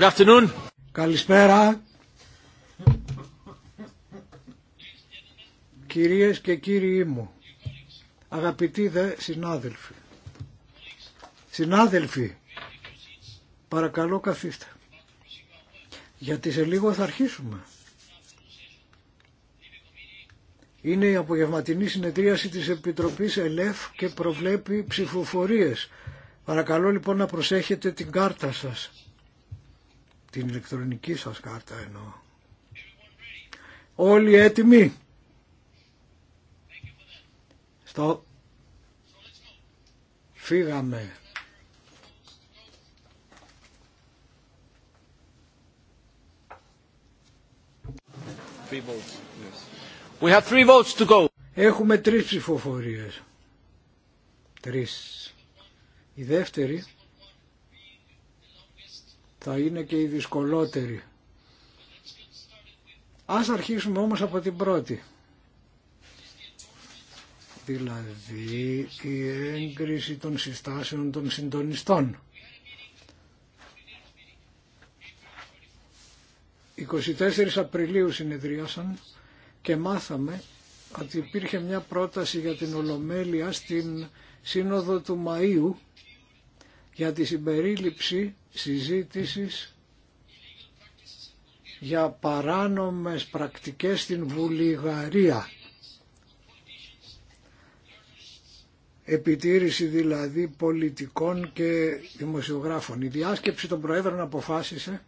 Good afternoon. Καλησπέρα. Κυρίες και κύριοι μου, αγαπητοί δε συνάδελφοι, συνάδελφοι, παρακαλώ καθίστε, γιατί σε λίγο θα αρχίσουμε. Είναι η απογευματινή συνεδρίαση της Επιτροπής ΕΛΕΦ και προβλέπει ψηφοφορίες. Παρακαλώ λοιπόν να προσέχετε την κάρτα σας. Την ηλεκτρονική σας κάρτα εννοώ. Όλοι έτοιμοι. Στο... Φύγαμε. We have three votes to go. Έχουμε τρεις ψηφοφορίες. Τρεις. Η δεύτερη θα είναι και η δυσκολότερη. Ας αρχίσουμε όμως από την πρώτη. Δηλαδή η έγκριση των συστάσεων των συντονιστών. 24 Απριλίου συνεδρίασαν και μάθαμε ότι υπήρχε μια πρόταση για την Ολομέλεια στην Σύνοδο του Μαΐου για τη συμπερίληψη συζήτησης για παράνομες πρακτικές στην Βουλιγαρία. Επιτήρηση δηλαδή πολιτικών και δημοσιογράφων. Η διάσκεψη των Προέδρων αποφάσισε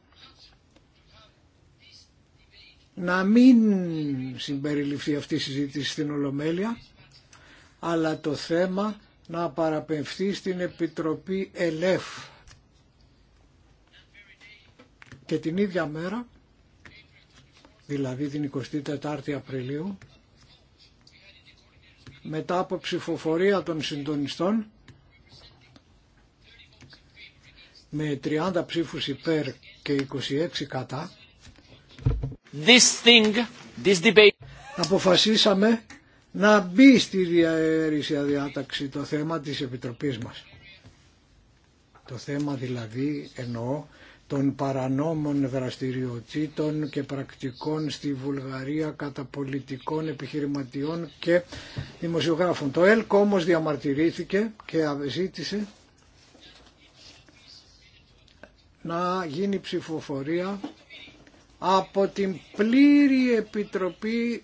να μην συμπεριληφθεί αυτή η συζήτηση στην Ολομέλεια, αλλά το θέμα να παραπευθεί στην Επιτροπή ΕΛΕΦ. Και την ίδια μέρα, δηλαδή την 24η Απριλίου, μετά από ψηφοφορία των συντονιστών, με 30 ψήφους υπέρ και 26 κατά, αποφασίσαμε να μπει στη διαέρηση αδιάταξη το θέμα της Επιτροπής μας. Το θέμα δηλαδή εννοώ των παρανόμων δραστηριοτήτων και πρακτικών στη Βουλγαρία κατά πολιτικών επιχειρηματιών και δημοσιογράφων. Το ΕΛΚ όμως διαμαρτυρήθηκε και ζήτησε να γίνει ψηφοφορία από την πλήρη Επιτροπή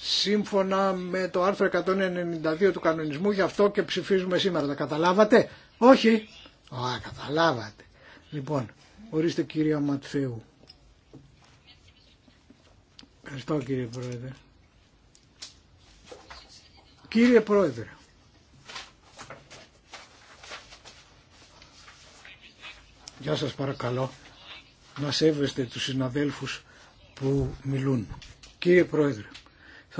σύμφωνα με το άρθρο 192 του κανονισμού, γι' αυτό και ψηφίζουμε σήμερα. Τα καταλάβατε? Όχι. Α, καταλάβατε. Λοιπόν, ορίστε κυρία Ματθεού. Ευχαριστώ κύριε Πρόεδρε. Κύριε Πρόεδρε, Γεια σας παρακαλώ να σέβεστε τους συναδέλφους που μιλούν. Κύριε Πρόεδρε,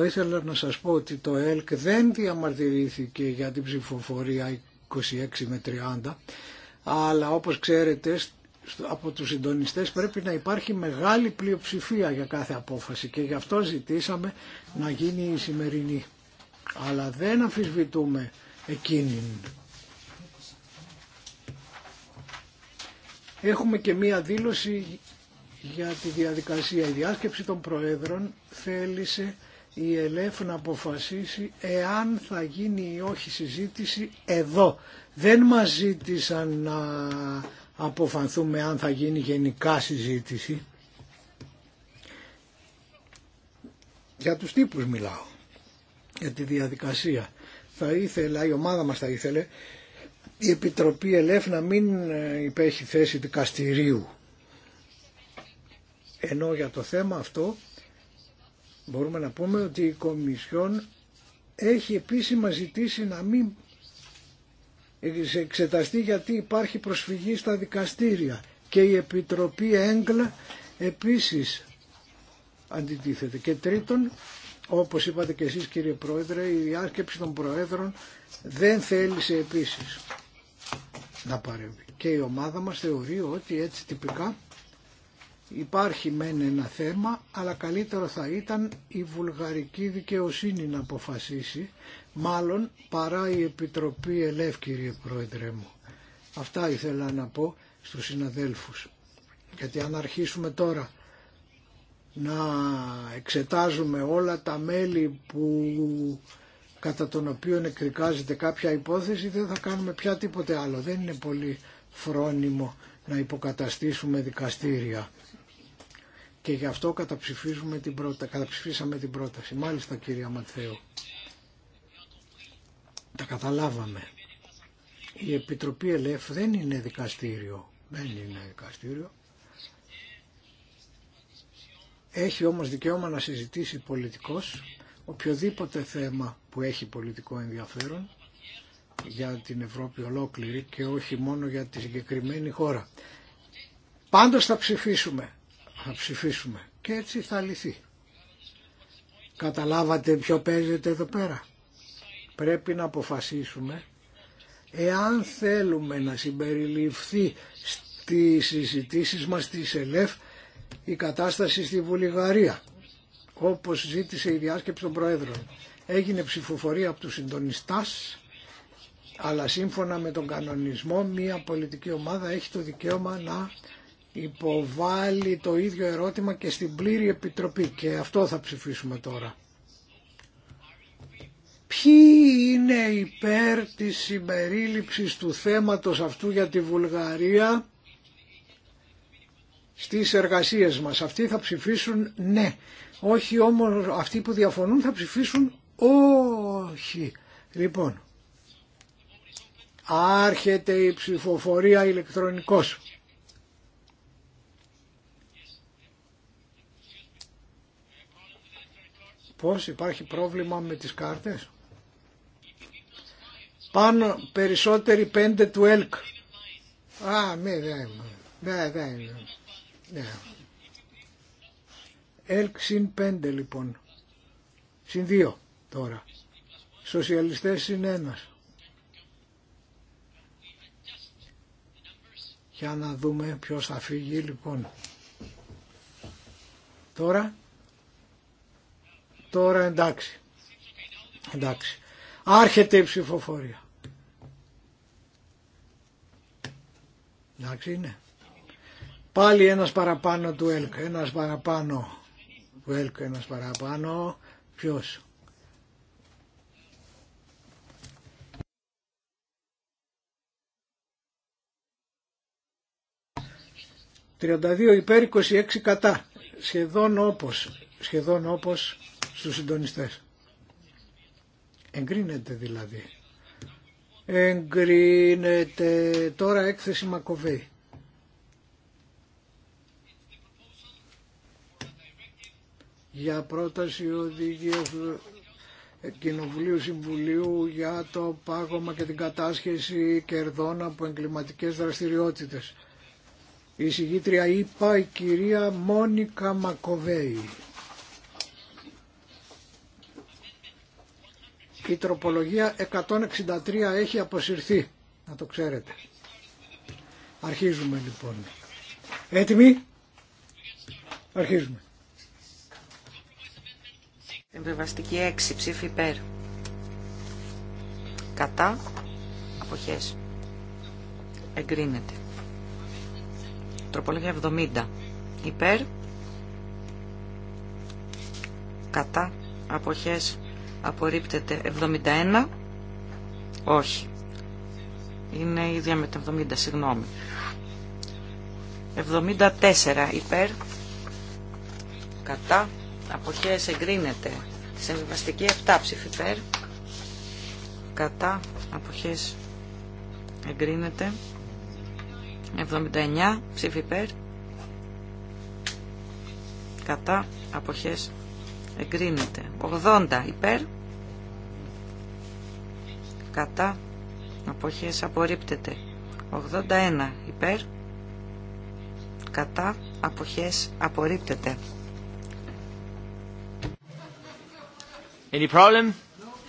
θα ήθελα να σας πω ότι το ΕΛΚ δεν διαμαρτυρήθηκε για την ψηφοφορία 26 με 30, αλλά όπως ξέρετε από τους συντονιστές πρέπει να υπάρχει μεγάλη πλειοψηφία για κάθε απόφαση και γι' αυτό ζητήσαμε να γίνει η σημερινή. Αλλά δεν αμφισβητούμε εκείνην. Έχουμε και μία δήλωση για τη διαδικασία. Η διάσκεψη των Προέδρων θέλησε η ΕΛΕΦ να αποφασίσει εάν θα γίνει ή όχι συζήτηση εδώ. Δεν μας ζήτησαν να αποφανθούμε αν θα γίνει γενικά συζήτηση. Για τους τύπους μιλάω, για τη διαδικασία. Θα ήθελα, η ομάδα μας θα ήθελε, η Επιτροπή ΕΛΕΦ να μην υπέχει θέση δικαστηρίου. Ενώ για το θέμα αυτό μπορούμε να πούμε ότι η Κομισιόν έχει επίσημα ζητήσει να μην εξεταστεί γιατί υπάρχει προσφυγή στα δικαστήρια και η Επιτροπή Έγκλα επίσης αντιτίθεται. Και τρίτον, όπως είπατε και εσείς κύριε Πρόεδρε, η διάσκεψη των Προέδρων δεν θέλησε επίσης να παρέμβει. Και η ομάδα μας θεωρεί ότι έτσι τυπικά Υπάρχει μεν ένα θέμα, αλλά καλύτερο θα ήταν η βουλγαρική δικαιοσύνη να αποφασίσει, μάλλον παρά η Επιτροπή Ελεύ, κύριε Πρόεδρε μου. Αυτά ήθελα να πω στους συναδέλφους. Γιατί αν αρχίσουμε τώρα να εξετάζουμε όλα τα μέλη που κατά τον οποίο εκρικάζεται κάποια υπόθεση δεν θα κάνουμε πια τίποτε άλλο. Δεν είναι πολύ φρόνιμο να υποκαταστήσουμε δικαστήρια και γι' αυτό καταψηφίσαμε την, πρότα... καταψηφίσαμε την πρόταση. Μάλιστα κυρία Ματθέου, τα καταλάβαμε. Η Επιτροπή ΕΛΕΦ δεν είναι δικαστήριο. Δεν είναι δικαστήριο. Έχει όμως δικαίωμα να συζητήσει πολιτικός οποιοδήποτε θέμα που έχει πολιτικό ενδιαφέρον για την Ευρώπη ολόκληρη και όχι μόνο για τη συγκεκριμένη χώρα. Πάντως θα ψηφίσουμε. Θα ψηφίσουμε. Και έτσι θα λυθεί. Καταλάβατε ποιο παίζεται εδώ πέρα. Πρέπει να αποφασίσουμε εάν θέλουμε να συμπεριληφθεί στις συζητήσεις μας τη ΕΛΕΦ η κατάσταση στη Βουλγαρία όπως ζήτησε η διάσκεψη των Προέδρων. Έγινε ψηφοφορία από τους συντονιστάς αλλά σύμφωνα με τον κανονισμό μία πολιτική ομάδα έχει το δικαίωμα να υποβάλλει το ίδιο ερώτημα και στην πλήρη επιτροπή και αυτό θα ψηφίσουμε τώρα. Ποιοι είναι υπέρ της συμπερίληψης του θέματος αυτού για τη Βουλγαρία στις εργασίες μας. Αυτοί θα ψηφίσουν ναι. Όχι όμως αυτοί που διαφωνούν θα ψηφίσουν όχι. Λοιπόν, άρχεται η ψηφοφορία ηλεκτρονικός. Πώς υπάρχει πρόβλημα με τις κάρτες. Πάνω περισσότεροι πέντε του ΕΛΚ. Α, ναι, δεν Ναι, δεν ναι, ναι, ναι. ΕΛΚ συν πέντε λοιπόν. Συν δύο τώρα. Σοσιαλιστές συν ένας. Για να δούμε ποιος θα φύγει λοιπόν. Τώρα Τώρα εντάξει. Εντάξει. Άρχεται η ψηφοφορία. Εντάξει είναι. Πάλι ένας παραπάνω του ΕΛΚ. Ένας παραπάνω του ΕΛΚ. Ένας παραπάνω. Ποιος. «32 υπέρ 26 κατά, σχεδόν όπως, σχεδόν όπως στους συντονιστές. Εγκρίνεται δηλαδή. Εγκρίνεται τώρα έκθεση Μακοβέη. για πρόταση οδηγία Κοινοβουλίου Συμβουλίου για το πάγωμα και την κατάσχεση κερδών από εγκληματικές δραστηριότητες. Η συγγήτρια είπα η κυρία Μόνικα Μακοβέη. Η τροπολογία 163 έχει αποσυρθεί, να το ξέρετε. Αρχίζουμε λοιπόν. Έτοιμοι. Αρχίζουμε. Εμβεβαστική 6 ψήφι υπέρ. Κατά. Αποχές. Εγκρίνεται. Τροπολογία 70. Υπέρ. Κατά. Αποχές απορρίπτεται 71 όχι είναι ίδια με το 70 συγγνώμη 74 υπέρ κατά αποχές εγκρίνεται συμβιβαστική 7 ψήφι υπέρ κατά αποχές εγκρίνεται 79 ψηφ υπέρ κατά αποχές εγκρίνεται. 80 υπέρ, κατά, αποχές απορρίπτεται. 81 υπέρ, κατά, αποχές απορρίπτεται. Any problem?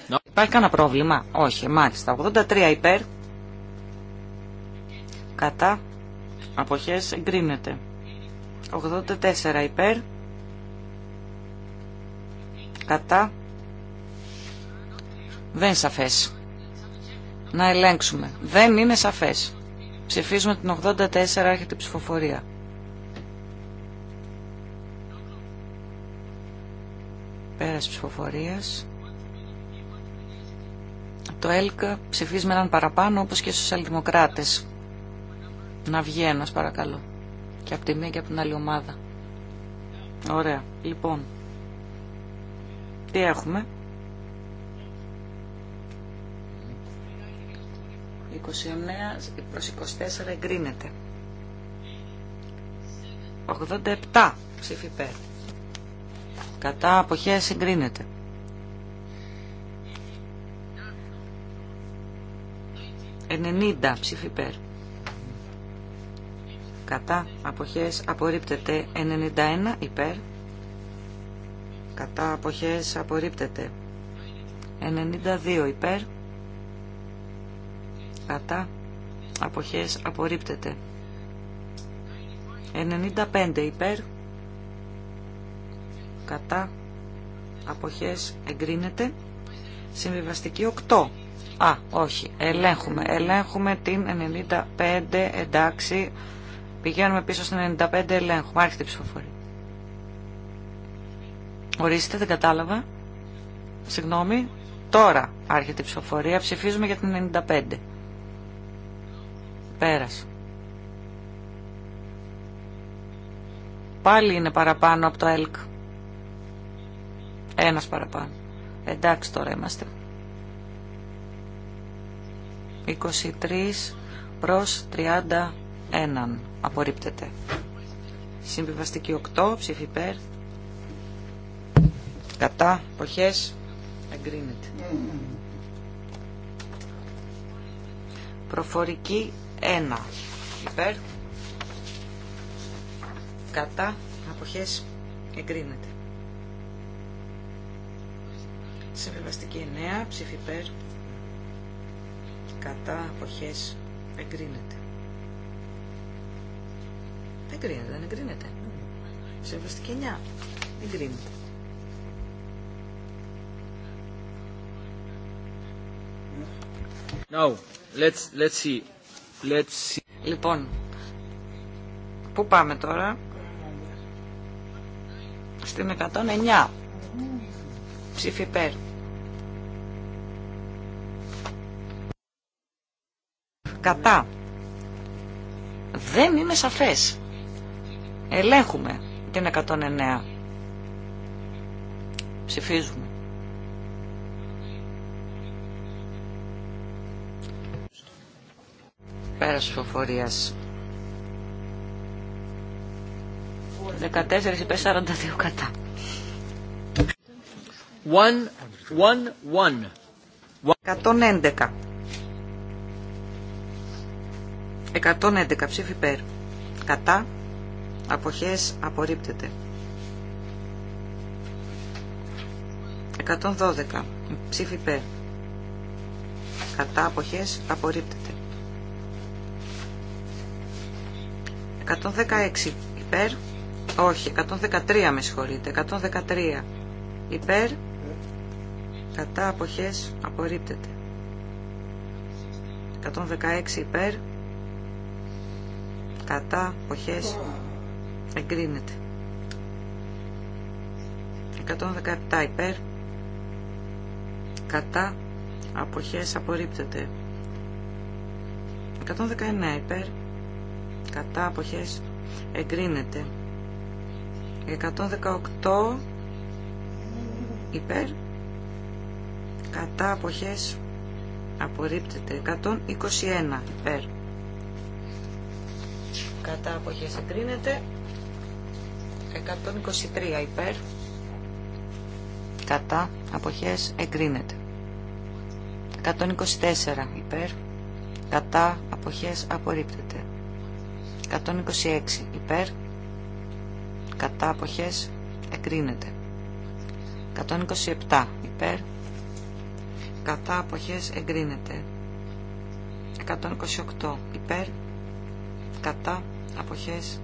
No. Υπάρχει κανένα πρόβλημα. Όχι, μάλιστα. 83 υπέρ, κατά, αποχές εγκρίνεται. 84 υπέρ, κατά. Δεν είναι σαφές. Να ελέγξουμε. Δεν είναι σαφές. Ψηφίζουμε την 84, έρχεται η ψηφοφορία. Πέρας ψηφοφορίας. Το ΕΛΚΑ ψηφίζει με έναν παραπάνω, όπως και στους σοσιαλδημοκράτες. Να βγει ένας, παρακαλώ. Και από τη μία και από την άλλη ομάδα. Ωραία. Λοιπόν, τι έχουμε. 29 προς 24 εγκρίνεται. 87 ψήφι υπέρ. Κατά αποχές εγκρίνεται. 90 ψήφι υπέρ. Κατά αποχές απορρίπτεται 91 υπέρ κατά αποχές απορρίπτεται 92 υπέρ κατά αποχές απορρίπτεται 95 υπέρ κατά αποχές εγκρίνεται συμβιβαστική 8 Α, όχι, ελέγχουμε. Ελέγχουμε την 95, εντάξει. Πηγαίνουμε πίσω στην 95, ελέγχουμε. Άρχεται η ψηφοφορία. Ορίστε, δεν κατάλαβα. Συγγνώμη. Τώρα άρχεται η ψηφοφορία. Ψηφίζουμε για την 95. Πέρας. Πάλι είναι παραπάνω από το ΕΛΚ. Ένας παραπάνω. Εντάξει τώρα είμαστε. 23 προς 31. Απορρίπτεται. Συμβιβαστική 8. Ψήφι υπέρ. Κατά. Αποχές. Εγκρίνεται. Προφορική 1. Υπέρ. Κατά. Αποχές. Εγκρίνεται. Συμβιβαστική 9. Ψήφι υπέρ. Κατά. Αποχές. Εγκρίνεται. Δεν δεν εγκρίνεται. Συμβαστική 9. Εγκρίνεται. Λοιπόν, πού πάμε τώρα. Στην 109. Ψήφι υπέρ. Κατά. Δεν είναι σαφές. Ελέγχουμε την 109. Ψηφίζουμε. Πέρας φοφορίας 14 υπέρ 42 κατά. 111. 111 ψήφι υπέρ. Κατά. Αποχές απορρίπτεται. 112 ψήφι υπέρ. Κατά αποχές απορρίπτεται. 116 υπέρ, όχι, 113 με συγχωρείτε, 113 υπέρ, κατά αποχές απορρίπτεται. 116 υπέρ, κατά αποχές εγκρίνεται. 117 υπέρ, κατά αποχές απορρίπτεται. 119 υπέρ, κατά εγκρίνεται 118 υπέρ κατά απορρίπτεται 121 υπέρ κατά εγκρίνεται 123 υπέρ κατά αποχές εγκρίνεται 124 υπέρ κατά αποχές απορρίπτεται 126 υπέρ κατά αποχές εγκρίνεται 127 υπέρ κατά αποχές εγκρίνεται 128 υπέρ κατά αποχές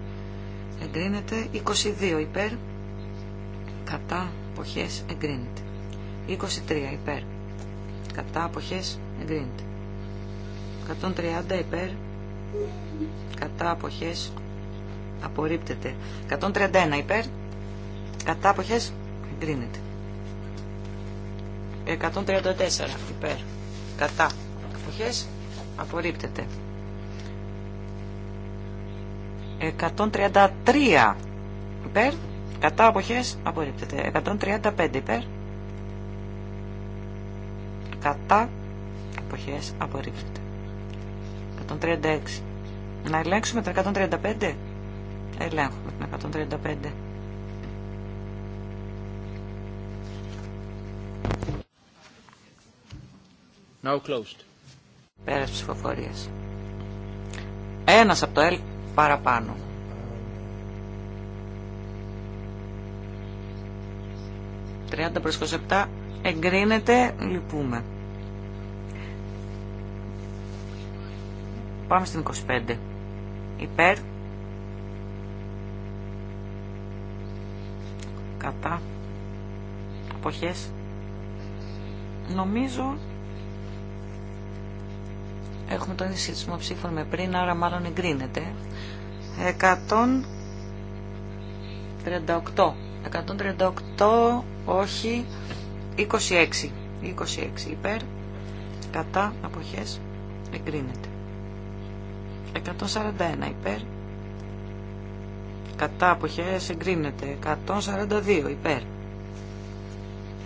εγκρίνεται 22 υπέρ κατά αποχές εγκρίνεται 23 υπέρ κατά αποχές εγκρίνεται 130 υπέρ κατά αποχές απορρίπτεται 131 υπέρ κατά αποχές εγκρίνεται 134 υπέρ κατά αποχές απορρίπτεται 133 υπέρ κατά αποχές απορρίπτεται 135 υπέρ κατά αποχές απορρίπτεται 136 να ελέγξουμε την 135. Ελέγχουμε την 135. Now closed. Πέρας ψηφοφορίας. Ένας από το ΕΛ παραπάνω. ...30 προς 27... ...εγκρίνεται... ...λυπούμε. Πάμε στην 25 υπέρ κατά αποχές νομίζω έχουμε τον εισηγητισμό ψήφων με πριν άρα μάλλον εγκρίνεται 138 138 όχι 26 26 υπέρ κατά αποχές εγκρίνεται 141 υπέρ. Κατά απόχέ, εγκρίνεται. 142 υπέρ.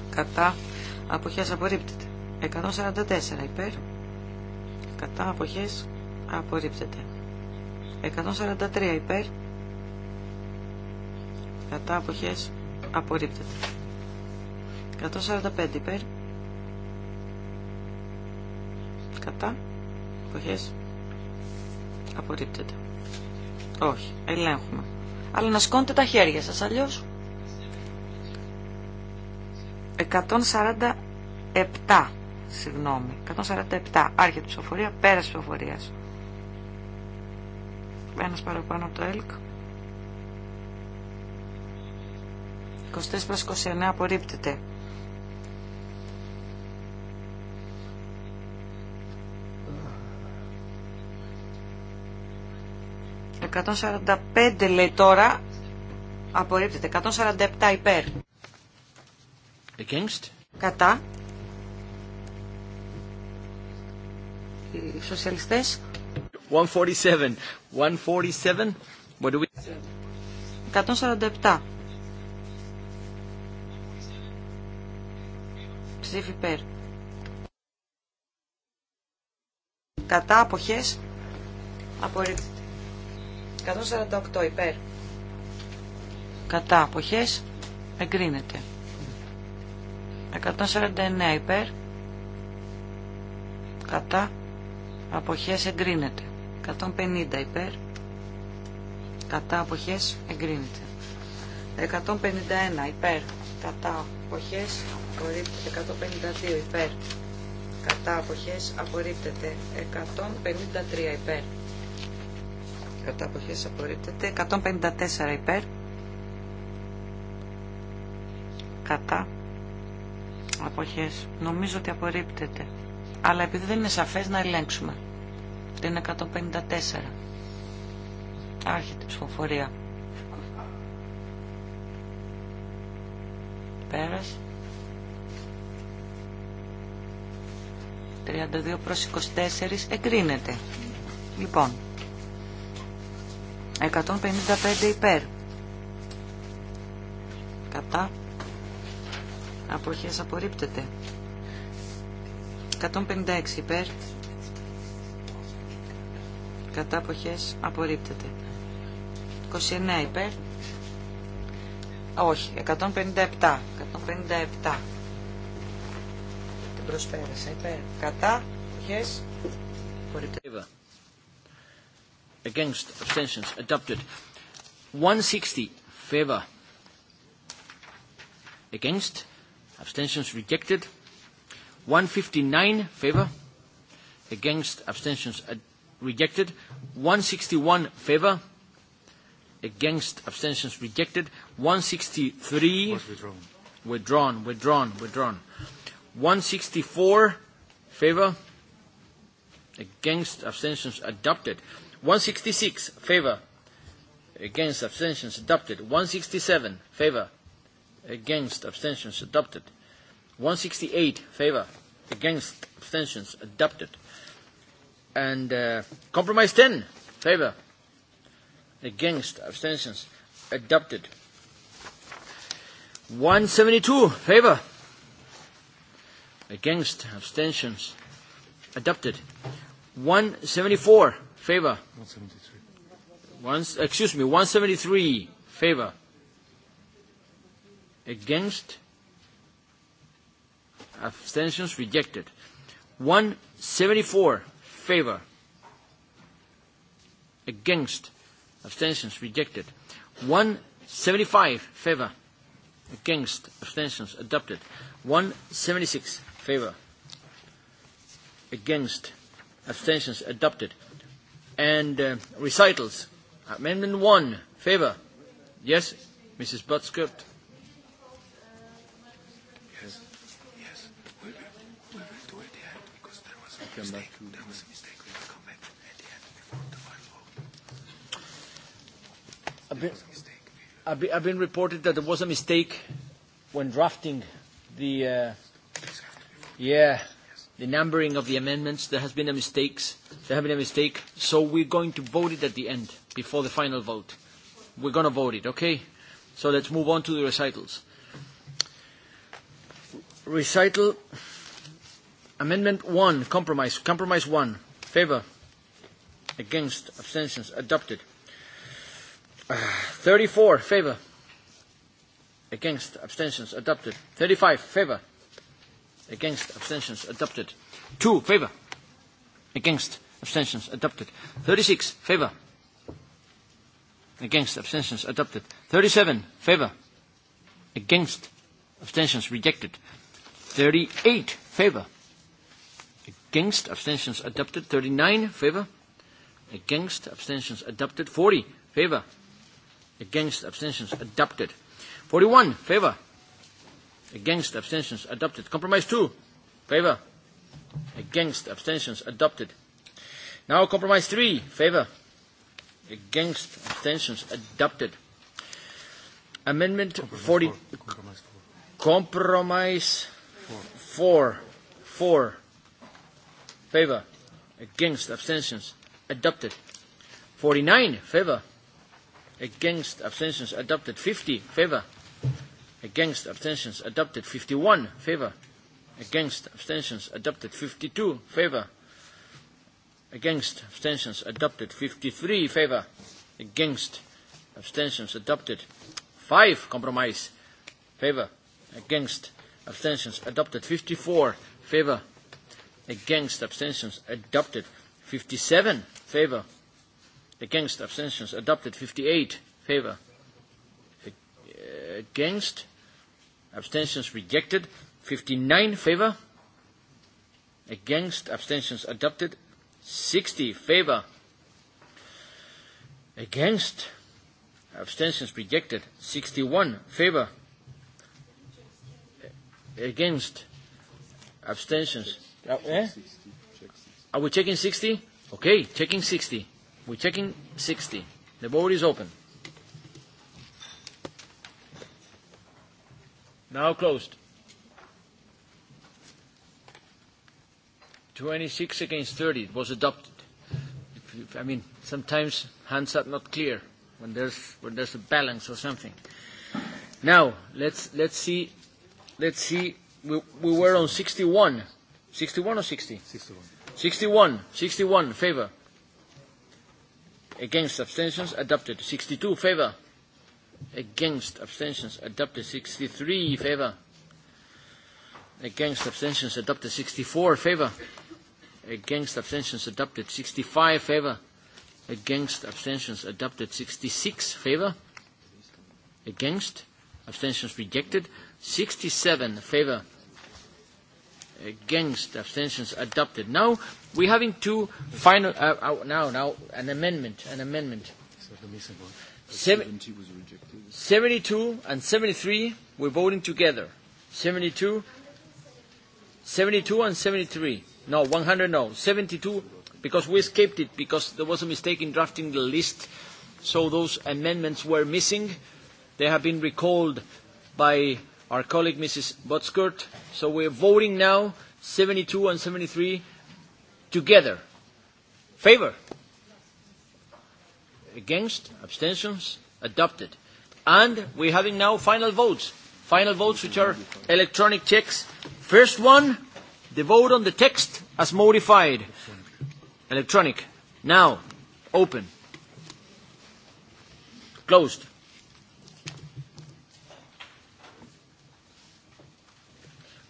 Κατά αποχές απορρίπτεται. 144 υπέρ. Κατά αποχέ απορρίπτεται. 143 υπέρ. Κατά αποχές απορρίπτεται. 145 υπέρ. Κατά αποχές Απορρίπτεται. Όχι. Ελέγχουμε. Αλλά να σκόνετε τα χέρια σας αλλιώς. 147. Συγγνώμη. 147. Άρχεται ψηφοφορία. Πέρας ψηφοφορίας. Ένας παραπάνω από το ΕΛΚ. 24 29 απορρίπτεται. 145 λέει τώρα. Απορρίπτεται. 147 υπέρ. Against. Κατά. Οι σοσιαλιστές. 147. 147. What do we... 147. Ψήφι υπέρ. Κατά αποχές. Απορρίπτεται. 148 υπέρ. Κατά αποχές εγκρίνεται. 149 υπέρ. Κατά αποχές εγκρίνεται. 150 υπέρ. Κατά αποχές εγκρίνεται. 151 υπέρ. Κατά αποχές απορρίπτεται. 152 υπέρ. Κατά αποχές απορρίπτεται. 153 υπέρ κατά αποχές απορρίπτεται 154 υπέρ κατά αποχές νομίζω ότι απορρίπτεται αλλά επειδή δεν είναι σαφές να ελέγξουμε είναι 154 άρχεται η ψηφοφορία πέρας 32 προς 24 εγκρίνεται λοιπόν 155 υπέρ. Κατά. Αποχές απορρίπτεται. 156 υπέρ. Κατά αποχές απορρίπτεται. 29 υπέρ. Όχι, 157. 157. Την προσπέρασα υπέρ. Κατά αποχές απορρίπτεται against abstentions adopted 160 favor against abstentions rejected 159 favor against abstentions rejected 161 favor against abstentions rejected 163 withdrawn withdrawn withdrawn 164 favor against abstentions adopted 166 favor against abstentions adopted 167 favor against abstentions adopted 168 favor against abstentions adopted and compromise 10 favor against abstentions adopted 172 favor against abstentions adopted 174 favor. excuse me, 173 favor. Against. Abstentions rejected. 174 favor. Against. Abstentions rejected. 175 favor. Against. Abstentions adopted. 176 favor. Against. Abstentions adopted and recitals. Amendment 1, favor. Yes, Mrs. Butskurt. Yes, yes. We will, we do it at the end because there was a mistake. There was a mistake. We will come back at the end before the final vote. There was a mistake. I've been reported that there was a mistake when drafting the. yeah the numbering of the amendments. There has been a mistake. There has been a mistake. So we're going to vote it at the end, before the final vote. We're going to vote it, okay? So let's move on to the recitals. Recital Amendment 1, compromise. Compromise 1, favor. Against, abstentions, adopted. 34, favor. Against, abstentions, adopted. 35, favor Against. Abstentions. Adopted. two Favor. Against. Abstentions. Adopted. 36. Favor. Against. Abstentions. Adopted. 37. Favor. Against. Abstentions. Rejected. thirty-eight Favor. Against. Abstentions. Adopted. 39. Favor. Against. Abstentions. Adopted. forty Favor. Against. Abstentions. Adopted. forty-one Favor Against abstentions adopted. Compromise two, Favor. Against abstentions adopted. Now compromise three, Favor. Against abstentions adopted. Amendment 40. Compromise four, four. Favor. Against abstentions adopted. 49. Favor. Against abstentions adopted. 50. Favor against abstentions adopted 51 favor against abstentions adopted 52 favor against abstentions adopted 53 favor against abstentions adopted 5 compromise favor against abstentions adopted 54 favor against abstentions adopted 57 favor against abstentions adopted 58 favor against abstentions rejected 59 favor against abstentions adopted 60 favor against abstentions rejected 61 favor against abstentions are we checking 60 okay checking 60 we're checking 60 the vote is open Now closed. 26 against 30. It was adopted. I mean, sometimes hands are not clear when there's when there's a balance or something. Now let's let's see, let's see. We, we were on 61, 61 or 60? 61. 61, 61 favor. Against abstentions adopted. 62 favor against abstentions adopted 63 favor against abstentions adopted 64 favor against abstentions adopted 65 favor against abstentions adopted 66 favor against abstentions rejected 67 favor against abstentions adopted now we're having two final now now an amendment an amendment 72 and 73 we're voting together. 72, 72 and 73. No, 100 no. 72 because we escaped it because there was a mistake in drafting the list, so those amendments were missing. They have been recalled by our colleague Mrs. Botskurt. So we're voting now 72 and 73 together. Favor? Against? Abstentions? Adopted. And we're having now final votes. Final votes which are electronic checks. First one, the vote on the text as modified. Electronic. Now, open. Closed.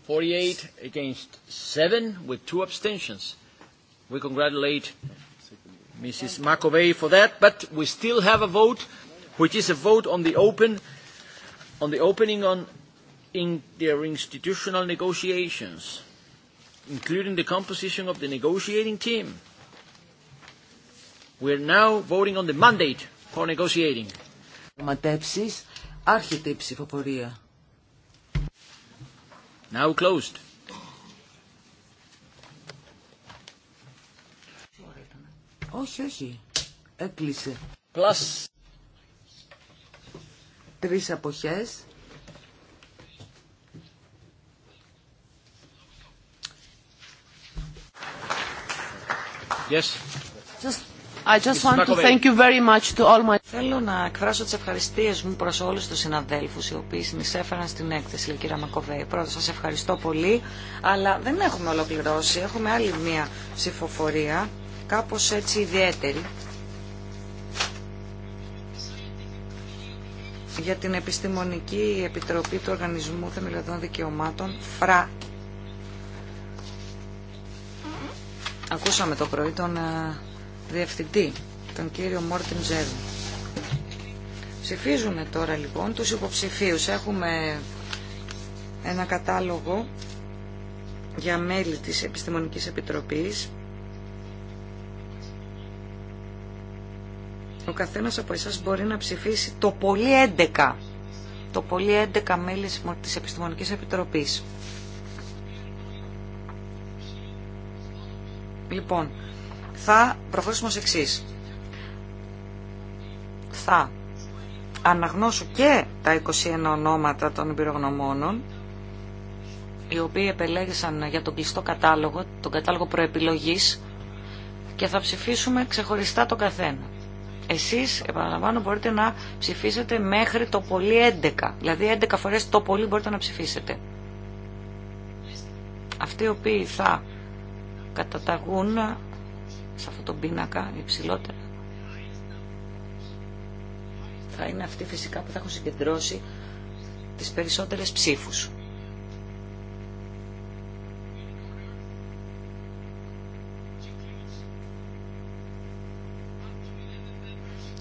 Forty-eight against seven with two abstentions. We congratulate Mrs. McAvey for that, but we still have a vote, which is a vote on the open, on the opening on interinstitutional negotiations, including the composition of the negotiating team. We are now voting on the mandate for negotiating. Now closed. Όχι, όχι. Έκλεισε. Τρει. Τρεις αποχές. Yes. Just, I just want to thank you very much to all my... Θέλω να εκφράσω τις ευχαριστίες μου προς όλους του συναδέλφους οι οποίοι συνεισέφεραν στην έκθεση, η κυρία Μακοβέη. Πρώτα σας ευχαριστώ πολύ, αλλά δεν έχουμε ολοκληρώσει. Έχουμε άλλη μία ψηφοφορία κάπως έτσι ιδιαίτερη για την Επιστημονική Επιτροπή του Οργανισμού Θεμελιωδών Δικαιωμάτων, ΦΡΑ. Ακούσαμε το πρωί τον ε, Διευθυντή, τον κύριο Μόρτιν Τζέρν. Ψηφίζουμε τώρα λοιπόν τους υποψηφίους. Έχουμε ένα κατάλογο για μέλη της Επιστημονικής Επιτροπής Ο καθένας από εσάς μπορεί να ψηφίσει το πολύ 11, το πολύ 11 μέλη της Επιστημονικής Επιτροπής. Λοιπόν, θα προχωρήσουμε ως εξής. Θα αναγνώσω και τα 21 ονόματα των εμπειρογνωμόνων οι οποίοι επελέγησαν για τον κλειστό κατάλογο, τον κατάλογο προεπιλογής και θα ψηφίσουμε ξεχωριστά τον καθένα. Εσείς, επαναλαμβάνω, μπορείτε να ψηφίσετε μέχρι το πολύ 11. Δηλαδή 11 φορές το πολύ μπορείτε να ψηφίσετε. Αυτοί οι οποίοι θα καταταγούν σε αυτό τον πίνακα υψηλότερα θα είναι αυτοί φυσικά που θα έχουν συγκεντρώσει τις περισσότερες ψήφους.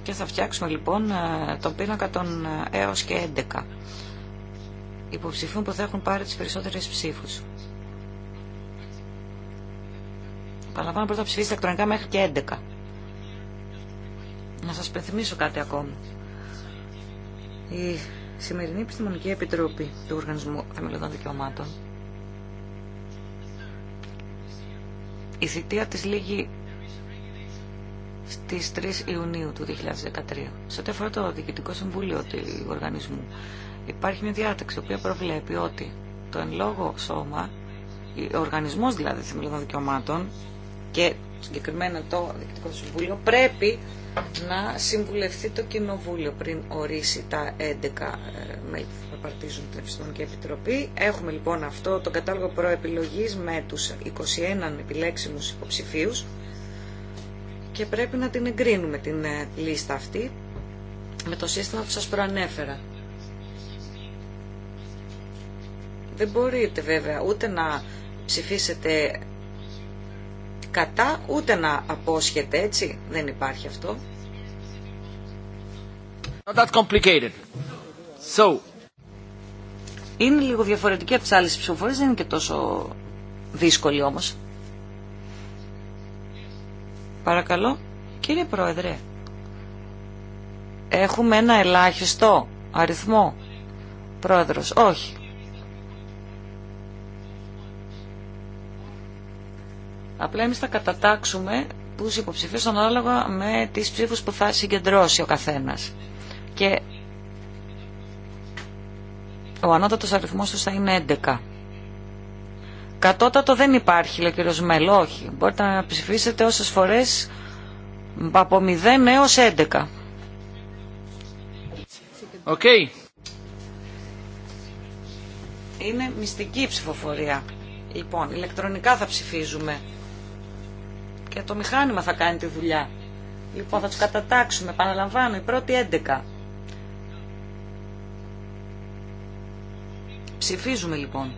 και θα φτιάξουμε λοιπόν ε, τον πίνακα των ε, έως και 11 υποψηφίων που θα έχουν πάρει τις περισσότερες ψήφους. Παραλαμβάνω πρώτα ψηφίστε ηλεκτρονικά μέχρι και 11. Να σας πενθυμίσω κάτι ακόμα. Η σημερινή Επιστημονική Επιτροπή του Οργανισμού Θεμελιωδών Δικαιωμάτων η θητεία της λίγη στις 3 Ιουνίου του 2013. Σε ό,τι αφορά το Διοικητικό Συμβούλιο του Οργανισμού, υπάρχει μια διάταξη, η οποία προβλέπει ότι το εν λόγω σώμα, ο οργανισμός δηλαδή θεμελιωδών δικαιωμάτων και συγκεκριμένα το Διοικητικό Συμβούλιο, πρέπει να συμβουλευτεί το Κοινοβούλιο πριν ορίσει τα 11 ε, μέλη που θα παρτίζουν την Επιστημονική Επιτροπή. Έχουμε λοιπόν αυτό το κατάλογο προεπιλογής με τους 21 επιλέξιμους υποψηφίους και πρέπει να την εγκρίνουμε την ε, λίστα αυτή με το σύστημα που σας προανέφερα. Δεν μπορείτε βέβαια ούτε να ψηφίσετε κατά ούτε να απόσχετε έτσι. Δεν υπάρχει αυτό. Είναι λίγο διαφορετική από τις άλλες ψηφοφορίες, δεν είναι και τόσο δύσκολη όμως παρακαλώ. Κύριε Πρόεδρε, έχουμε ένα ελάχιστο αριθμό. Πρόεδρος, όχι. Απλά εμείς θα κατατάξουμε τους υποψηφίους ανάλογα με τις ψήφους που θα συγκεντρώσει ο καθένας. Και ο ανώτατος αριθμός τους θα είναι 11. Κατώτατο δεν υπάρχει, λέει ο κύριος Μέλο, όχι. Μπορείτε να ψηφίσετε όσε φορέ από 0 έως 11. Okay. Είναι μυστική η ψηφοφορία. Λοιπόν, ηλεκτρονικά θα ψηφίζουμε. Και το μηχάνημα θα κάνει τη δουλειά. Λοιπόν, θα του κατατάξουμε. Παναλαμβάνω, η πρώτη 11. Ψηφίζουμε λοιπόν.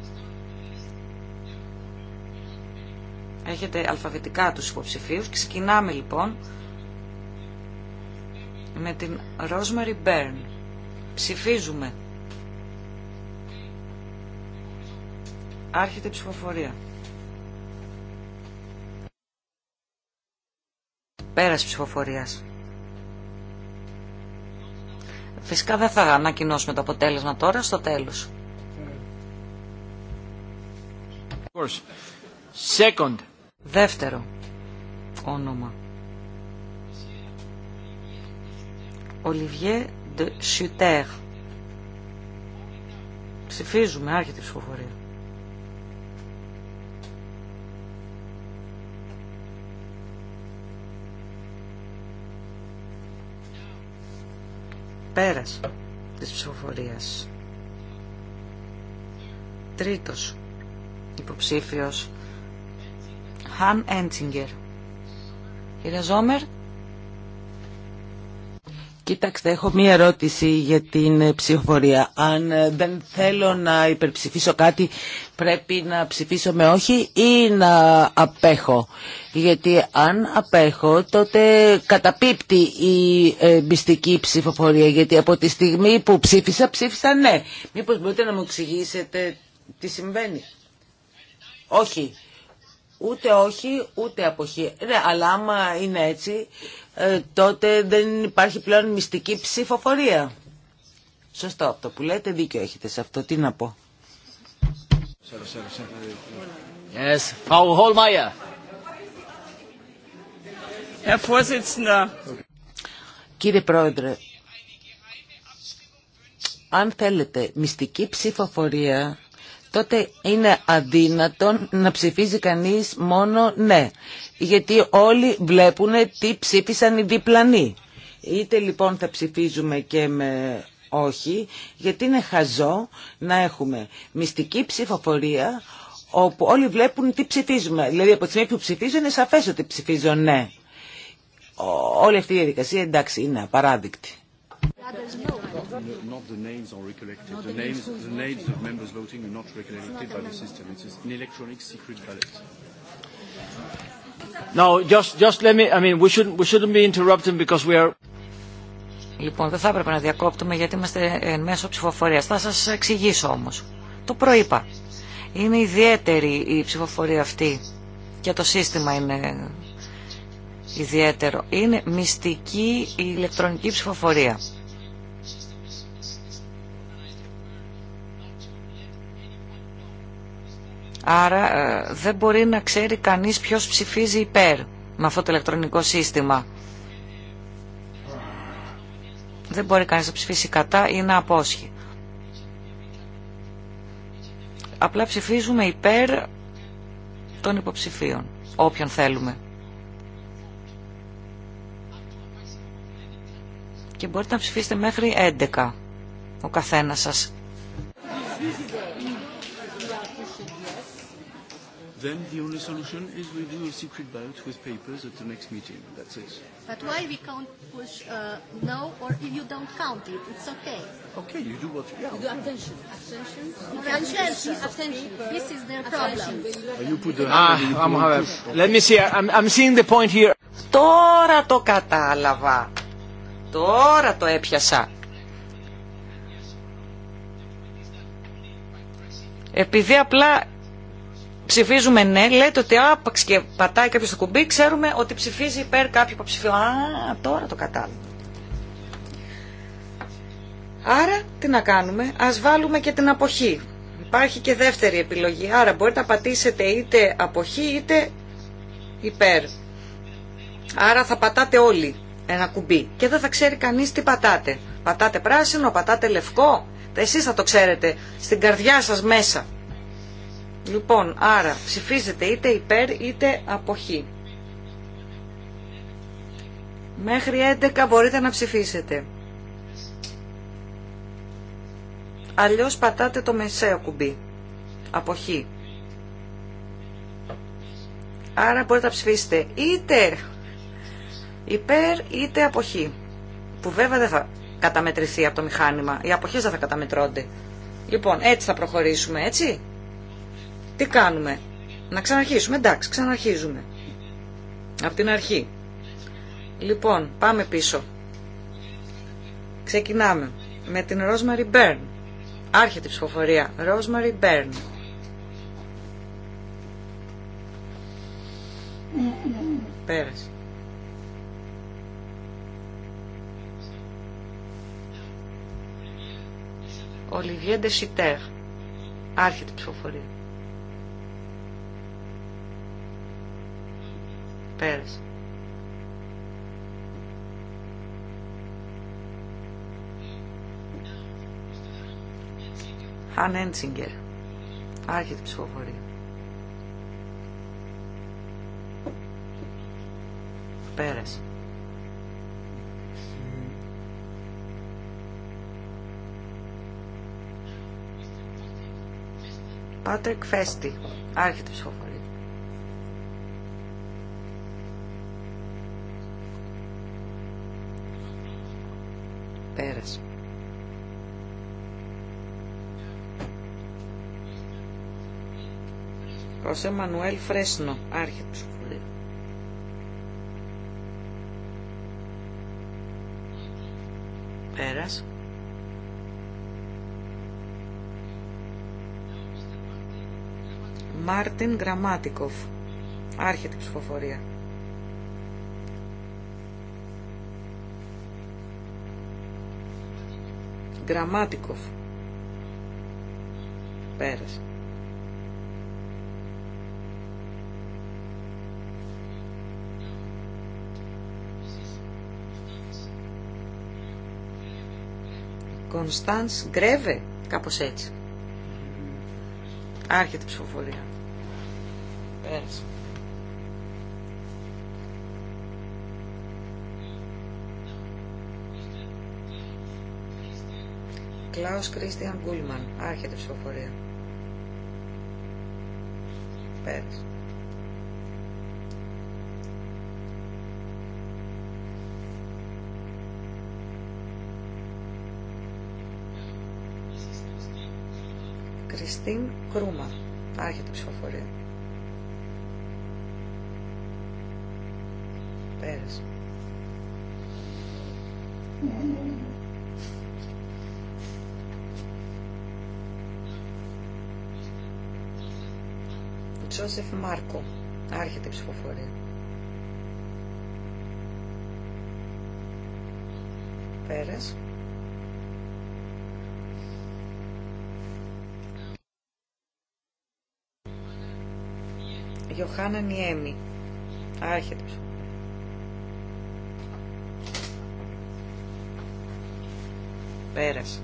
Έχετε αλφαβητικά τους υποψηφίους. Ξεκινάμε λοιπόν με την Rosemary μπερν. Ψηφίζουμε. Άρχεται η ψηφοφορία. Πέρας ψηφοφορίας. Φυσικά δεν θα ανακοινώσουμε το αποτέλεσμα τώρα, στο τέλος. Second. Δεύτερο όνομα. Ολιβιέ Ντε Σιουτέρ. Ψηφίζουμε, άρχεται η ψηφοφορία. Πέρας της ψηφοφορίας. Τρίτος υποψήφιος Χαν Έντσιγκερ. Κύριε Ζόμερ. Κοίταξτε, έχω μία ερώτηση για την ε, ψηφοφορία. Αν ε, δεν θέλω να υπερψηφίσω κάτι, πρέπει να ψηφίσω με όχι ή να απέχω. Γιατί αν απέχω, τότε καταπίπτει η ε, μυστική ψηφοφορία. Γιατί από τη στιγμή που ψήφισα, ψήφισα ναι. Μήπως μπορείτε να μου εξηγήσετε τι συμβαίνει. Όχι. Ούτε όχι, ούτε αποχή. Ναι, αλλά άμα είναι έτσι, ε, τότε δεν υπάρχει πλέον μυστική ψηφοφορία. Σωστό αυτό που λέτε, δίκιο έχετε σε αυτό. Τι να πω. Yes, Frau Holmeier. Herr Vorsitzender. Κύριε Πρόεδρε, αν θέλετε μυστική ψηφοφορία τότε είναι αδύνατον να ψηφίζει κανείς μόνο ναι. Γιατί όλοι βλέπουν τι ψήφισαν οι διπλανοί. Είτε λοιπόν θα ψηφίζουμε και με όχι, γιατί είναι χαζό να έχουμε μυστική ψηφοφορία όπου όλοι βλέπουν τι ψηφίζουμε. Δηλαδή από τη στιγμή που ψηφίζω είναι σαφές ότι ψηφίζω ναι. Όλη αυτή η διαδικασία εντάξει είναι απαράδεικτη. Not the names are recollected. The names, the names of members voting are not recollected by the system. It's an electronic secret ballot. No, just, just let me. I mean, we shouldn't, we shouldn't be interrupting because we are. Λοιπόν, δεν θα έπρεπε να διακόπτουμε γιατί είμαστε εν μέσω ψηφοφορίας. Θα σας εξηγήσω όμως. Το προείπα. Είναι ιδιαίτερη η ψηφοφορία αυτή και το σύστημα είναι ιδιαίτερο. Είναι μυστική η ηλεκτρονική ψηφοφορία. Άρα ε, δεν μπορεί να ξέρει κανείς ποιος ψηφίζει υπέρ με αυτό το ηλεκτρονικό σύστημα. Δεν μπορεί κανείς να ψηφίσει κατά ή να απόσχει. Απλά ψηφίζουμε υπέρ των υποψηφίων, όποιον θέλουμε. Και μπορείτε να ψηφίσετε μέχρι 11 ο καθένας σας. Then the only solution is we do a secret ballot with papers at the next meeting. That's it. But why we can't push no or if you don't count it, it's okay. Okay, you do what you do. Attention. attention. attention. attention. This is their problem. You put the ah, I'm, let me see. I'm, I'm seeing the point here. Τώρα το κατάλαβα. Τώρα το έπιασα. Επειδή απλά ψηφίζουμε ναι, λέτε ότι άπαξ και πατάει κάποιο το κουμπί, ξέρουμε ότι ψηφίζει υπέρ κάποιου ψηφίζει. Α, τώρα το κατάλαβα. Άρα, τι να κάνουμε, α βάλουμε και την αποχή. Υπάρχει και δεύτερη επιλογή, άρα μπορείτε να πατήσετε είτε αποχή είτε υπέρ. Άρα θα πατάτε όλοι ένα κουμπί και δεν θα ξέρει κανεί τι πατάτε. Πατάτε πράσινο, πατάτε λευκό, εσείς θα το ξέρετε στην καρδιά σας μέσα. Λοιπόν, άρα ψηφίζετε είτε υπέρ είτε αποχή. Μέχρι 11 μπορείτε να ψηφίσετε. Αλλιώς πατάτε το μεσαίο κουμπί. Αποχή. Άρα μπορείτε να ψηφίσετε είτε υπέρ είτε αποχή. Που βέβαια δεν θα καταμετρηθεί από το μηχάνημα. Οι αποχές δεν θα καταμετρώνται. Λοιπόν, έτσι θα προχωρήσουμε, έτσι. Τι κάνουμε. Να ξαναρχίσουμε. Εντάξει, ξαναρχίζουμε. Από την αρχή. Λοιπόν, πάμε πίσω. Ξεκινάμε με την Rosemary Byrne. Άρχεται η ψηφοφορία. Rosemary Byrne. Πέρασε. Ολιβιέντε Σιτέρ. Άρχεται η ψηφοφορία. Πέρασε. Αν Έντσιγκερ. Άρχεται η ψηφοφορία. Πέρασε. Πάτρικ Φέστη. Άρχεται η Πέρας. Ροσέ Μανουέλ Φρέσνο, άρχη του σχολείου. Πέρας. Μάρτιν Γραμμάτικοφ, άρχεται ψηφοφορία. Γραμμάτικοφ. Πέρασε. Κωνσταντς Γκρέβε, κάπως έτσι. Άρχεται η ψηφοφορία. Πέρασε. Κλάος Κρίστιαν Γκούλμαν. Άρχεται ψηφοφορία. Πέρας. Κριστίν Κρούμα. Άρχεται ψηφοφορία. Ζώσεφ Μάρκο. Άρχεται η ψηφοφορία. Πέρας. Γιωχάννα Νιέμι. Άρχεται η ψηφοφορία. Πέρασε.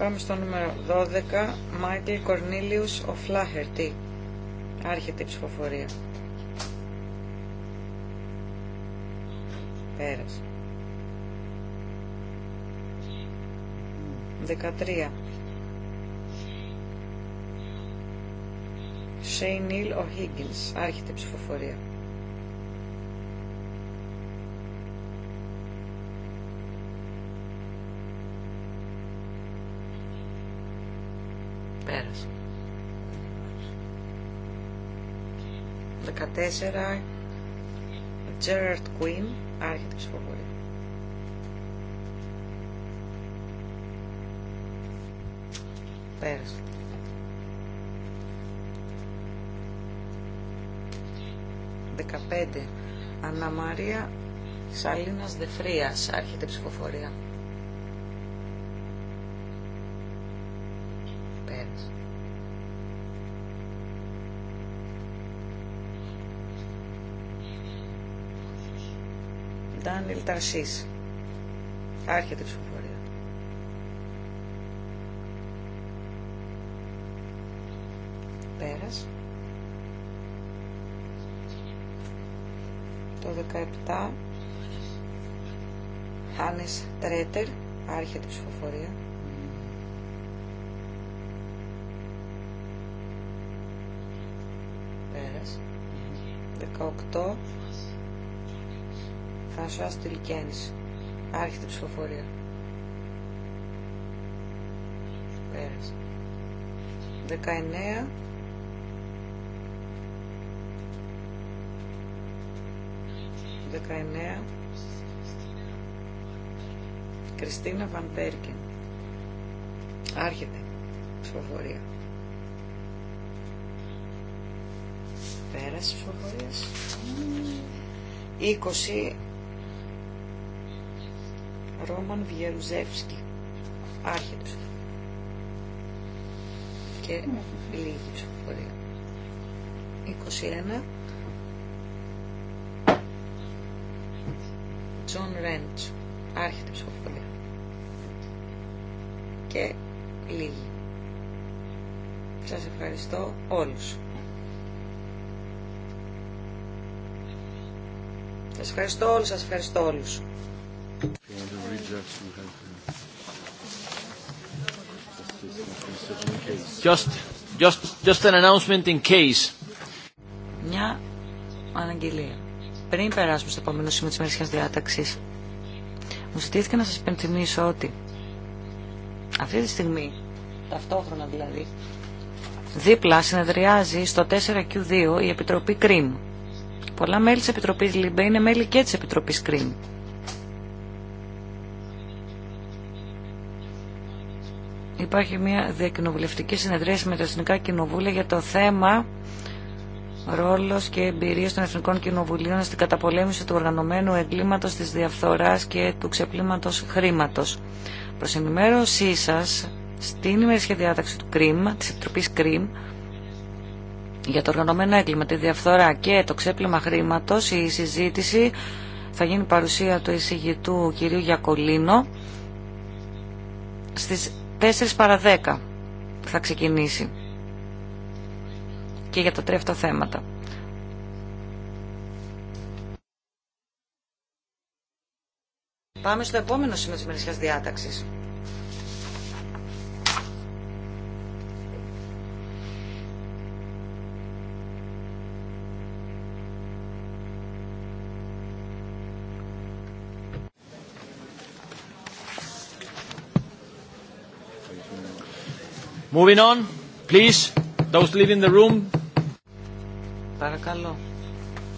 Πάμε στο νούμερο 12. Μάικλ Κορνίλιους Φλάχερτη. Άρχεται η ψηφοφορία. Πέρασε. 13. Σέι Νίλ ο Χίγγινς. Άρχεται η ψηφοφορία. 4 Gerard Quinn άρχεται η ψηφοφορία πέρασε Δεκαπέντε Αναμαρία Σαλίνας Δεφρίας άρχεται η ψηφοφορία Ταρσής. Άρχεται η ψηφοφορία. Πέρας. Το 17. Χάνες Τρέτερ. Άρχεται η ψηφοφορία. Πέρας. 18. Φρανσουάς Τιλικένης. Άρχεται η ψηφοφορία. Πέρασε. 19. Δεκαεννέα. Κριστίνα Βαντέρκιν Άρχεται ψηφοφορία. Πέρασε ψηφοφορίας 20 Ρόμαν Βιερουζεύσκη. Άρχεται Και λίγη ψηφοφορία. 21. Τζον Ρέντς, άρχιτε ψηφοφορία. Και λίγη. Σας ευχαριστώ όλους. Σας ευχαριστώ όλους, σας ευχαριστώ όλους. Μια αναγγελία. Πριν περάσουμε στο επόμενο σημείο τη μερικής διάταξη. μου ζητήθηκε να σα υπενθυμίσω ότι αυτή τη στιγμή, ταυτόχρονα δηλαδή, δίπλα συνεδριάζει στο 4Q2 η Επιτροπή ΚΡΙΜ. Πολλά μέλη τη επιτροπή Λίμπε είναι μέλη και τη επιτροπή ΚΡΙΜ. υπάρχει μια διακοινοβουλευτική συνεδρία με τα Εθνικά Κοινοβούλια για το θέμα ρόλος και εμπειρίες των Εθνικών Κοινοβουλίων στην καταπολέμηση του οργανωμένου εγκλήματος, της διαφθοράς και του ξεπλήματος χρήματος. Προς ενημέρωσή σας, στην ημερήσια διάταξη του ΚΡΙΜ, της Επιτροπής ΚΡΙΜ, για το οργανωμένο έγκλημα, τη διαφθορά και το ξέπλυμα χρήματος, η συζήτηση θα γίνει παρουσία του εισηγητού κυρίου Γιακολίνο στις 4 παρα 10 θα ξεκινήσει και για τα τρία αυτά θέματα. Πάμε στο επόμενο σημείο της μερισιάς διάταξης. Moving on, please, those leaving the room. Παρακαλώ.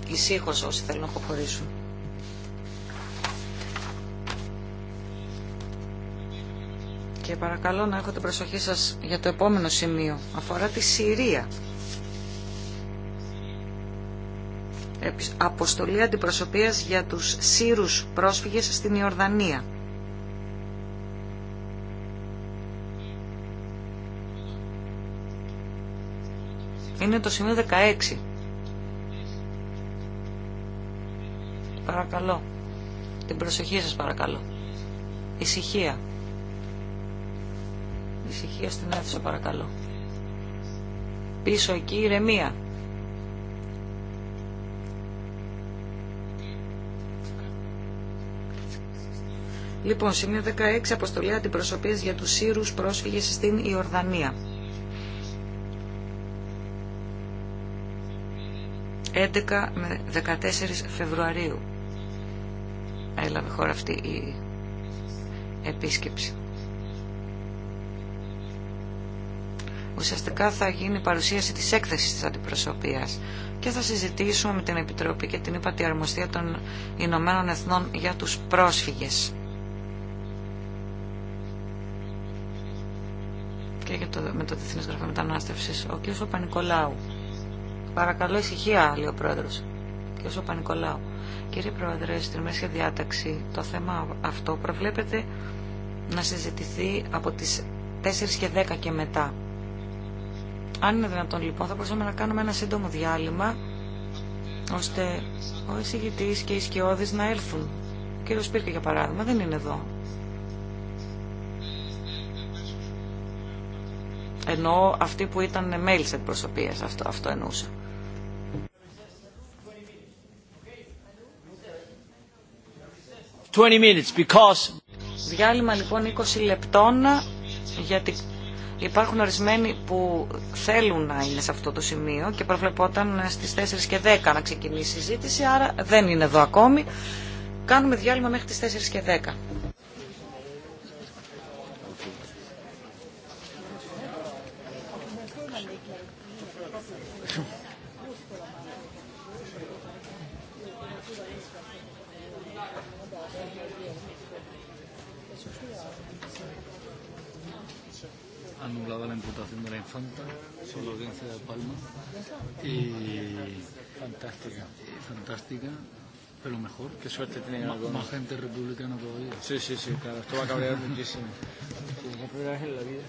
Ησύχως όσοι θέλουν να αποχωρήσουν. Και παρακαλώ να έχω την προσοχή σας για το επόμενο σημείο. Αφορά τη Συρία. Αποστολή αντιπροσωπείας για τους Σύρους πρόσφυγες στην Ιορδανία. Είναι το σημείο 16. Παρακαλώ. Την προσοχή σας παρακαλώ. Ησυχία. Ησυχία στην αίθουσα παρακαλώ. Πίσω εκεί ηρεμία. Λοιπόν, σημείο 16, αποστολή αντιπροσωπείας για τους Σύρους πρόσφυγες στην Ιορδανία. 11 με 14 Φεβρουαρίου έλαβε χώρα αυτή η επίσκεψη. Ουσιαστικά θα γίνει η παρουσίαση της έκθεσης της αντιπροσωπείας και θα συζητήσουμε με την Επιτροπή και την Υπατή Αρμοστία των Ηνωμένων Εθνών για τους πρόσφυγες. Και για το, με το Διεθνές Γραφείο Μετανάστευσης, ο κ. παπα Παρακαλώ ησυχία, λέει ο πρόεδρο. Και όσο Πανικολάου. Κύριε Πρόεδρε, στην μέση διάταξη το θέμα αυτό προβλέπεται να συζητηθεί από τι 4 και 10 και μετά. Αν είναι δυνατόν λοιπόν θα μπορούσαμε να κάνουμε ένα σύντομο διάλειμμα ώστε ο εισηγητή και οι σκιώδει να έλθουν. Ο κύριο Πύρκα για παράδειγμα δεν είναι εδώ. Ενώ αυτοί που ήταν μέλη τη αντιπροσωπείας, αυτό, αυτό εννοούσα. Διάλειμμα λοιπόν 20 λεπτών γιατί υπάρχουν ορισμένοι που θέλουν να είναι σε αυτό το σημείο και προβλεπόταν στις 4 και 10 να ξεκινήσει η συζήτηση άρα δεν είναι εδώ ακόμη. Κάνουμε διάλειμμα μέχρι τις 4 και 10. fantástica, pero mejor. Qué suerte tiene algunos. Más gente republicana todavía. Sí, sí, sí, claro. Esto va a cabrear muchísimo. la primera vez en la vida.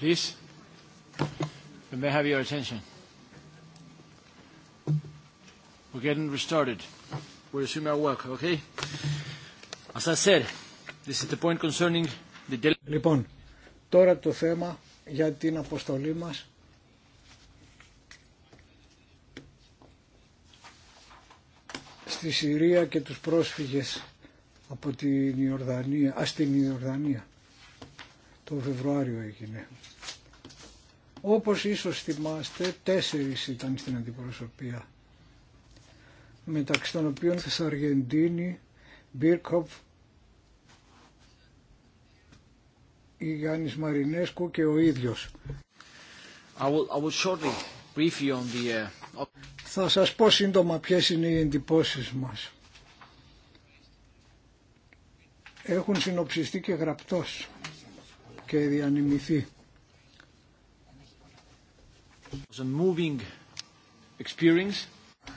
Please, we may have your attention. We're getting restarted. We'll resume our work, okay? As I said, this is the point concerning the... Λοιπόν, τώρα το θέμα για την αποστολή μας στη Συρία και τους πρόσφυγες από την Ιορδανία, α, στην Ιορδανία. Το Φεβρουάριο έγινε. Όπως ίσως θυμάστε, τέσσερις ήταν στην αντιπροσωπεία. Μεταξύ των οποίων Αργεντίνη, Μπίρκοφ, η Γιάννης Μαρινέσκου και ο ίδιος. I will, I will uh, Θα σας πω σύντομα ποιες είναι οι εντυπώσεις μας. Έχουν συνοψιστεί και γραπτός και διανυμηθεί.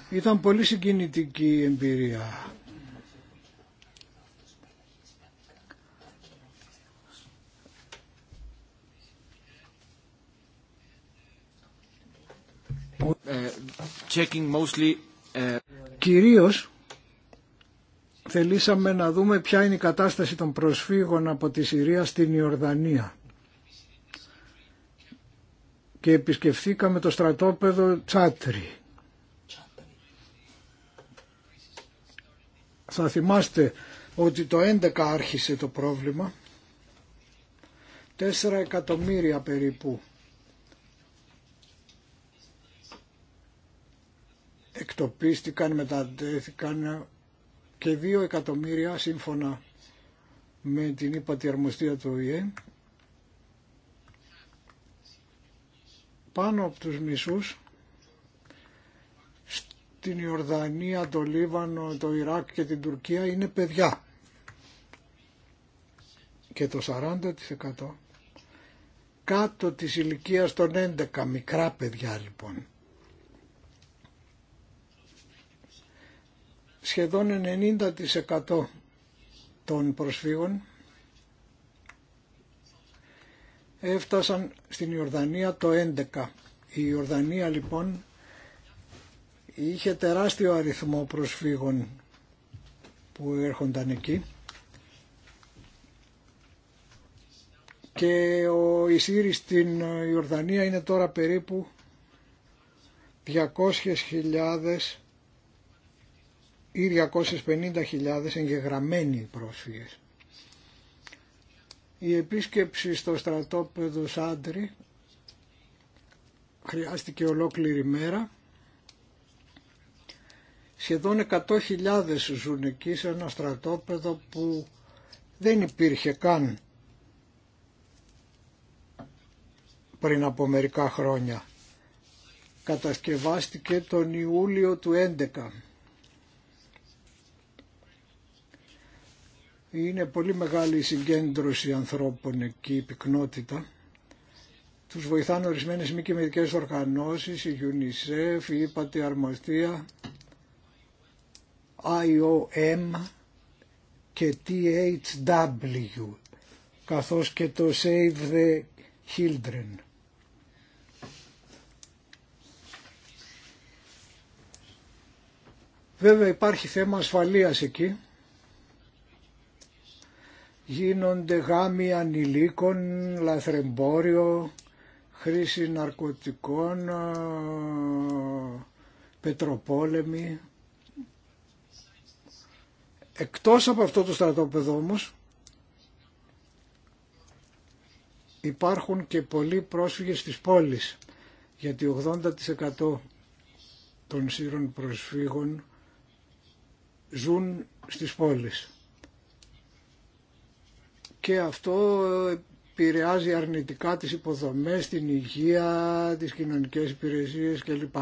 Ήταν πολύ συγκινητική η εμπειρία. Uh, checking mostly, uh... Κυρίως θελήσαμε να δούμε ποια είναι η κατάσταση των προσφύγων από τη Συρία στην Ιορδανία. Και επισκεφθήκαμε το στρατόπεδο Τσάτρι. Θα θυμάστε ότι το 11 άρχισε το πρόβλημα. 4 εκατομμύρια περίπου. Εκτοπίστηκαν, μετατέθηκαν και 2 εκατομμύρια σύμφωνα με την ύπατη αρμοστία του ΟΗΕ πάνω από τους μισούς στην Ιορδανία, το Λίβανο, το Ιράκ και την Τουρκία είναι παιδιά και το 40% κάτω της ηλικίας των 11 μικρά παιδιά λοιπόν σχεδόν 90% των προσφύγων έφτασαν στην Ιορδανία το 11. Η Ιορδανία λοιπόν είχε τεράστιο αριθμό προσφύγων που έρχονταν εκεί και ο Ισήρη στην Ιορδανία είναι τώρα περίπου 200.000 ή 250.000 εγγεγραμμένοι πρόσφυγες. Η επίσκεψη στο στρατόπεδο Σάντρι χρειάστηκε ολόκληρη μέρα. Σχεδόν 100.000 ζουν εκεί σε ένα στρατόπεδο που δεν υπήρχε καν πριν από μερικά χρόνια. Κατασκευάστηκε τον Ιούλιο του 11. Είναι πολύ μεγάλη η συγκέντρωση ανθρώπων εκεί, η πυκνότητα. Τους βοηθάνε ορισμένες μη κοιμητικές οργανώσεις, η UNICEF, η ΥΠΑΤΗ Αρμοστία, IOM και THW, καθώς και το Save the Children. Βέβαια υπάρχει θέμα ασφαλείας εκεί γίνονται γάμοι ανηλίκων, λαθρεμπόριο, χρήση ναρκωτικών, πετροπόλεμοι. Εκτός από αυτό το στρατόπεδο όμως υπάρχουν και πολλοί πρόσφυγες στις πόλεις γιατί 80% των σύρων προσφύγων ζουν στις πόλεις και αυτό επηρεάζει αρνητικά τις υποδομές, την υγεία, τις κοινωνικές υπηρεσίες κλπ.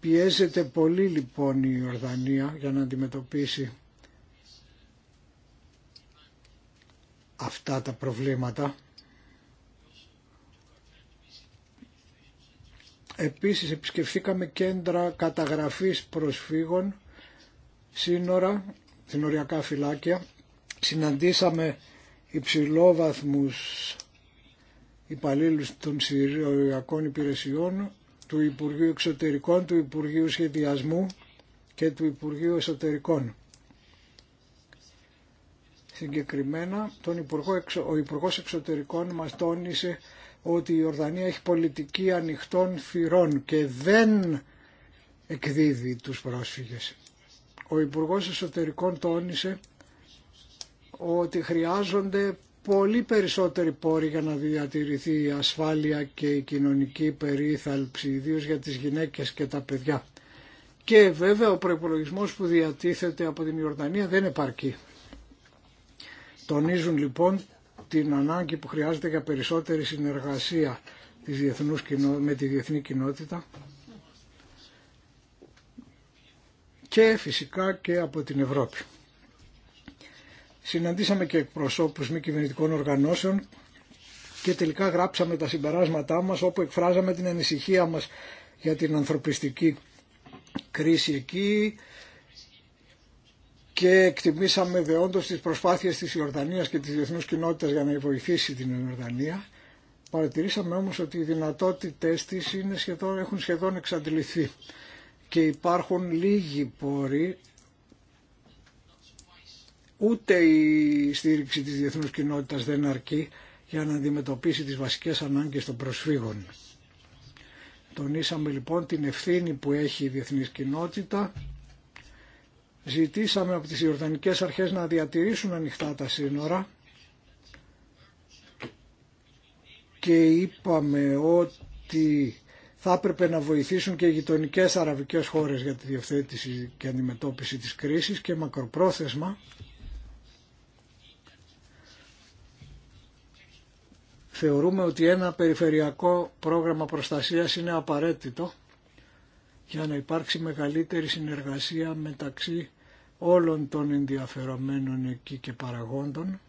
Πιέζεται πολύ λοιπόν η Ορδανία για να αντιμετωπίσει αυτά τα προβλήματα. Επίσης επισκεφθήκαμε κέντρα καταγραφής προσφύγων, σύνορα, οριακά φυλάκια συναντήσαμε υψηλόβαθμους υπαλλήλου των Συριακών Υπηρεσιών, του Υπουργείου Εξωτερικών, του Υπουργείου Σχεδιασμού και του Υπουργείου Εσωτερικών. Συγκεκριμένα, τον Υπουργό, ο Υπουργός Εξωτερικών μας τόνισε ότι η Ορδανία έχει πολιτική ανοιχτών φυρών και δεν εκδίδει τους πρόσφυγες. Ο Υπουργός Εσωτερικών τόνισε ότι χρειάζονται πολύ περισσότεροι πόροι για να διατηρηθεί η ασφάλεια και η κοινωνική περίθαλψη, ιδίως για τις γυναίκες και τα παιδιά. Και βέβαια ο προπολογισμό που διατίθεται από την Ιορδανία δεν επαρκεί. Τονίζουν λοιπόν την ανάγκη που χρειάζεται για περισσότερη συνεργασία της διεθνούς, με τη διεθνή κοινότητα και φυσικά και από την Ευρώπη. Συναντήσαμε και εκπροσώπους μη κυβερνητικών οργανώσεων και τελικά γράψαμε τα συμπεράσματά μας όπου εκφράζαμε την ανησυχία μας για την ανθρωπιστική κρίση εκεί και εκτιμήσαμε δεόντως τις προσπάθειες της Ιορδανίας και της διεθνούς κοινότητας για να βοηθήσει την Ιορδανία. Παρατηρήσαμε όμως ότι οι δυνατότητες της είναι σχεδόν, έχουν σχεδόν εξαντληθεί και υπάρχουν λίγοι πόροι Ούτε η στήριξη της διεθνούς κοινότητας δεν αρκεί για να αντιμετωπίσει τις βασικές ανάγκες των προσφύγων. Τονίσαμε λοιπόν την ευθύνη που έχει η διεθνής κοινότητα. Ζητήσαμε από τις Ιορδανικές αρχές να διατηρήσουν ανοιχτά τα σύνορα και είπαμε ότι θα έπρεπε να βοηθήσουν και οι γειτονικέ αραβικές χώρες για τη διευθέτηση και αντιμετώπιση της κρίσης και μακροπρόθεσμα θεωρούμε ότι ένα περιφερειακό πρόγραμμα προστασίας είναι απαραίτητο για να υπάρξει μεγαλύτερη συνεργασία μεταξύ όλων των ενδιαφερομένων εκεί και παραγόντων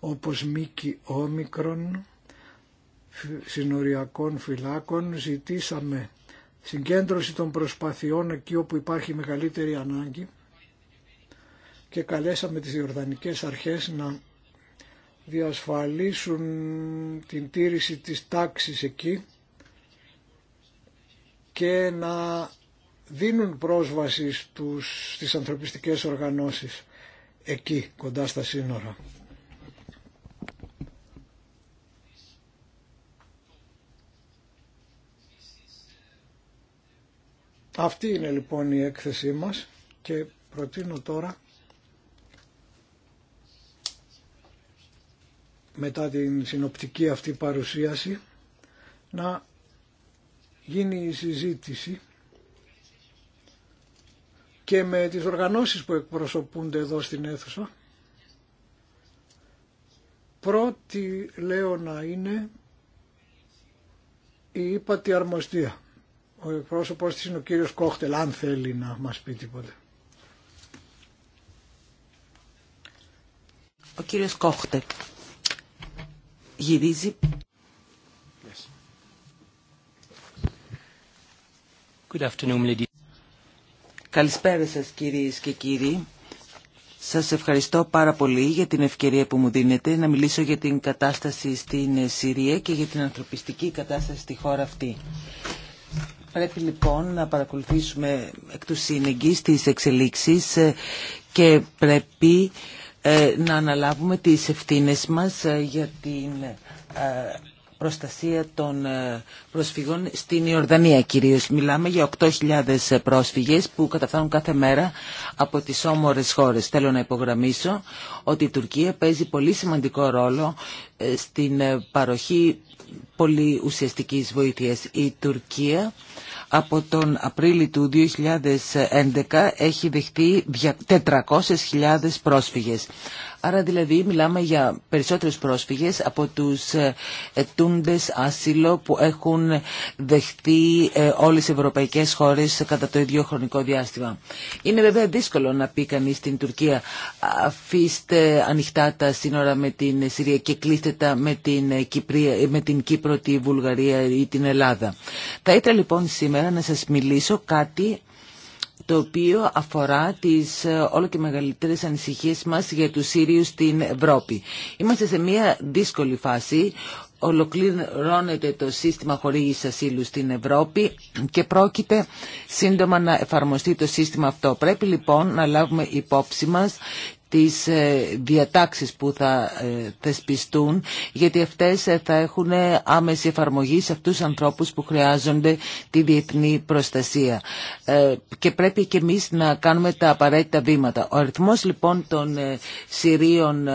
όπως μήκη όμικρον συνοριακών φυλάκων ζητήσαμε συγκέντρωση των προσπαθειών εκεί όπου υπάρχει μεγαλύτερη ανάγκη και καλέσαμε τις Ιορδανικές αρχές να διασφαλίσουν την τήρηση της τάξης εκεί και να δίνουν πρόσβαση στους, στις ανθρωπιστικές οργανώσεις εκεί κοντά στα σύνορα. Αυτή είναι λοιπόν η έκθεσή μας και προτείνω τώρα μετά την συνοπτική αυτή παρουσίαση να γίνει η συζήτηση και με τις οργανώσεις που εκπροσωπούνται εδώ στην αίθουσα. Πρώτη λέω να είναι η ύπατη αρμοστία. Ο εκπρόσωπος της είναι ο κύριος Κόχτελ, αν θέλει να μας πει τίποτε Ο κύριος Κόχτελ γυρίζει. Καλησπέρα σας κυρίες και κύριοι. Σας ευχαριστώ πάρα πολύ για την ευκαιρία που μου δίνετε να μιλήσω για την κατάσταση στην Συρία και για την ανθρωπιστική κατάσταση στη χώρα αυτή. Πρέπει λοιπόν να παρακολουθήσουμε εκ του συνεγγύς τις εξελίξεις ε, και πρέπει ε, να αναλάβουμε τις ευθύνες μας ε, για την ε, προστασία των προσφυγών στην Ιορδανία κυρίως. Μιλάμε για 8.000 πρόσφυγες που καταφθάνουν κάθε μέρα από τις όμορες χώρες. Θέλω να υπογραμμίσω ότι η Τουρκία παίζει πολύ σημαντικό ρόλο στην παροχή πολύ ουσιαστικής βοήθειας. Η Τουρκία από τον Απρίλιο του 2011 έχει δεχτεί 400.000 πρόσφυγες. Άρα δηλαδή μιλάμε για περισσότερους πρόσφυγες από τους ε, ετούντες άσυλο που έχουν δεχτεί ε, όλες οι ευρωπαϊκές χώρες κατά το ίδιο χρονικό διάστημα. Είναι βέβαια δύσκολο να πει κανείς στην Τουρκία αφήστε ανοιχτά τα σύνορα με την Συρία και κλείστε τα με την, ε, την Κύπρο, τη Βουλγαρία ή την Ελλάδα. Θα ήθελα λοιπόν σήμερα να σας μιλήσω κάτι το οποίο αφορά τις ε, όλο και μεγαλύτερες ανησυχίες μας για τους Σύριους στην Ευρώπη. Είμαστε σε μια δύσκολη φάση ολοκληρώνεται το σύστημα χορήγησης ασύλου στην Ευρώπη και πρόκειται σύντομα να εφαρμοστεί το σύστημα αυτό. Πρέπει λοιπόν να λάβουμε υπόψη μας τις ε, διατάξεις που θα ε, θεσπιστούν γιατί αυτές ε, θα έχουν άμεση εφαρμογή σε αυτούς τους ανθρώπους που χρειάζονται τη διεθνή προστασία. Και πρέπει και εμείς να κάνουμε τα απαραίτητα βήματα. Ο αριθμός λοιπόν των Συρίων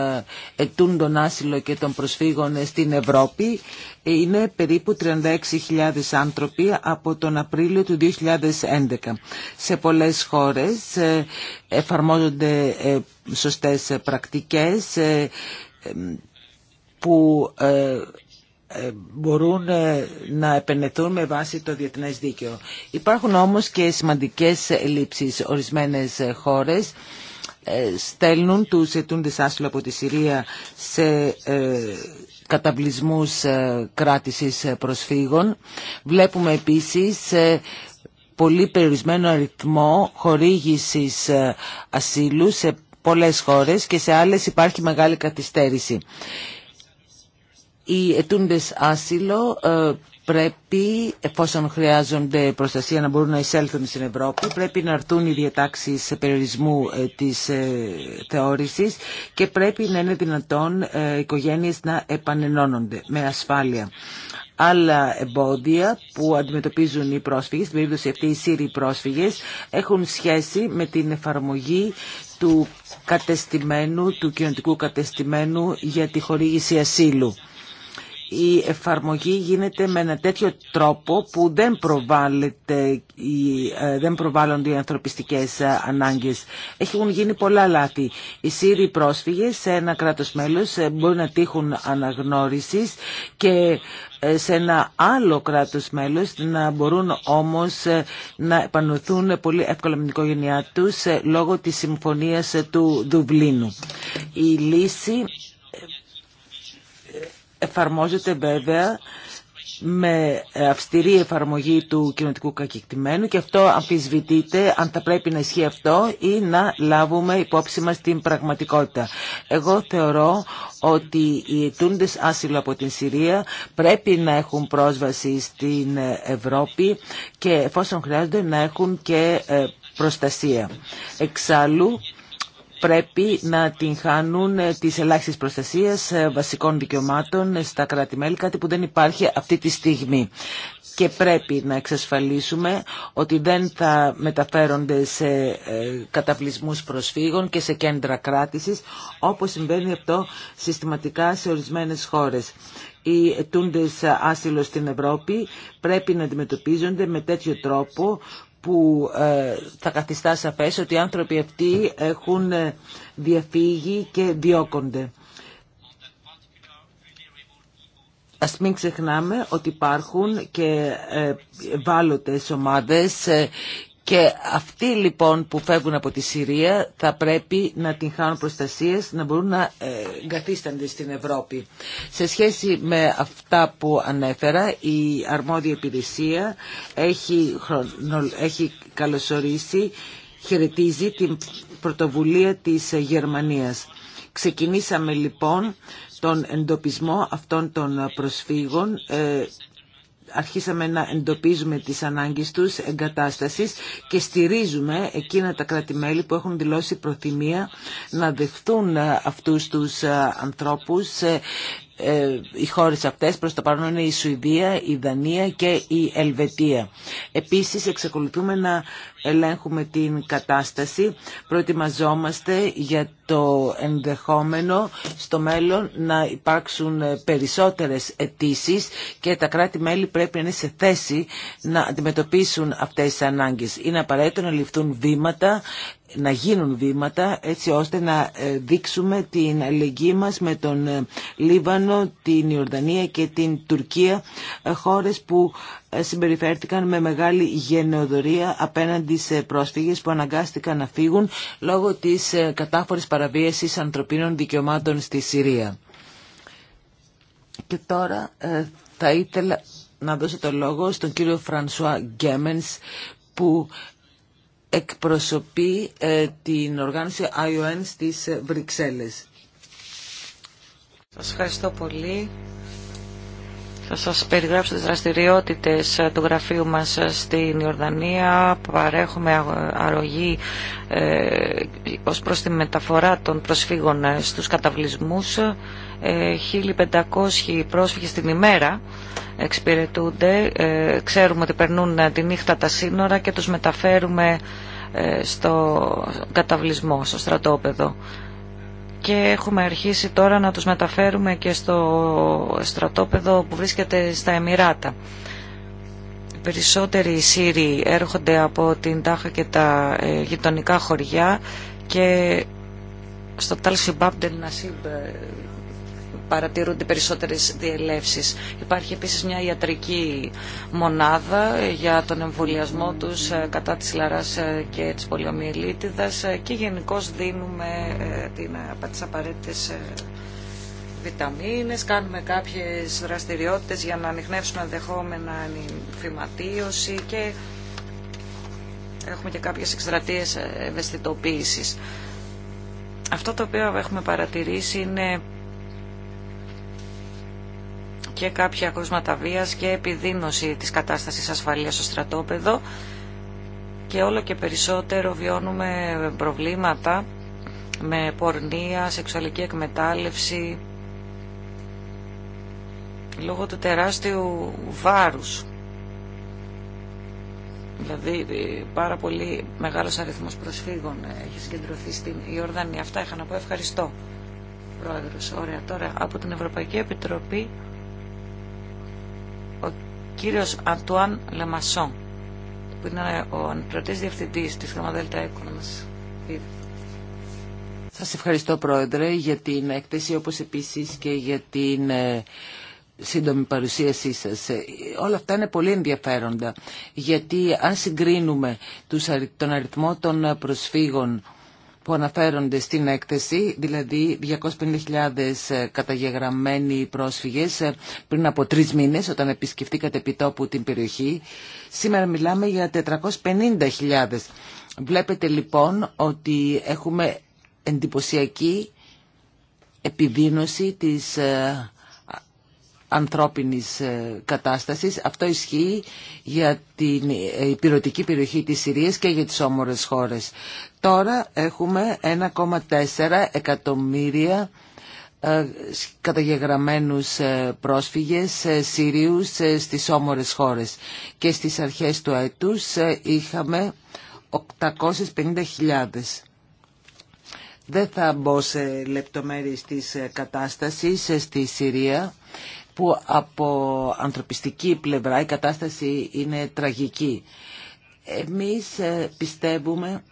τον άσυλο και των προσφύγων στην Ευρώπη είναι περίπου 36.000 άνθρωποι από τον Απρίλιο του 2011. Σε πολλές χώρες ε, εφαρμόζονται ε, σωστές πρακτικές ε, που μπορούν να επενεθούν με βάση το διεθνές δίκαιο. Υπάρχουν όμως και σημαντικές ελλείψεις. Ορισμένες χώρες στέλνουν τους ετούντες άσυλο από τη Συρία σε καταβλισμούς ε, κράτησης ε, προσφύγων. Βλέπουμε επίσης ε, πολύ περιορισμένο αριθμό χορήγησης ασύλου σε πολλές χώρες και σε άλλες υπάρχει μεγάλη καθυστέρηση. Οι ετούντες άσυλο πρέπει, εφόσον χρειάζονται προστασία να μπορούν να εισέλθουν στην Ευρώπη, πρέπει να έρθουν οι διατάξεις περιορισμού ε, της ε, θεώρησης και πρέπει να είναι δυνατόν οι ε, οικογένειες να επανενώνονται με ασφάλεια. Άλλα εμπόδια που αντιμετωπίζουν οι πρόσφυγες, στην περίπτωση αυτή οι Σύριοι πρόσφυγες, έχουν σχέση με την εφαρμογή του κατεστημένου, του κοινωνικού κατεστημένου για τη χορήγηση ασύλου η εφαρμογή γίνεται με ένα τέτοιο τρόπο που δεν, ε, δεν προβάλλονται οι ανθρωπιστικές ε, ανάγκες. Έχουν γίνει πολλά λάθη. Οι Σύριοι πρόσφυγες σε ένα κράτος μέλος ε, μπορεί να τύχουν αναγνώρισης και σε ένα άλλο κράτος μέλος να μπορούν όμως να επανωθούν πολύ εύκολα με την οικογένειά τους λόγω της συμφωνίας του Δουβλίνου. Η λύση εφαρμόζεται βέβαια με αυστηρή εφαρμογή του κοινωτικού κακεκτημένου και αυτό αμφισβητείται αν θα πρέπει να ισχύει αυτό ή να λάβουμε υπόψη μας την πραγματικότητα. Εγώ θεωρώ ότι οι αιτούντες άσυλο από την Συρία πρέπει να έχουν πρόσβαση στην Ευρώπη και εφόσον χρειάζονται να έχουν και ε, προστασία. Εξάλλου πρέπει να την χάνουν ε, τις ελάχιστες προστασίες ε, βασικών δικαιωμάτων ε, στα κράτη-μέλη, κάτι που δεν υπάρχει αυτή τη στιγμή. Και πρέπει να εξασφαλίσουμε ότι δεν θα μεταφέρονται σε καταβλισμούς προσφύγων και σε κέντρα κράτησης, όπως συμβαίνει αυτό συστηματικά σε ορισμένες χώρες. Οι ετούντες άσυλο στην Ευρώπη πρέπει να αντιμετωπίζονται με τέτοιο τρόπο που ε, θα καθιστά σαφές ότι οι άνθρωποι αυτοί έχουν ε, διαφύγει και διώκονται. Ας μην ξεχνάμε ότι υπάρχουν και βάλωτες ε, ομάδες και αυτοί λοιπόν που φεύγουν από τη Συρία θα πρέπει να την χάνουν προστασίες, να μπορούν να ε, εγκαθίστανται στην Ευρώπη. Σε σχέση με αυτά που ανέφερα, η αρμόδια υπηρεσία έχει, έχει καλωσορίσει, χαιρετίζει την πρωτοβουλία της Γερμανίας. Ξεκινήσαμε λοιπόν τον εντοπισμό αυτών των προσφύγων ε, αρχίσαμε να εντοπίζουμε τις ανάγκες τους εγκατάστασης και στηρίζουμε εκείνα τα κράτη-μέλη που έχουν δηλώσει προθυμία να δεχτούν αυτούς τους ε, ανθρώπους ε, ε, οι χώρες αυτές προς το παρόν είναι η Σουηδία, η Δανία και η Ελβετία. Επίσης εξακολουθούμε να ελέγχουμε την κατάσταση, προετοιμαζόμαστε για το ενδεχόμενο στο μέλλον να υπάρξουν περισσότερες αιτήσει και τα κράτη-μέλη πρέπει να είναι σε θέση να αντιμετωπίσουν αυτές τις ανάγκες. Είναι απαραίτητο να ληφθούν βήματα να γίνουν βήματα έτσι ώστε να ε, δείξουμε την αλληλεγγύη μας με τον ε, Λίβανο, την Ιορδανία και την Τουρκία, ε, χώρες που συμπεριφέρθηκαν με μεγάλη γενεοδορία απέναντι σε πρόσφυγες που αναγκάστηκαν να φύγουν λόγω της κατάφορης παραβίασης ανθρωπίνων δικαιωμάτων στη Συρία. Και τώρα θα ήθελα να δώσω το λόγο στον κύριο Φρανσουά Γκέμενς που εκπροσωπεί ε, την οργάνωση ION στις ε, Βρυξέλλες. Σας ευχαριστώ πολύ. Θα σας περιγράψω τις δραστηριότητες ε, του γραφείου μας στην Ιορδανία. Παρέχουμε αρρωγή ε, ως προς τη μεταφορά των προσφύγων στους καταβλισμούς. 1.500 πρόσφυγες την ημέρα εξυπηρετούνται. Ε, ξέρουμε ότι περνούν ε, τη νύχτα τα σύνορα και τους μεταφέρουμε ε, στο καταβλισμό, στο στρατόπεδο. Και έχουμε αρχίσει τώρα να τους μεταφέρουμε και στο στρατόπεδο που βρίσκεται στα Εμμυράτα. περισσότεροι Σύριοι έρχονται από την Τάχα και τα γειτονικά χωριά και στο να Νασίμπ παρατηρούνται περισσότερες διελεύσεις. Υπάρχει επίσης μια ιατρική μονάδα για τον εμβολιασμό τους ε, κατά της λαράς ε, και της πολιομιελίτιδας ε, και γενικώ δίνουμε τις απαραίτητες βιταμίνες, κάνουμε κάποιες δραστηριότητες για να ανοιχνεύσουμε ενδεχόμενα φυματίωση και έχουμε και κάποιες εκστρατείες ευαισθητοποίησης. Αυτό το οποίο έχουμε παρατηρήσει είναι και κάποια κρούσματα βίας και επιδείνωση της κατάστασης ασφαλείας στο στρατόπεδο και όλο και περισσότερο βιώνουμε προβλήματα με πορνεία, σεξουαλική εκμετάλλευση λόγω του τεράστιου βάρους δηλαδή πάρα πολύ μεγάλος αριθμός προσφύγων έχει συγκεντρωθεί στην Ιορδανία αυτά είχα να πω ευχαριστώ Πρόεδρος. Ωραία, τώρα από την Ευρωπαϊκή Επιτροπή κύριος Αντουάν Λεμασόν, που είναι ο αναπληρωτής διευθυντής της Γραμματέλτα Έκονας. Σας ευχαριστώ Πρόεδρε για την έκθεση όπως επίσης και για την ε, σύντομη παρουσίασή σας. Ε, όλα αυτά είναι πολύ ενδιαφέροντα γιατί αν συγκρίνουμε τον αριθμό των προσφύγων που αναφέρονται στην έκθεση, δηλαδή 250.000 ε, καταγεγραμμένοι πρόσφυγες ε, πριν από τρει μήνες όταν επισκεφτήκατε επιτόπου την περιοχή. Σήμερα μιλάμε για 450.000. Βλέπετε λοιπόν ότι έχουμε εντυπωσιακή επιδείνωση της ε, ανθρώπινης κατάστασης. Αυτό ισχύει για την υπηρετική περιοχή της Συρίας και για τις όμορες χώρες. Τώρα έχουμε 1,4 εκατομμύρια ε, καταγεγραμμένους ε, πρόσφυγες ε, Συρίους στις όμορες χώρες. Και στις αρχές του αιτούς είχαμε 850.000. Δεν θα μπω σε λεπτομέρειες της κατάστασης στη Συρία που από ανθρωπιστική πλευρά η κατάσταση είναι τραγική. Εμείς πιστεύουμε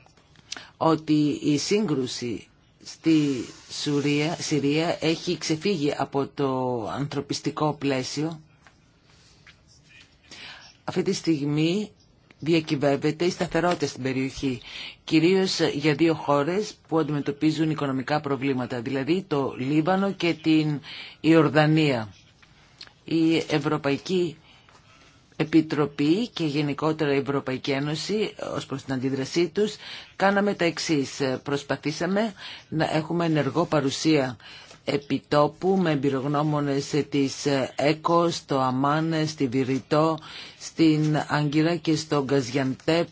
ότι η σύγκρουση στη Σουρία, Συρία έχει ξεφύγει από το ανθρωπιστικό πλαίσιο. Αυτή τη στιγμή διακυβεύεται η σταθερότητα στην περιοχή, κυρίως για δύο χώρες που αντιμετωπίζουν οικονομικά προβλήματα, δηλαδή το Λίβανο και την Ιορδανία. Η Ευρωπαϊκή Επιτροπή και γενικότερα η Ευρωπαϊκή Ένωση ως προς την αντίδρασή τους κάναμε τα εξής. Προσπαθήσαμε να έχουμε ενεργό παρουσία επιτόπου με εμπειρογνώμονες της ΕΚΟ, στο ΑΜΑΝ, στη Βηρητό, στην Άγκυρα και στο Γκαζιαντέπ.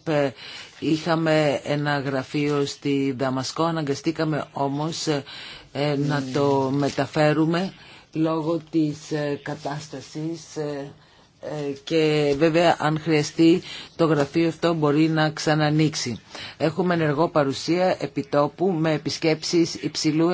Είχαμε ένα γραφείο στη Δαμασκό, αναγκαστήκαμε όμως ε, να το μεταφέρουμε λόγω της ε, κατάστασης ε, και βέβαια αν χρειαστεί το γραφείο αυτό μπορεί να ξανανοίξει. Έχουμε ενεργό παρουσία επιτόπου με επισκέψεις υψηλού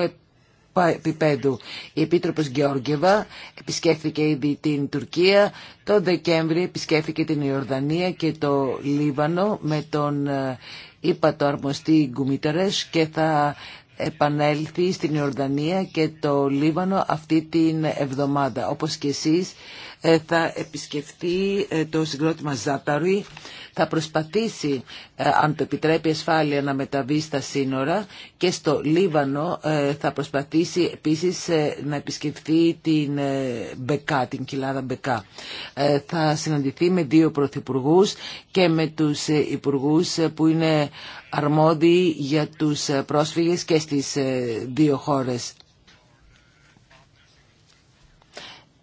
επίπεδου. Η Επίτροπος Γεώργεβα επισκέφθηκε ήδη την Τουρκία, το Δεκέμβρη επισκέφθηκε την Ιορδανία και το Λίβανο με τον ε, είπα το αρμοστή Γκουμίτερες και θα επανέλθει στην Ιορδανία και το Λίβανο αυτή την εβδομάδα. Όπως και εσείς ε, θα επισκεφτεί ε, το συγκρότημα Ζάταρουι, θα προσπαθήσει, ε, αν το επιτρέπει η ασφάλεια, να μεταβεί στα σύνορα και στο Λίβανο θα προσπαθήσει επίσης να επισκεφτεί την Μπεκά, την κοιλάδα Μπεκά. Θα συναντηθεί με δύο πρωθυπουργού και με τους υπουργού που είναι αρμόδιοι για τους πρόσφυγες και στις δύο χώρες.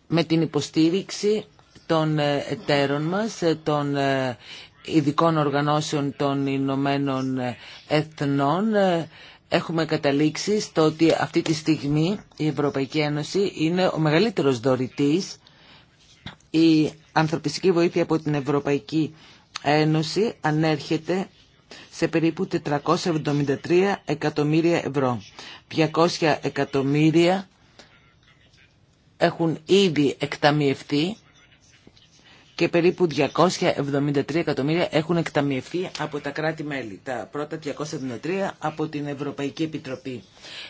με την υποστήριξη των ε, εταίρων μας, ε, των ε, ειδικών οργανώσεων των Ηνωμένων Εθνών, έχουμε καταλήξει στο ότι αυτή τη στιγμή η Ευρωπαϊκή Ένωση είναι ο μεγαλύτερος δωρητής. Η ανθρωπιστική βοήθεια από την Ευρωπαϊκή Ένωση ανέρχεται σε περίπου 473 εκατομμύρια ευρώ. 200 εκατομμύρια έχουν ήδη εκταμιευτεί και περίπου 273 εκατομμύρια έχουν εκταμιευθεί από τα κράτη-μέλη. Τα πρώτα 273 από την Ευρωπαϊκή Επιτροπή.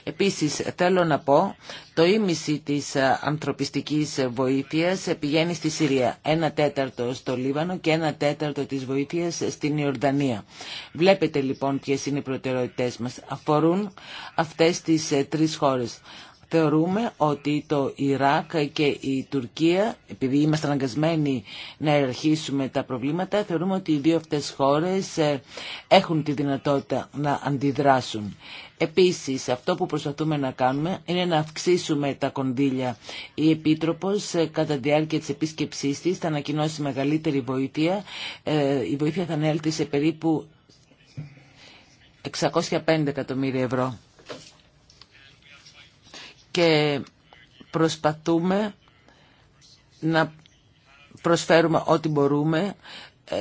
Επίσης, θέλω να πω, το ίμιση της ανθρωπιστικής βοήθειας πηγαίνει στη Συρία. Ένα τέταρτο στο Λίβανο και ένα τέταρτο της βοήθειας στην Ιορδανία. Βλέπετε λοιπόν ποιες είναι οι προτεραιότητές μας. Αφορούν αυτές τις ε, τρεις χώρες θεωρούμε ότι το Ιράκ και η Τουρκία, επειδή είμαστε αναγκασμένοι να ερχίσουμε τα προβλήματα, θεωρούμε ότι οι δύο αυτές χώρες ε, έχουν τη δυνατότητα να αντιδράσουν. Επίσης, αυτό που προσπαθούμε να κάνουμε είναι να αυξήσουμε τα κονδύλια. Η Επίτροπος, ε, κατά τη διάρκεια της επίσκεψής της, θα ανακοινώσει μεγαλύτερη βοήθεια. Ε, η βοήθεια θα ανέλθει σε περίπου 605 εκατομμύρια ευρώ και προσπαθούμε να προσφέρουμε ό,τι μπορούμε ε,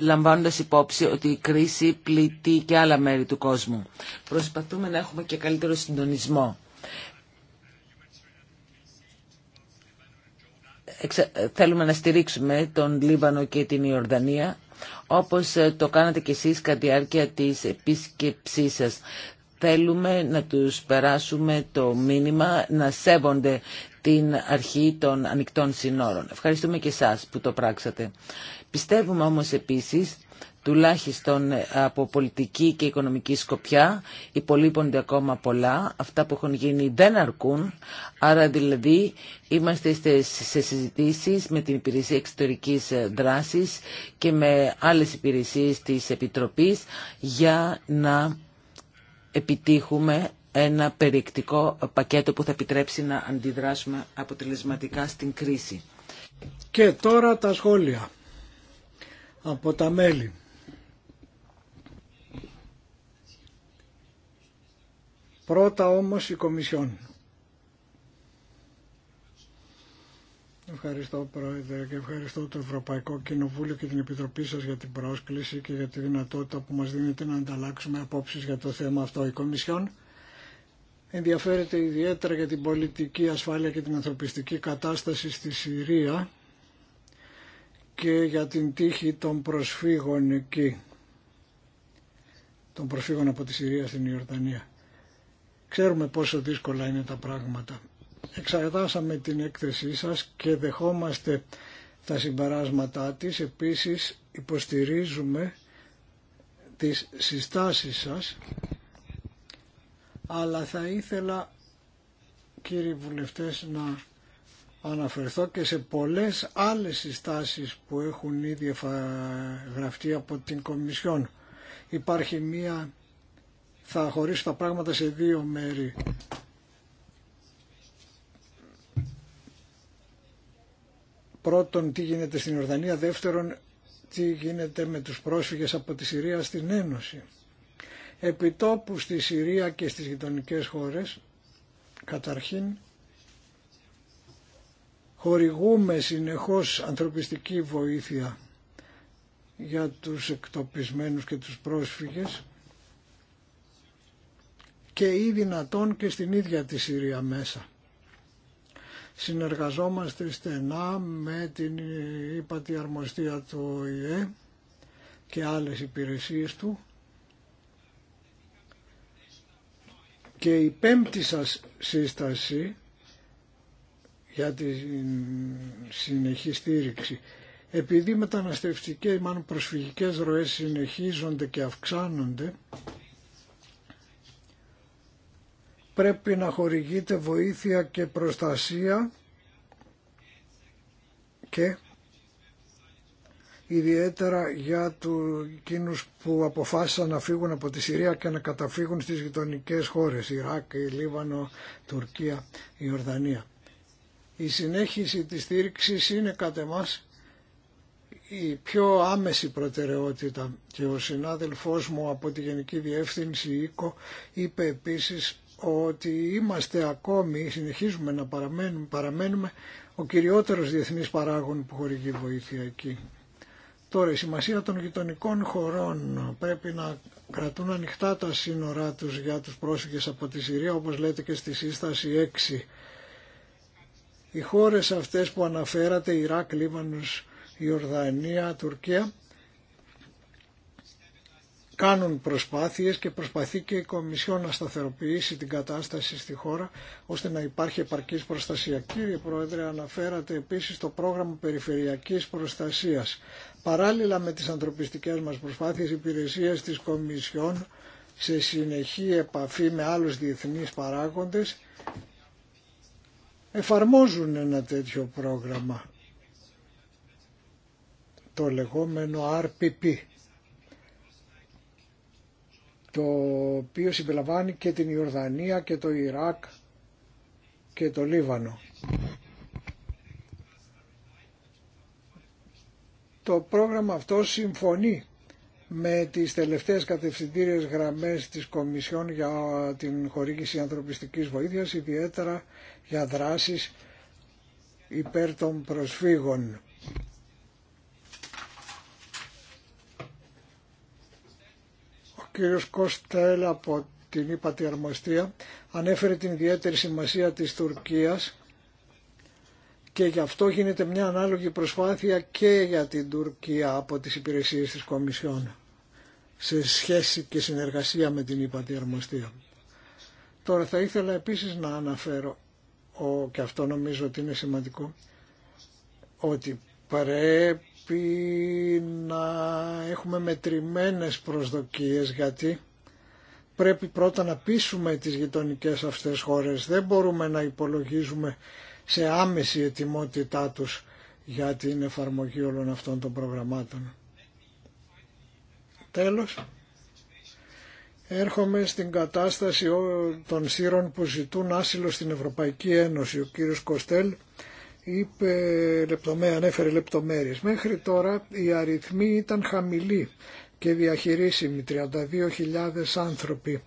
λαμβάνοντας υπόψη ότι η κρίση πληττεί και άλλα μέρη του κόσμου. Προσπαθούμε να έχουμε και καλύτερο συντονισμό. Ε, θέλουμε να στηρίξουμε τον Λίβανο και την Ιορδανία όπως ε, το κάνατε κι εσείς κατά τη διάρκεια της επίσκεψής σας. Θέλουμε να τους περάσουμε το μήνυμα να σέβονται την αρχή των ανοιχτών συνόρων. Ευχαριστούμε και εσάς που το πράξατε. Πιστεύουμε όμως επίσης τουλάχιστον από πολιτική και οικονομική σκοπιά υπολείπονται ακόμα πολλά. Αυτά που έχουν γίνει δεν αρκούν. Άρα δηλαδή είμαστε σε συζητήσεις με την Υπηρεσία Εξωτερικής Δράσης και με άλλες υπηρεσίες της Επιτροπής για να επιτύχουμε ένα περιεκτικό πακέτο που θα επιτρέψει να αντιδράσουμε αποτελεσματικά στην κρίση. Και τώρα τα σχόλια από τα μέλη. Πρώτα όμως η Κομισιόν. Ευχαριστώ Πρόεδρε και ευχαριστώ το Ευρωπαϊκό Κοινοβούλιο και την Επιτροπή σας για την πρόσκληση και για τη δυνατότητα που μας δίνετε να ανταλλάξουμε απόψεις για το θέμα αυτό. Η Κομισιόν ενδιαφέρεται ιδιαίτερα για την πολιτική ασφάλεια και την ανθρωπιστική κατάσταση στη Συρία και για την τύχη των προσφύγων εκεί, των προσφύγων από τη Συρία στην Ιορδανία. Ξέρουμε πόσο δύσκολα είναι τα πράγματα εξαρτάσαμε την έκθεσή σας και δεχόμαστε τα συμπεράσματά της. Επίσης υποστηρίζουμε τις συστάσεις σας, αλλά θα ήθελα κύριοι βουλευτές να αναφερθώ και σε πολλές άλλες συστάσεις που έχουν ήδη γραφτεί από την Κομισιόν. Υπάρχει μία, θα χωρίσω τα πράγματα σε δύο μέρη, Πρώτον, τι γίνεται στην Ιορδανία. Δεύτερον, τι γίνεται με τους πρόσφυγες από τη Συρία στην Ένωση. Επιτόπου στη Συρία και στις γειτονικέ χώρες, καταρχήν, χορηγούμε συνεχώς ανθρωπιστική βοήθεια για τους εκτοπισμένους και τους πρόσφυγες και ή δυνατόν και στην ίδια τη Συρία μέσα. Συνεργαζόμαστε στενά με την ύπατη αρμοστία του ΟΗΕ και άλλες υπηρεσίες του και η πέμπτη σας σύσταση για τη συνεχή στήριξη επειδή μεταναστευτικές, μάλλον προσφυγικές ροές συνεχίζονται και αυξάνονται πρέπει να χορηγείται βοήθεια και προστασία και ιδιαίτερα για του εκείνους που αποφάσισαν να φύγουν από τη Συρία και να καταφύγουν στις γειτονικές χώρες, Ιράκ, Λίβανο, Τουρκία, Ιορδανία. Η συνέχιση της στήριξης είναι κατά εμάς η πιο άμεση προτεραιότητα και ο συνάδελφός μου από τη Γενική Διεύθυνση ΙΚΟ είπε επίσης ότι είμαστε ακόμη, συνεχίζουμε να παραμένουμε, παραμένουμε ο κυριότερος διεθνής παράγων που χορηγεί βοήθεια εκεί. Τώρα η σημασία των γειτονικών χωρών πρέπει να κρατούν ανοιχτά τα σύνορά τους για τους πρόσφυγες από τη Συρία όπως λέτε και στη σύσταση 6. Οι χώρες αυτές που αναφέρατε, Ιράκ, Λίβανος, Ιορδανία, Τουρκία, κάνουν προσπάθειες και προσπαθεί και η Κομισιόν να σταθεροποιήσει την κατάσταση στη χώρα ώστε να υπάρχει επαρκής προστασία. Κύριε Πρόεδρε, αναφέρατε επίσης το πρόγραμμα περιφερειακής προστασίας. Παράλληλα με τις ανθρωπιστικές μας προσπάθειες, οι υπηρεσίες της Κομισιόν σε συνεχή επαφή με άλλους διεθνείς παράγοντες εφαρμόζουν ένα τέτοιο πρόγραμμα, το λεγόμενο RPP το οποίο συμπεριλαμβάνει και την Ιορδανία και το Ιράκ και το Λίβανο. Το πρόγραμμα αυτό συμφωνεί με τις τελευταίες κατευθυντήριες γραμμές της Κομισιόν για την χορήγηση ανθρωπιστικής βοήθειας, ιδιαίτερα για δράσεις υπέρ των προσφύγων. κύριος Κώσταλ από την υπα αρμοστία ανέφερε την ιδιαίτερη σημασία της Τουρκίας και γι' αυτό γίνεται μια ανάλογη προσπάθεια και για την Τουρκία από τις υπηρεσίες της Κομισιόν σε σχέση και συνεργασία με την υπα αρμοστία. Τώρα θα ήθελα επίσης να αναφέρω, ο, και αυτό νομίζω ότι είναι σημαντικό, ότι πρέπει πρέπει να έχουμε μετρημένες προσδοκίες γιατί πρέπει πρώτα να πείσουμε τις γειτονικές αυτές χώρες. Δεν μπορούμε να υπολογίζουμε σε άμεση ετοιμότητά τους για την εφαρμογή όλων αυτών των προγραμμάτων. Τέλος, έρχομαι στην κατάσταση των σύρων που ζητούν άσυλο στην Ευρωπαϊκή Ένωση. Ο κύριος Κοστέλ είπε λεπτομέρειες, ανέφερε λεπτομέρειες. Μέχρι τώρα οι αριθμοί ήταν χαμηλοί και διαχειρίσιμοι. 32.000 άνθρωποι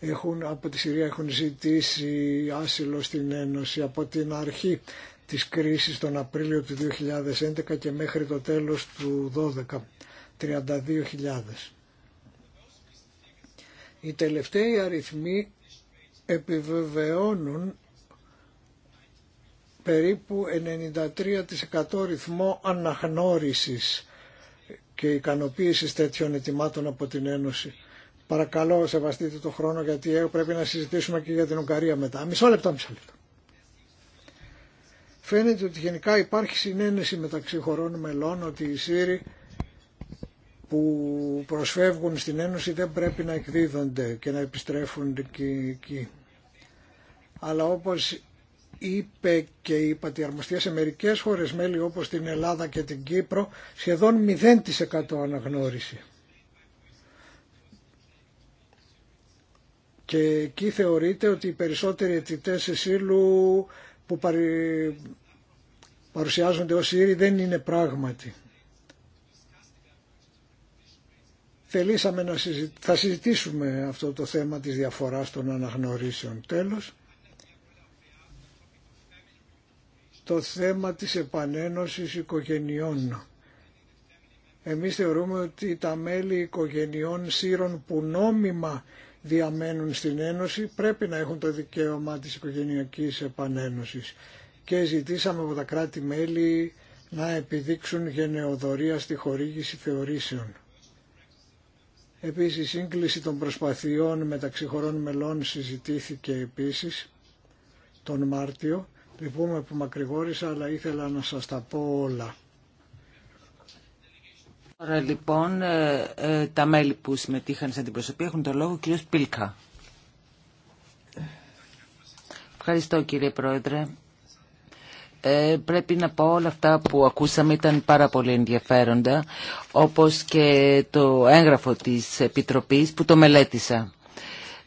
έχουν, από τη Συρία έχουν ζητήσει άσυλο στην Ένωση από την αρχή της κρίσης τον Απρίλιο του 2011 και μέχρι το τέλος του 2012. 32.000. Οι τελευταίοι αριθμοί επιβεβαιώνουν περίπου 93% ρυθμό αναγνώρισης και ικανοποίηση τέτοιων ετοιμάτων από την Ένωση. Παρακαλώ σεβαστείτε το χρόνο γιατί ε, πρέπει να συζητήσουμε και για την Ουγγαρία μετά. Μισό λεπτό, μισό λεπτό. Φαίνεται ότι γενικά υπάρχει συνένεση μεταξύ χωρών μελών ότι οι Σύροι που προσφεύγουν στην Ένωση δεν πρέπει να εκδίδονται και να επιστρέφουν εκεί. Αλλά όπως είπε και η πατιαρμοστία σε μερικές χώρες μέλη όπως την Ελλάδα και την Κύπρο σχεδόν 0% αναγνώριση. Και εκεί θεωρείται ότι οι περισσότεροι αιτητές εσύλου που παρουσιάζονται ως Ήροι δεν είναι πράγματι. Θελήσαμε να θα συζητήσουμε αυτό το θέμα της διαφοράς των αναγνωρίσεων. Τέλος, το θέμα της επανένωσης οικογενειών. Εμείς θεωρούμε ότι τα μέλη οικογενειών σύρων που νόμιμα διαμένουν στην Ένωση πρέπει να έχουν το δικαίωμα της οικογενειακής επανένωσης και ζητήσαμε από τα κράτη-μέλη να επιδείξουν γενεοδορία στη χορήγηση θεωρήσεων. Επίσης, η σύγκληση των προσπαθειών μεταξύ χωρών μελών συζητήθηκε επίσης τον Μάρτιο Λυπούμε που μακρηγόρησα, αλλά ήθελα να σας τα πω όλα. Τώρα λοιπόν ε, ε, τα μέλη που συμμετείχαν την προσωπή έχουν το λόγο. Κύριος Πίλκα. Ευχαριστώ κύριε Πρόεδρε. Ε, πρέπει να πω όλα αυτά που ακούσαμε ήταν πάρα πολύ ενδιαφέροντα, όπως και το έγγραφο της Επιτροπής που το μελέτησα.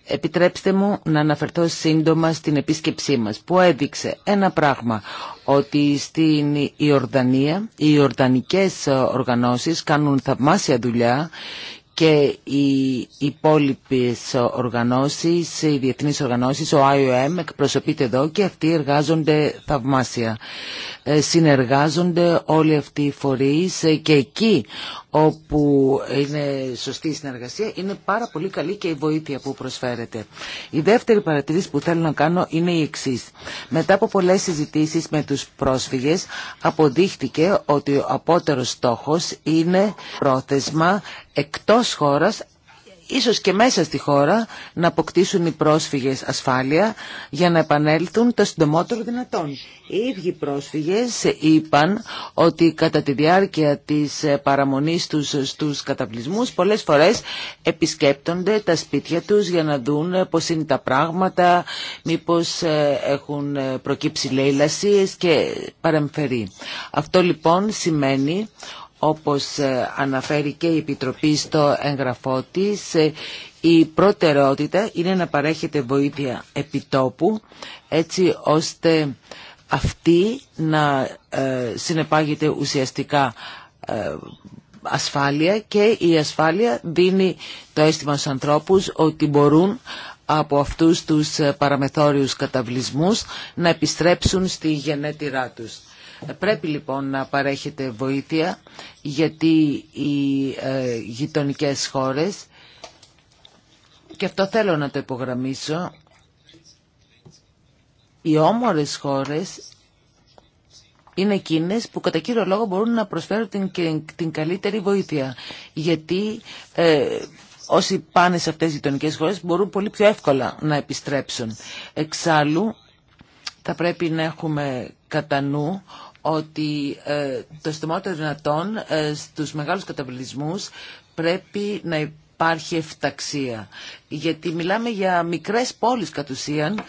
Επιτρέψτε μου να αναφερθώ σύντομα στην επίσκεψή μας που έδειξε ένα πράγμα ότι στην Ιορδανία οι Ιορδανικές οργανώσεις κάνουν θαυμάσια δουλειά και οι υπόλοιπες οργανώσεις, οι διεθνείς οργανώσεις, ο IOM εκπροσωπείται εδώ και αυτοί εργάζονται θαυμάσια. Ε, συνεργάζονται όλοι αυτοί οι φορείς ε, και εκεί όπου είναι σωστή η συνεργασία, είναι πάρα πολύ καλή και η βοήθεια που προσφέρεται. Η δεύτερη παρατηρήση που θέλω να κάνω είναι η εξή. Μετά από πολλές συζητήσεις με τους πρόσφυγες, αποδείχτηκε ότι ο απότερος στόχος είναι πρόθεσμα εκτός χώρας ίσως και μέσα στη χώρα να αποκτήσουν οι πρόσφυγες ασφάλεια για να επανέλθουν το συντομότερο δυνατόν. Οι ίδιοι πρόσφυγες είπαν ότι κατά τη διάρκεια της παραμονής τους στους καταβλισμούς πολλές φορές επισκέπτονται τα σπίτια τους για να δουν πώς είναι τα πράγματα, μήπως ε, έχουν ε, προκύψει λαιλασίες και παρεμφερεί. Αυτό λοιπόν σημαίνει όπως ε, αναφέρει και η Επιτροπή στο εγγραφό της, ε, η προτεραιότητα είναι να παρέχεται βοήθεια επιτόπου έτσι ώστε αυτή να ε, συνεπάγεται ουσιαστικά ασφάλεια και η ασφάλεια δίνει το αίσθημα στους ανθρώπους ότι μπορούν από αυτούς τους παραμεθόριους καταβλισμούς να επιστρέψουν στη γενέτειρά τους. Πρέπει λοιπόν να παρέχετε βοήθεια γιατί οι ε, γειτονικές χώρες και αυτό θέλω να το υπογραμμίσω οι όμορες χώρες είναι εκείνες που κατά κύριο λόγο μπορούν να προσφέρουν την, την καλύτερη βοήθεια. Γιατί ε, όσοι πάνε σε αυτές τις γειτονικέ χώρες μπορούν πολύ πιο εύκολα να επιστρέψουν. Εξάλλου θα πρέπει να έχουμε κατά νου ότι ε, το των δυνατόν ε, στους μεγάλους καταβλησμούς πρέπει να υπάρχει εφταξία. Γιατί μιλάμε για μικρές πόλεις κατ' ουσίαν,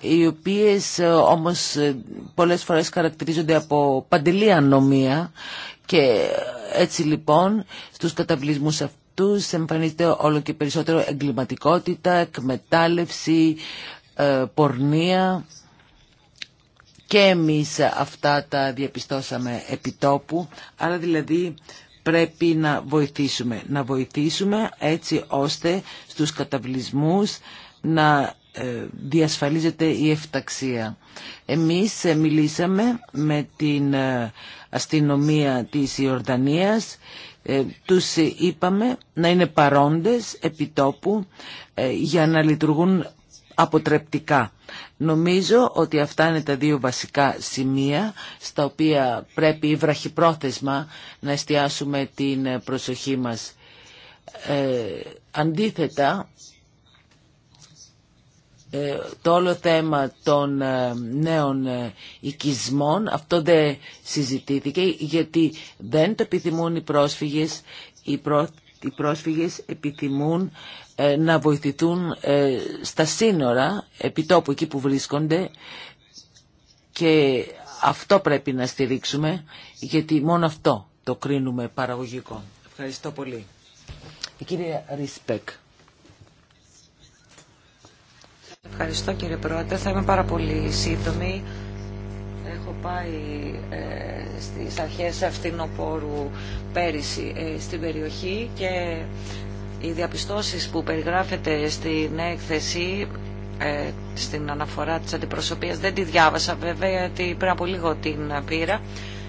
οι οποίες ε, όμως πολλές φορές χαρακτηρίζονται από παντελή ανομία και έτσι λοιπόν στους καταβλισμούς αυτούς εμφανίζεται όλο και περισσότερο εγκληματικότητα, εκμετάλλευση, πορνεία. Και εμείς αυτά τα διαπιστώσαμε επιτόπου, άρα δηλαδή πρέπει να βοηθήσουμε. Να βοηθήσουμε έτσι ώστε στους καταβλισμούς να ε, διασφαλίζεται η εφταξία. Εμείς ε, μιλήσαμε με την ε, αστυνομία της Ιορδανίας, τους είπαμε να είναι παρόντες επιτόπου για να λειτουργούν αποτρεπτικά. Νομίζω ότι αυτά είναι τα δύο βασικά σημεία στα οποία πρέπει βραχυπρόθεσμα να εστιάσουμε την προσοχή μας. Ε, αντίθετα, ε, το όλο θέμα των ε, νέων οικισμών αυτό δεν συζητήθηκε γιατί δεν το επιθυμούν οι πρόσφυγες οι, πρό... οι πρόσφυγες επιθυμούν ε, να βοηθηθούν ε, στα σύνορα, τόπου εκεί που βρίσκονται και αυτό πρέπει να στηρίξουμε γιατί μόνο αυτό το κρίνουμε παραγωγικό. Ευχαριστώ πολύ. Η κυρία Ρισπέκ. Ευχαριστώ κύριε Πρόεδρε. Θα είμαι πάρα πολύ σύντομη. Έχω πάει ε, στις αρχές αυτήν πέρυσι ε, στην περιοχή και οι διαπιστώσεις που περιγράφεται στην έκθεση, ε, στην αναφορά της αντιπροσωπείας, δεν τη διάβασα βέβαια γιατί πριν από λίγο την πήρα,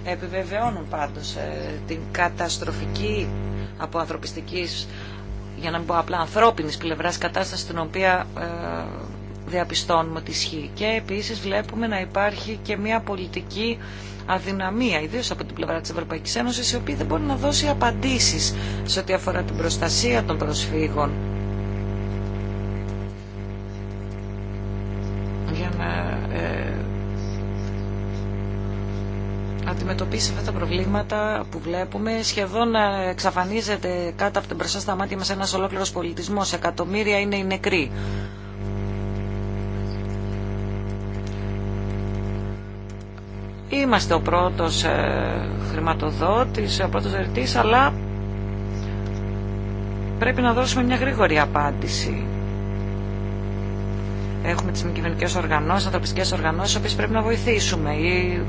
επιβεβαιώνουν πάντως ε, την καταστροφική από ανθρωπιστικής, για να μην πω απλά ανθρώπινης πλευράς κατάσταση στην οποία ε, διαπιστώνουμε ότι ισχύει. Και επίσης βλέπουμε να υπάρχει και μια πολιτική αδυναμία, ιδίω από την πλευρά τη Ευρωπαϊκή Ένωση, η οποία δεν μπορεί να δώσει απαντήσει σε ό,τι αφορά την προστασία των προσφύγων. Για να ε, αντιμετωπίσει αυτά τα προβλήματα που βλέπουμε. Σχεδόν να ε, εξαφανίζεται κάτω από την μπροστά στα μάτια μας ένας ολόκληρος πολιτισμός. Εκατομμύρια είναι οι νεκροί. Είμαστε ο πρώτος ε, χρηματοδότης, ο πρώτος δερτής, αλλά πρέπει να δώσουμε μια γρήγορη απάντηση. Έχουμε τις μη κυβερνικές οργανώσεις, ανθρωπιστικές οργανώσεις, οποίες πρέπει να βοηθήσουμε ή,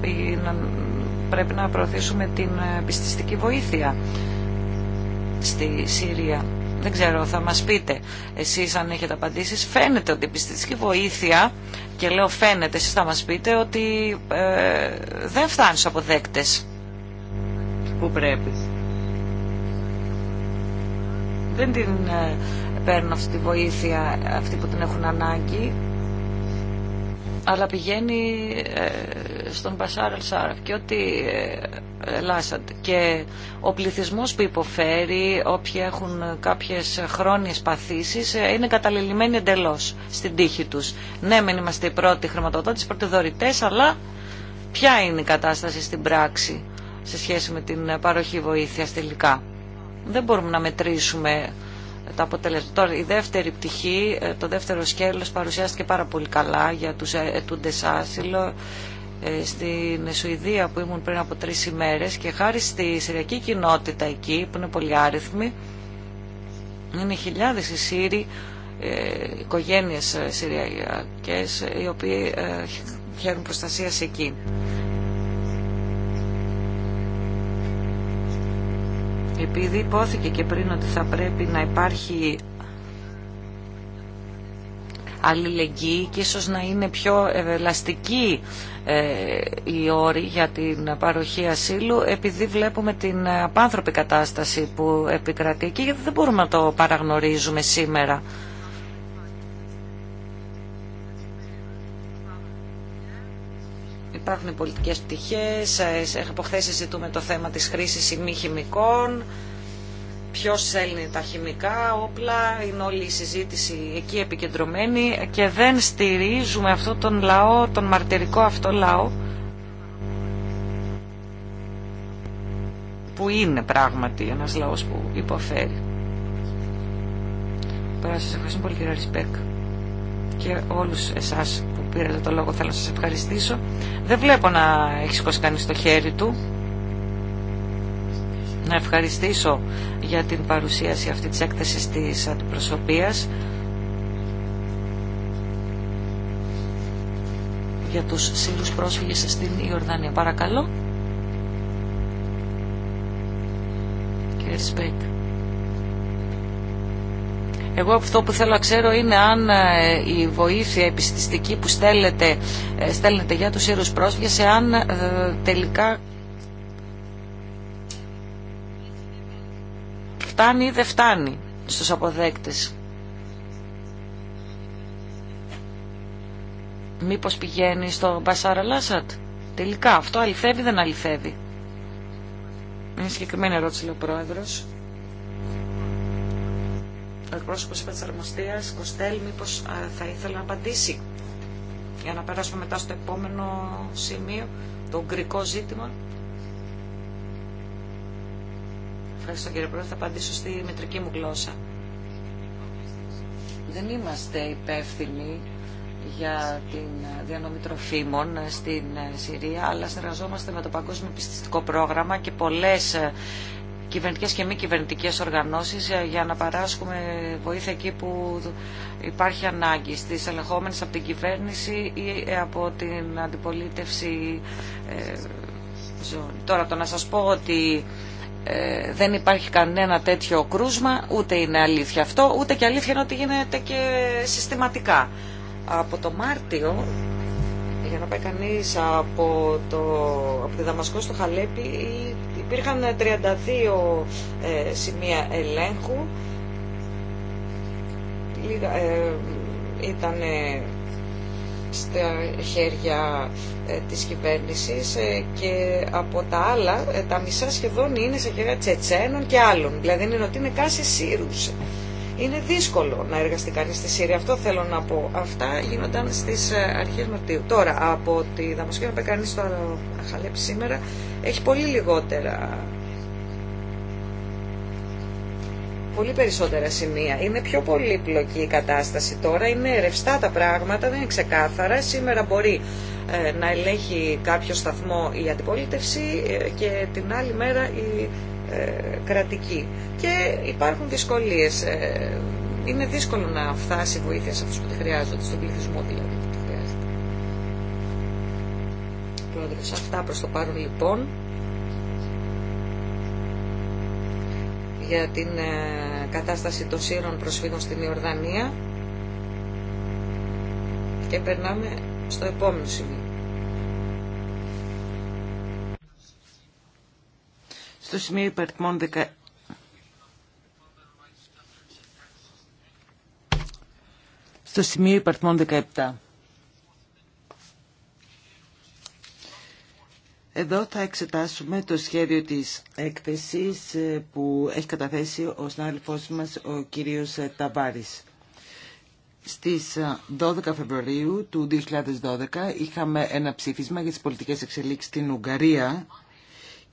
πρέπει να προωθήσουμε την ε, πιστιστική βοήθεια στη Συρία. Δεν ξέρω, θα μας πείτε εσείς αν έχετε απαντήσεις. Φαίνεται ότι η πιστητική βοήθεια, και λέω φαίνεται, εσείς θα μας πείτε, ότι ε, δεν φτάνει στους αποδέκτες που πρέπει. Δεν την ε, παίρνουν αυτή τη βοήθεια αυτοί που την έχουν ανάγκη, αλλά πηγαίνει ε, στον Πασάρ Αλσάραφ και ότι ε, Λάσαντ και ο πληθυσμός που υποφέρει, όποιοι έχουν κάποιες χρόνιες παθήσεις, ε, είναι καταλελειμμένοι εντελώ στην τύχη τους. Ναι, μεν είμαστε οι πρώτοι χρηματοδότες, οι πρώτοι αλλά ποια είναι η κατάσταση στην πράξη σε σχέση με την παροχή βοήθεια τελικά. Δεν μπορούμε να μετρήσουμε τα αποτελέσματα. Τώρα, η δεύτερη πτυχή, ε, το δεύτερο σκέλος παρουσιάστηκε πάρα πολύ καλά για τους ε, ετούντες άσυλο ε, στην Σουηδία που ήμουν πριν από τρεις ημέρες και χάρη στη Συριακή κοινότητα εκεί που είναι πολύ άριθμη είναι χιλιάδες οι Σύριοι ε, οικογένειες ε, Συριακές οι οποίοι χαίρουν προστασία εκεί. Επειδή υπόθηκε και πριν ότι θα πρέπει να υπάρχει αλληλεγγύη και ίσως να είναι πιο ελαστική ε, η όρη για την παροχή ασύλου επειδή βλέπουμε την απάνθρωπη κατάσταση που επικρατεί εκεί γιατί δεν μπορούμε να το παραγνωρίζουμε σήμερα. Υπάρχουν πολιτικές πτυχές, ε, από χθες συζητούμε το θέμα της χρήσης ημίχημικών. Ποιο θέλει τα χημικά όπλα, είναι όλη η συζήτηση εκεί επικεντρωμένη και δεν στηρίζουμε αυτόν τον λαό, τον μαρτυρικό αυτό λαό που είναι πράγματι ένας λαός που υποφέρει. Τώρα σας ευχαριστώ πολύ κύριε Ρισπέκ και όλους εσάς που πήρατε το λόγο θέλω να σας ευχαριστήσω. Δεν βλέπω να έχει σηκώσει κανείς το χέρι του να ευχαριστήσω για την παρουσίαση αυτή της έκθεσης της αντιπροσωπείας για τους Σύρους πρόσφυγες στην Ιορδανία. Παρακαλώ. Κύριε Εγώ αυτό που θέλω να ξέρω είναι αν ε, η βοήθεια επιστηστική που στέλνετε, ε, στέλνετε για τους Σύρους πρόσφυγες, εάν ε, τελικά φτάνει ή δεν φτάνει στους αποδέκτες. Μήπως πηγαίνει στο Μπασάρα Τελικά αυτό αληθεύει δεν αληθεύει. Είναι συγκεκριμένη ερώτηση λέει ο Πρόεδρος. Ο εκπρόσωπος της Αρμοστίας, Κοστέλ, μήπως θα ήθελε να απαντήσει για να περάσουμε μετά στο επόμενο σημείο, το γκρικό ζήτημα. Ευχαριστώ κύριε Πρόεδρε, θα απαντήσω στη μετρική μου γλώσσα. Δεν είμαστε υπεύθυνοι για την διανομή τροφίμων στην Συρία, αλλά συνεργαζόμαστε με το Παγκόσμιο Πιστιστικό Πρόγραμμα και πολλές κυβερνητικές και μη κυβερνητικές οργανώσεις για να παράσχουμε βοήθεια εκεί που υπάρχει ανάγκη στις ελεγχόμενες από την κυβέρνηση ή από την αντιπολίτευση ε, ζώνη. Τώρα το να σας πω ότι ε, δεν υπάρχει κανένα τέτοιο κρούσμα, ούτε είναι αλήθεια αυτό, ούτε και αλήθεια είναι ότι γίνεται και συστηματικά. Από το Μάρτιο, για να πάει κανεί από, το, από τη Δαμασκό στο Χαλέπι, υπήρχαν 32 ε, σημεία ελέγχου. Λίγα, ε, ήταν στα χέρια ε, της κυβέρνησης ε, και από τα άλλα ε, τα μισά σχεδόν είναι σε χέρια Τσετσένων και άλλων. Δηλαδή είναι ότι είναι κάση Σύρους. Είναι δύσκολο να εργαστεί κανείς στη Σύρια. Αυτό θέλω να πω. Αυτά γίνονταν στις αρχές Μαρτίου. Τώρα από τη Δαμασκή που κανείς στο Χαλέπ σήμερα έχει πολύ λιγότερα πολύ περισσότερα σημεία. Είναι πιο πολύπλοκη η κατάσταση τώρα, είναι ρευστά τα πράγματα, δεν είναι ξεκάθαρα. Σήμερα μπορεί ε, να ελέγχει κάποιο σταθμό η αντιπολίτευση ε, και την άλλη μέρα η ε, κρατική. Και υπάρχουν δυσκολίες. Είναι δύσκολο να φτάσει βοήθεια σε αυτούς που τη χρειάζονται, στον πληθυσμό δηλαδή που τη χρειάζεται. αυτά προς το παρόν λοιπόν. για την ε, κατάσταση των σύρων προσφύγων στην Ιορδανία και περνάμε στο επόμενο σημείο. Στο σημείο υπερτμών 10... Στο σημείο υπαρτμών 17. Εδώ θα εξετάσουμε το σχέδιο της έκθεσης ε, που έχει καταθέσει ο συνάδελφός μας ο κύριος ε, Ταβάρης. Στις 12 ε, Φεβρουαρίου του 2012 είχαμε ένα ψήφισμα για τις πολιτικές εξελίξεις στην Ουγγαρία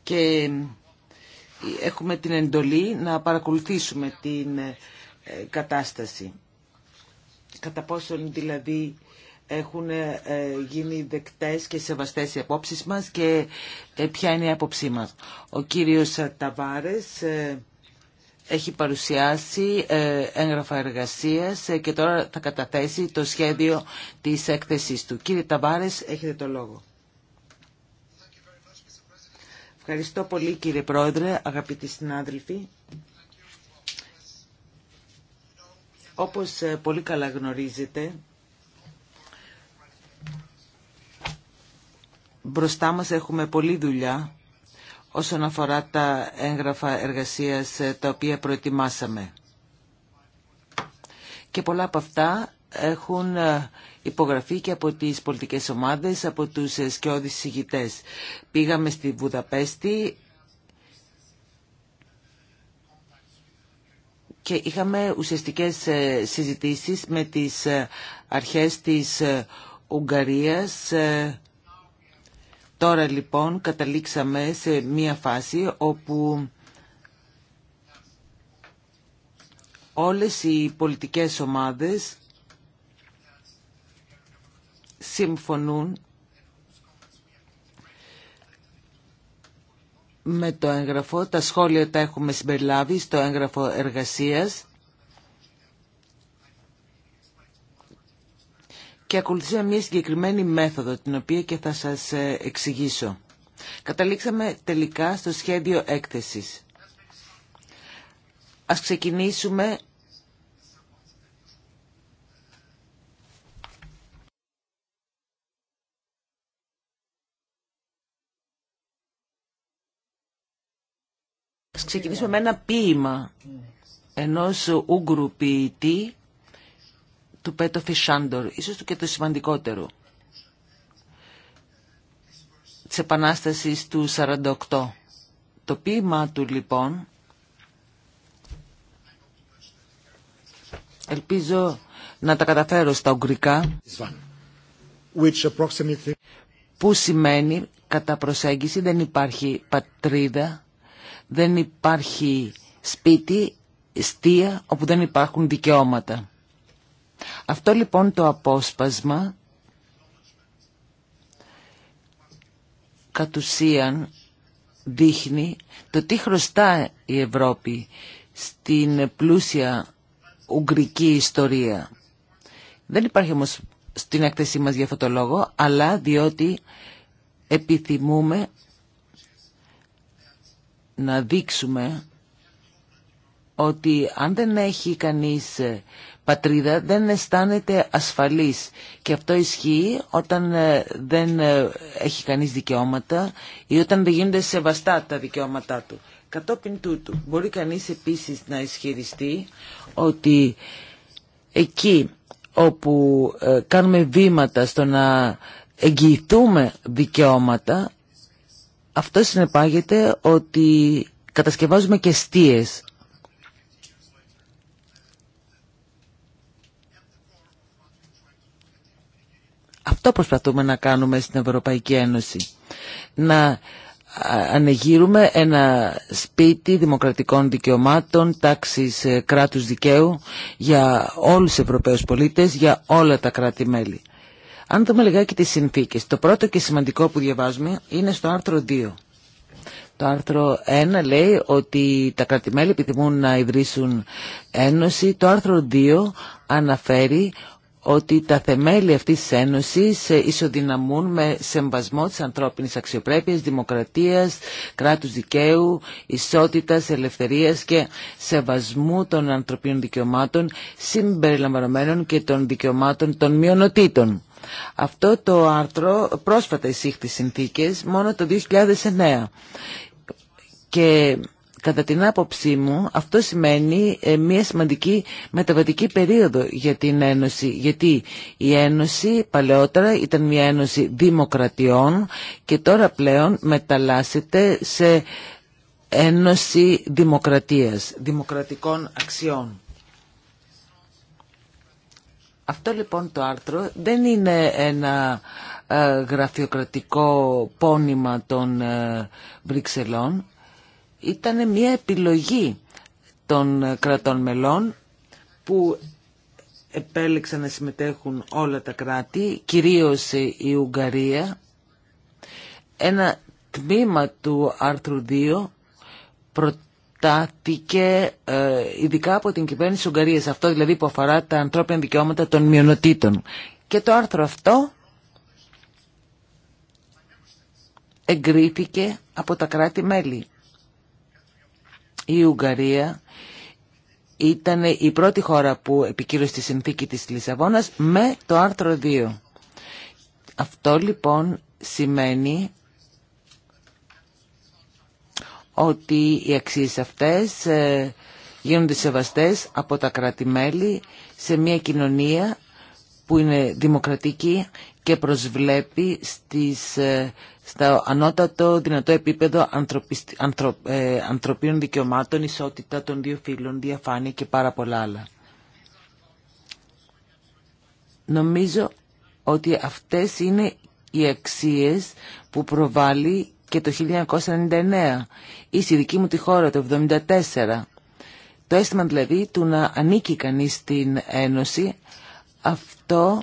και έχουμε την εντολή να παρακολουθήσουμε την κατάσταση. Κατά πόσον δηλαδή έχουν ε, γίνει δεκτές και σεβαστές οι απόψεις μας και ε, ποια είναι η απόψή μας. Ο κύριος Ταβάρες ε, έχει παρουσιάσει έγγραφα εργασίας και τώρα θα καταθέσει το σχέδιο της έκθεσής του. Κύριε Ταβάρες, έχετε το λόγο. Ευχαριστώ πολύ κύριε Πρόεδρε, αγαπητοί συνάδελφοι. Όπως πολύ καλά γνωρίζετε, Μπροστά μας έχουμε πολλή δουλειά όσον αφορά τα έγγραφα εργασίας ε, τα οποία προετοιμάσαμε. Και πολλά από αυτά έχουν ε, υπογραφεί και από τις πολιτικές ομάδες, από τους ε, σκιώδεις συγητές. Πήγαμε στη Βουδαπέστη και είχαμε ουσιαστικές συζητήσεις με τις αρχές της Ουγγαρίας Τώρα λοιπόν καταλήξαμε σε μία φάση όπου όλες οι πολιτικές ομάδες συμφωνούν με το έγγραφο. Τα σχόλια τα έχουμε συμπεριλάβει στο έγγραφο εργασίας και ακολουθήσαμε μια συγκεκριμένη μέθοδο την οποία και θα σας ε, εξηγήσω. Καταλήξαμε τελικά στο σχέδιο έκθεσης. Ας ξεκινήσουμε Ας ξεκινήσουμε με ένα ποίημα ενός Ούγκρου ποιητή του Πέτο Σάντορ, ίσως και το σημαντικότερο, της Επανάστασης του 48. Το ποίημά του λοιπόν, ελπίζω να τα καταφέρω στα ουγγρικά, που σημαίνει κατά προσέγγιση δεν υπάρχει πατρίδα, δεν υπάρχει σπίτι, στία όπου δεν υπάρχουν δικαιώματα. Αυτό λοιπόν το απόσπασμα κατ' ουσίαν δείχνει το τι χρωστά η Ευρώπη στην πλούσια ουγγρική ιστορία. Δεν υπάρχει όμως στην έκθεσή μας για αυτό το λόγο, αλλά διότι επιθυμούμε να δείξουμε ότι αν δεν έχει κανείς πατρίδα δεν αισθάνεται ασφαλής και αυτό ισχύει όταν ε, δεν ε, έχει κανείς δικαιώματα ή όταν δεν γίνονται σεβαστά τα δικαιώματά του. Κατόπιν τούτου μπορεί κανείς επίσης να ισχυριστεί ότι εκεί όπου ε, κάνουμε βήματα στο να εγγυηθούμε δικαιώματα αυτό συνεπάγεται ότι κατασκευάζουμε και στίες Αυτό προσπαθούμε να κάνουμε στην Ευρωπαϊκή Ένωση. Να ανεγείρουμε ένα σπίτι δημοκρατικών δικαιωμάτων, τάξης ε, κράτους δικαίου για όλους τους Ευρωπαίους πολίτες, για όλα τα κράτη-μέλη. Αν δούμε λιγάκι τις συνθήκες, το πρώτο και σημαντικό που διαβάζουμε είναι στο άρθρο 2. Το άρθρο 1 λέει ότι τα κράτη-μέλη επιθυμούν να ιδρύσουν ένωση. Το άρθρο 2 αναφέρει ότι τα θεμέλια αυτής της Ένωσης ε, ισοδυναμούν με σεμβασμό της ανθρώπινης αξιοπρέπειας, δημοκρατίας, κράτους δικαίου, ισότητας, ελευθερίας και σεβασμού των ανθρωπίνων δικαιωμάτων συμπεριλαμβανομένων και των δικαιωμάτων των μειονοτήτων. Αυτό το άρθρο πρόσφατα εισήχθη συνθήκες μόνο το 2009 και Κατά την άποψή μου αυτό σημαίνει ε, μια σημαντική μεταβατική περίοδο για την Ένωση γιατί η Ένωση παλαιότερα ήταν μια Ένωση δημοκρατιών και τώρα πλέον μεταλλάσσεται σε Ένωση Δημοκρατίας, Δημοκρατικών Αξιών. Αυτό λοιπόν το άρθρο δεν είναι ένα ε, γραφειοκρατικό πόνημα των ε, Βρυξελών ήταν μια επιλογή των κρατών μελών που επέλεξαν να συμμετέχουν όλα τα κράτη, κυρίως η Ουγγαρία. Ένα τμήμα του άρθρου 2 προτάθηκε ε, ειδικά από την κυβέρνηση αυτό δηλαδή που αφορά τα ανθρώπινα δικαιώματα των μειονοτήτων. Και το άρθρο αυτό εγκρίθηκε από τα κράτη-μέλη η Ουγγαρία ήταν η πρώτη χώρα που επικύρωσε τη συνθήκη της Λισαβόνας με το άρθρο 2. Αυτό λοιπόν σημαίνει ότι οι αξίες αυτές ε, γίνονται σεβαστές από τα κράτη-μέλη σε μια κοινωνία που είναι δημοκρατική και προσβλέπει στις ε, στο ανώτατο δυνατό επίπεδο ε, ανθρωπίνων δικαιωμάτων, ισότητα των δύο φύλων, διαφάνεια και πάρα πολλά άλλα. Νομίζω ότι αυτές είναι οι αξίες που προβάλλει και το 1999 ή στη δική μου τη χώρα το 1974. Το αίσθημα δηλαδή του να ανήκει κανείς στην Ένωση, αυτό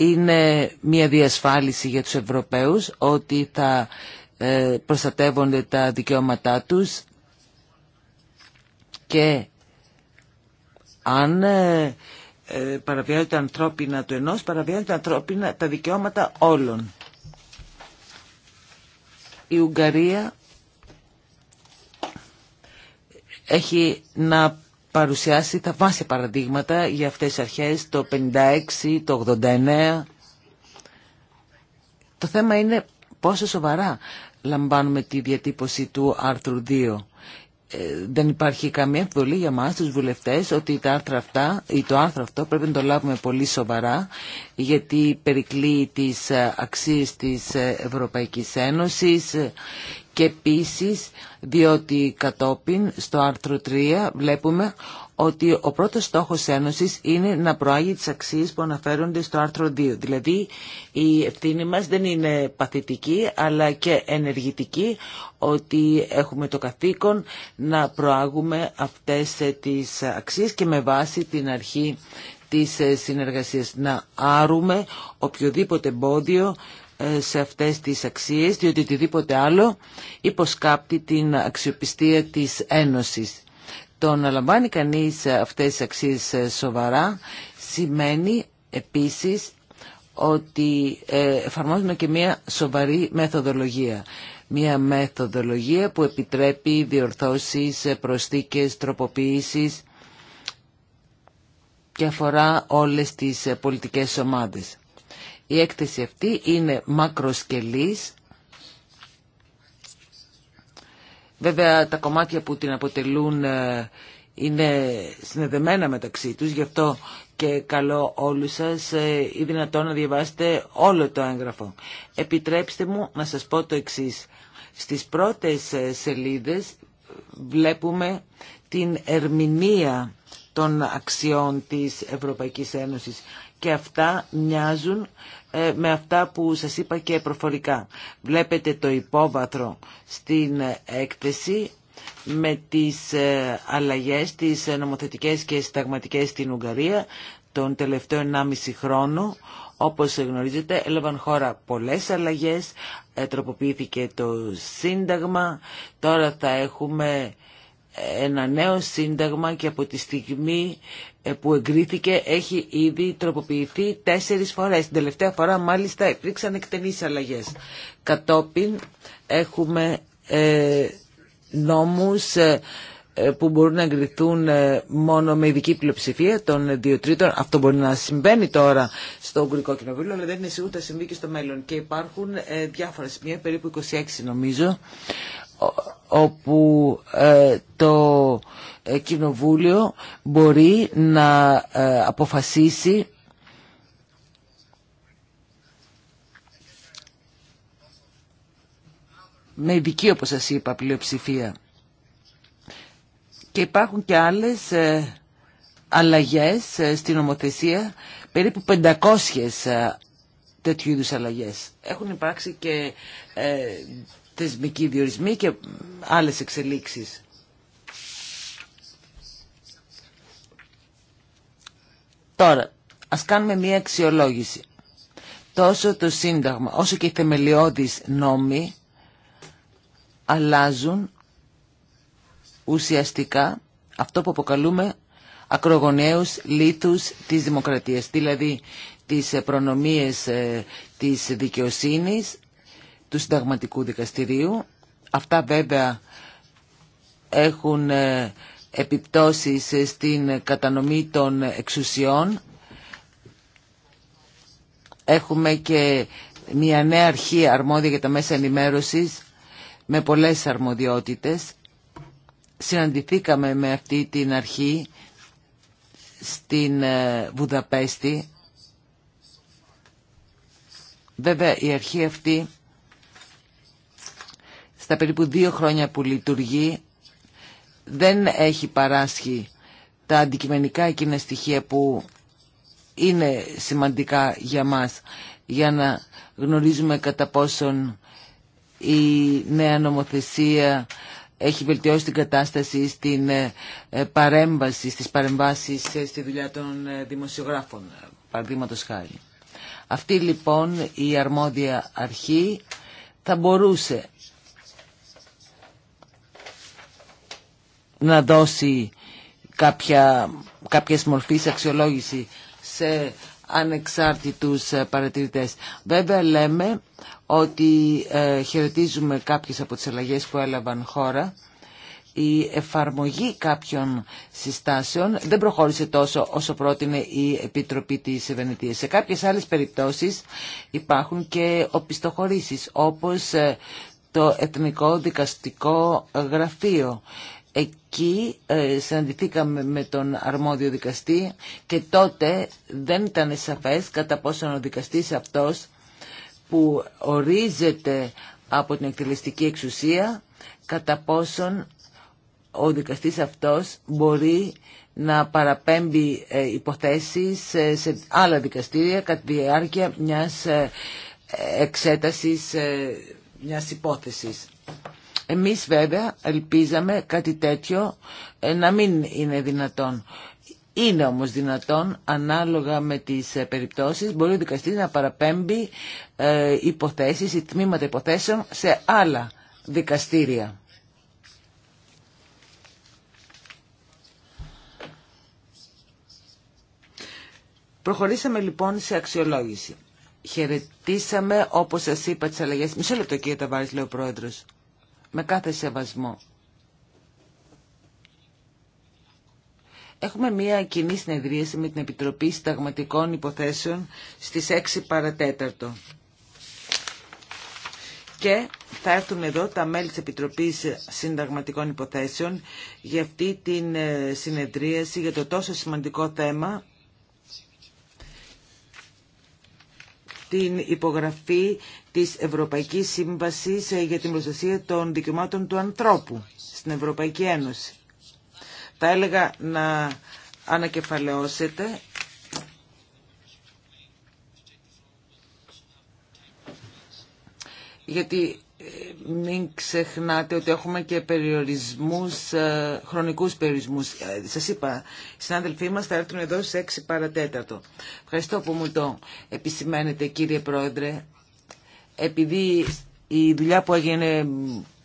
είναι μια διασφάλιση για τους Ευρωπαίους ότι θα ε, προστατεύονται τα δικαιώματά τους και αν ε, ε, παραβιάζονται τα ανθρώπινα του ενός, παραβιάζονται τα ανθρώπινα τα δικαιώματα όλων. Η Ουγγαρία έχει να παρουσιάσει τα βάσια παραδείγματα για αυτές τις αρχές το 56, το 89. Το θέμα είναι πόσο σοβαρά λαμβάνουμε τη διατύπωση του άρθρου 2 ε, δεν υπάρχει καμία εμβολή για μας τους βουλευτές ότι τα το άρθρο αυτό πρέπει να το λάβουμε πολύ σοβαρά γιατί περικλεί τις ε, αξίες της ε, Ευρωπαϊκής Ένωσης και επίσης διότι κατόπιν στο άρθρο 3 βλέπουμε ότι ο πρώτος στόχος Ένωσης είναι να προάγει τις αξίες που αναφέρονται στο άρθρο 2. Δηλαδή η ευθύνη μας δεν είναι παθητική αλλά και ενεργητική ότι έχουμε το καθήκον να προάγουμε αυτές ε, τις αξίες και με βάση την αρχή της ε, συνεργασίας να άρουμε οποιοδήποτε εμπόδιο ε, σε αυτές τις αξίες, διότι οτιδήποτε άλλο υποσκάπτει την αξιοπιστία της Ένωσης. Το να λαμβάνει κανείς ε, αυτές τις αξίες ε, σοβαρά σημαίνει επίσης ότι ε, εφαρμόζουμε και μια σοβαρή μεθοδολογία. Μια μεθοδολογία που επιτρέπει διορθώσεις, προσθήκες, τροποποιήσεις και αφορά όλες τις πολιτικές ομάδες. Η έκθεση αυτή είναι μακροσκελής Βέβαια τα κομμάτια που την αποτελούν ε, είναι συνεδεμένα μεταξύ τους, γι' αυτό και καλό όλους σας ε, ή δυνατόν να διαβάσετε όλο το έγγραφο. Επιτρέψτε μου να σας πω το εξής. Στις πρώτες ε, σελίδες βλέπουμε την ερμηνεία των αξιών της Ευρωπαϊκής Ένωσης και αυτά μοιάζουν ε, με αυτά που σας είπα και προφορικά. Βλέπετε το υπόβαθρο στην ε, έκθεση με τις ε, αλλαγές, τις νομοθετικές και συνταγματικές στην Ουγγαρία τον τελευταίο 1,5 χρόνο. Όπως γνωρίζετε έλαβαν χώρα πολλές αλλαγές, τροποποιήθηκε το Σύνταγμα, τώρα θα έχουμε ένα νέο σύνταγμα και από τη στιγμή ε, που εγκρίθηκε έχει ήδη τροποποιηθεί τέσσερις φορές. Την τελευταία φορά μάλιστα υπήρξαν εκτενείς αλλαγές. Κατόπιν έχουμε ε, νόμους ε, ε, που μπορούν να εγκριθούν μόνο με ειδική πλειοψηφία των δύο τρίτων. Αυτό μπορεί να συμβαίνει τώρα στο Ουγγρικό Κοινοβούλιο, αλλά δεν είναι σίγουρα θα συμβεί και στο μέλλον. Και υπάρχουν διάφορα σημεία, περίπου 26 νομίζω, όπου ε, το ε, Κοινοβούλιο μπορεί να ε, αποφασίσει με ειδική, όπως σας είπα, πλειοψηφία. Και υπάρχουν και άλλες αλλαγές στην ομοθεσία περίπου 500 τέτοιου είδους αλλαγές. Έχουν υπάρξει και θεσμικοί διορισμοί και άλλες εξελίξεις. Τώρα, ας κάνουμε μία αξιολόγηση. Τόσο το Σύνταγμα, όσο και οι θεμελιώδεις νόμοι αλλάζουν ουσιαστικά αυτό που αποκαλούμε ακρογωνιαίους λίθους της δημοκρατίας, δηλαδή τις προνομίες ε, της δικαιοσύνης του Συνταγματικού Δικαστηρίου. Αυτά βέβαια έχουν ε, επιπτώσεις στην κατανομή των εξουσιών. Έχουμε και μια νέα αρχή αρμόδια για τα μέσα ενημέρωσης με πολλές αρμοδιότητες. Συναντηθήκαμε με αυτή την αρχή στην ε, Βουδαπέστη. Βέβαια η αρχή αυτή τα περίπου δύο χρόνια που λειτουργεί δεν έχει παράσχει τα αντικειμενικά εκείνα στοιχεία που είναι σημαντικά για μας για να γνωρίζουμε κατά πόσον η νέα νομοθεσία έχει βελτιώσει την κατάσταση στην ε, ε, παρέμβαση, στις παρεμβάσεις ε, στη δουλειά των δημοσιογράφων, παραδείγματο χάρη. Αυτή λοιπόν η αρμόδια αρχή θα μπορούσε να δώσει κάποια, κάποιες μορφής αξιολόγηση σε ανεξάρτητους ε, παρατηρητές. Βέβαια λέμε ότι ε, χαιρετίζουμε κάποιες από τις αλλαγές που έλαβαν χώρα. Η εφαρμογή κάποιων συστάσεων δεν προχώρησε τόσο όσο πρότεινε η Επιτροπή της Βενετίας. Σε κάποιες άλλες περιπτώσεις υπάρχουν και οπισθοχωρήσεις όπως ε, το Εθνικό Δικαστικό Γραφείο Εκεί ε, συναντηθήκαμε με τον αρμόδιο δικαστή και τότε δεν ήταν σαφές κατά πόσον ο δικαστής αυτός που ορίζεται από την εκτελεστική εξουσία κατά πόσον ο δικαστής αυτός μπορεί να παραπέμπει ε, υποθέσεις ε, σε άλλα δικαστήρια κατά τη διάρκεια μιας εξέτασης μιας υπόθεσης. Εμείς βέβαια ελπίζαμε κάτι τέτοιο ε, να μην είναι δυνατόν. Είναι όμως δυνατόν, ανάλογα με τις ε, περιπτώσεις, μπορεί ο δικαστής να παραπέμπει ε, υποθέσεις ή τμήματα υποθέσεων σε άλλα δικαστήρια. Προχωρήσαμε λοιπόν σε αξιολόγηση. Χαιρετήσαμε, όπως σας είπα, τις αλλαγές. Μισό λεπτό κύριε Ταβάρης, λέει ο Πρόεδρος με κάθε σεβασμό. Έχουμε μία κοινή συνεδρίαση με την Επιτροπή Συνταγματικών Υποθέσεων στις 6 παρατέταρτο. Και θα έρθουν εδώ τα μέλη της Επιτροπής Συνταγματικών Υποθέσεων για αυτή την ε, συνεδρίαση για το τόσο σημαντικό θέμα την υπογραφή της Ευρωπαϊκής Σύμβασης ε, για την Προστασία των Δικαιωμάτων του Ανθρώπου στην Ευρωπαϊκή Ένωση. Θα έλεγα να ανακεφαλαιώσετε γιατί ε, μην ξεχνάτε ότι έχουμε και περιορισμούς, ε, χρονικούς περιορισμούς. Σας είπα, οι συνάδελφοί μας θα έρθουν εδώ σε 6 παρατέταρτο. Ευχαριστώ που μου το επισημαίνετε κύριε Πρόεδρε επειδή η δουλειά που έγινε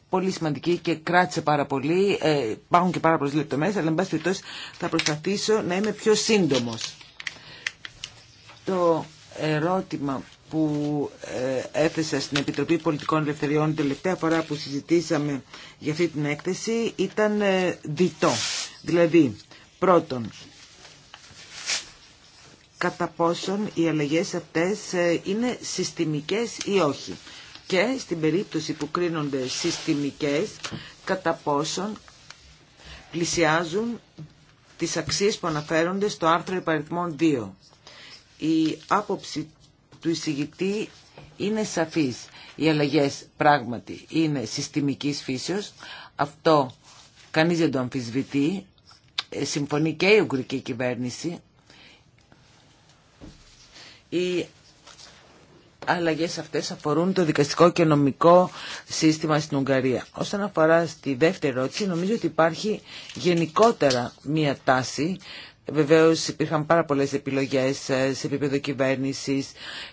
πολύ σημαντική και κράτησε πάρα πολύ, ε, υπάρχουν και πάρα πολλέ λεπτομέρειε, αλλά εν πάση περιπτώσει θα προσπαθήσω να είμαι πιο σύντομο. Το ερώτημα που ε, έθεσα στην Επιτροπή Πολιτικών Ελευθεριών την τελευταία φορά που συζητήσαμε για αυτή την έκθεση ήταν ε, διτό. Δηλαδή, πρώτον, κατά πόσον οι αλλαγές αυτές ε, είναι συστημικές ή όχι. Και στην περίπτωση που κρίνονται συστημικές, κατά πόσον πλησιάζουν τις αξίες που αναφέρονται στο άρθρο υπαριθμών 2. Η άποψη του εισηγητή είναι σαφής. Οι αλλαγές πράγματι είναι συστημικής φύσεως. Αυτό κανείς δεν το αμφισβητεί. Ε, συμφωνεί και η Ουγγρική κυβέρνηση οι αλλαγές αυτές αφορούν το δικαστικό και νομικό σύστημα στην Ουγγαρία. Όσον αφορά στη δεύτερη ερώτηση, νομίζω ότι υπάρχει γενικότερα μία τάση Βεβαίω υπήρχαν πάρα πολλές επιλογές ε, σε επίπεδο κυβέρνηση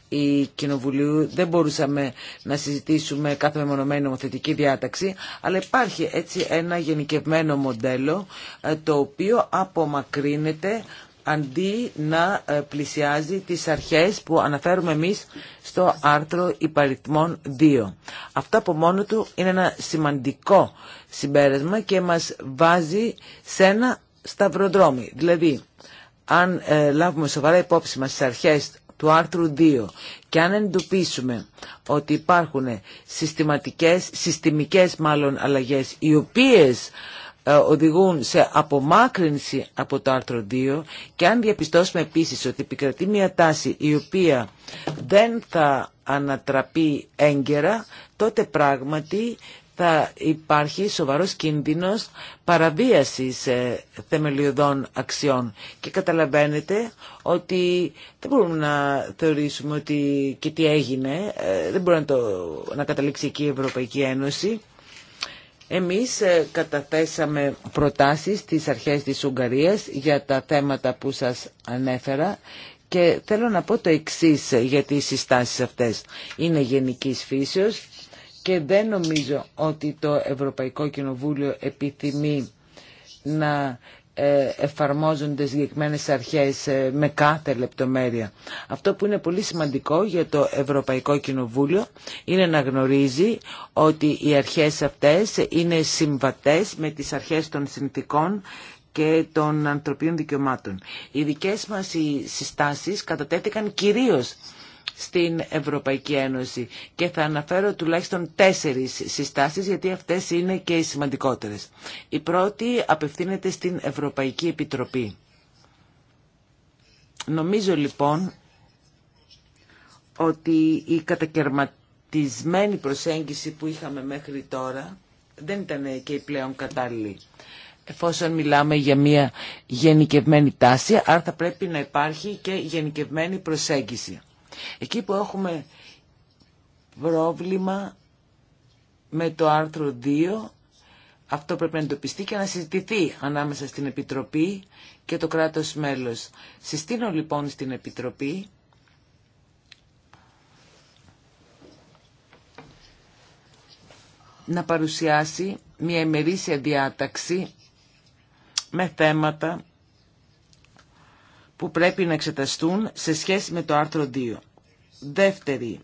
ή κοινοβουλίου. Δεν μπορούσαμε να συζητήσουμε κάθε μεμονωμένη νομοθετική διάταξη, αλλά υπάρχει έτσι ένα γενικευμένο μοντέλο ε, το οποίο απομακρύνεται αντί να ε, πλησιάζει τις αρχές που αναφέρουμε εμείς στο άρθρο υπαριθμών 2. Αυτό από μόνο του είναι ένα σημαντικό συμπέρασμα και μας βάζει σε ένα σταυροδρόμι. Δηλαδή, αν ε, λάβουμε σοβαρά υπόψη μας τις αρχές του άρθρου 2 και αν εντοπίσουμε ότι υπάρχουν συστηματικές, συστημικές μάλλον αλλαγές οι οποίες ε, οδηγούν σε απομάκρυνση από το άρθρο 2 και αν διαπιστώσουμε επίσης ότι επικρατεί μια τάση η οποία δεν θα ανατραπεί έγκαιρα, τότε πράγματι θα υπάρχει σοβαρός κίνδυνος παραβίασης ε, θεμελιωδών αξιών. Και καταλαβαίνετε ότι δεν μπορούμε να θεωρήσουμε ότι και τι έγινε, ε, δεν μπορεί να, το, να καταλήξει εκεί η Ευρωπαϊκή Ένωση. Εμείς ε, καταθέσαμε προτάσεις στις αρχές της Ουγγαρίας για τα θέματα που σας ανέφερα και θέλω να πω το εξής γιατί οι συστάσεις αυτές. Είναι γενικής φύσεως και δεν νομίζω ότι το Ευρωπαϊκό Κοινοβούλιο επιθυμεί να ε, εφαρμόζονται συγκεκριμένε αρχές ε, με κάθε λεπτομέρεια. Αυτό που είναι πολύ σημαντικό για το Ευρωπαϊκό Κοινοβούλιο είναι να γνωρίζει ότι οι αρχές αυτές είναι συμβατές με τις αρχές των συνθήκων και των ανθρωπίνων δικαιωμάτων. Οι δικές μας συστάσεις κατατέθηκαν κυρίως στην Ευρωπαϊκή Ένωση και θα αναφέρω τουλάχιστον τέσσερις συστάσεις γιατί αυτές είναι και οι σημαντικότερες. Η πρώτη απευθύνεται στην Ευρωπαϊκή Επιτροπή. Νομίζω λοιπόν ότι η κατακαιρματισμένη προσέγγιση που είχαμε μέχρι τώρα δεν ήταν και η πλέον κατάλληλη. Εφόσον μιλάμε για μια γενικευμένη τάση, άρα θα πρέπει να υπάρχει και γενικευμένη προσέγγιση. Εκεί που έχουμε πρόβλημα με το άρθρο 2, αυτό πρέπει να εντοπιστεί και να συζητηθεί ανάμεσα στην Επιτροπή και το κράτος μέλος. Συστήνω λοιπόν στην Επιτροπή να παρουσιάσει μια ημερήσια διάταξη με θέματα που πρέπει να εξεταστούν σε σχέση με το άρθρο 2. Δεύτερη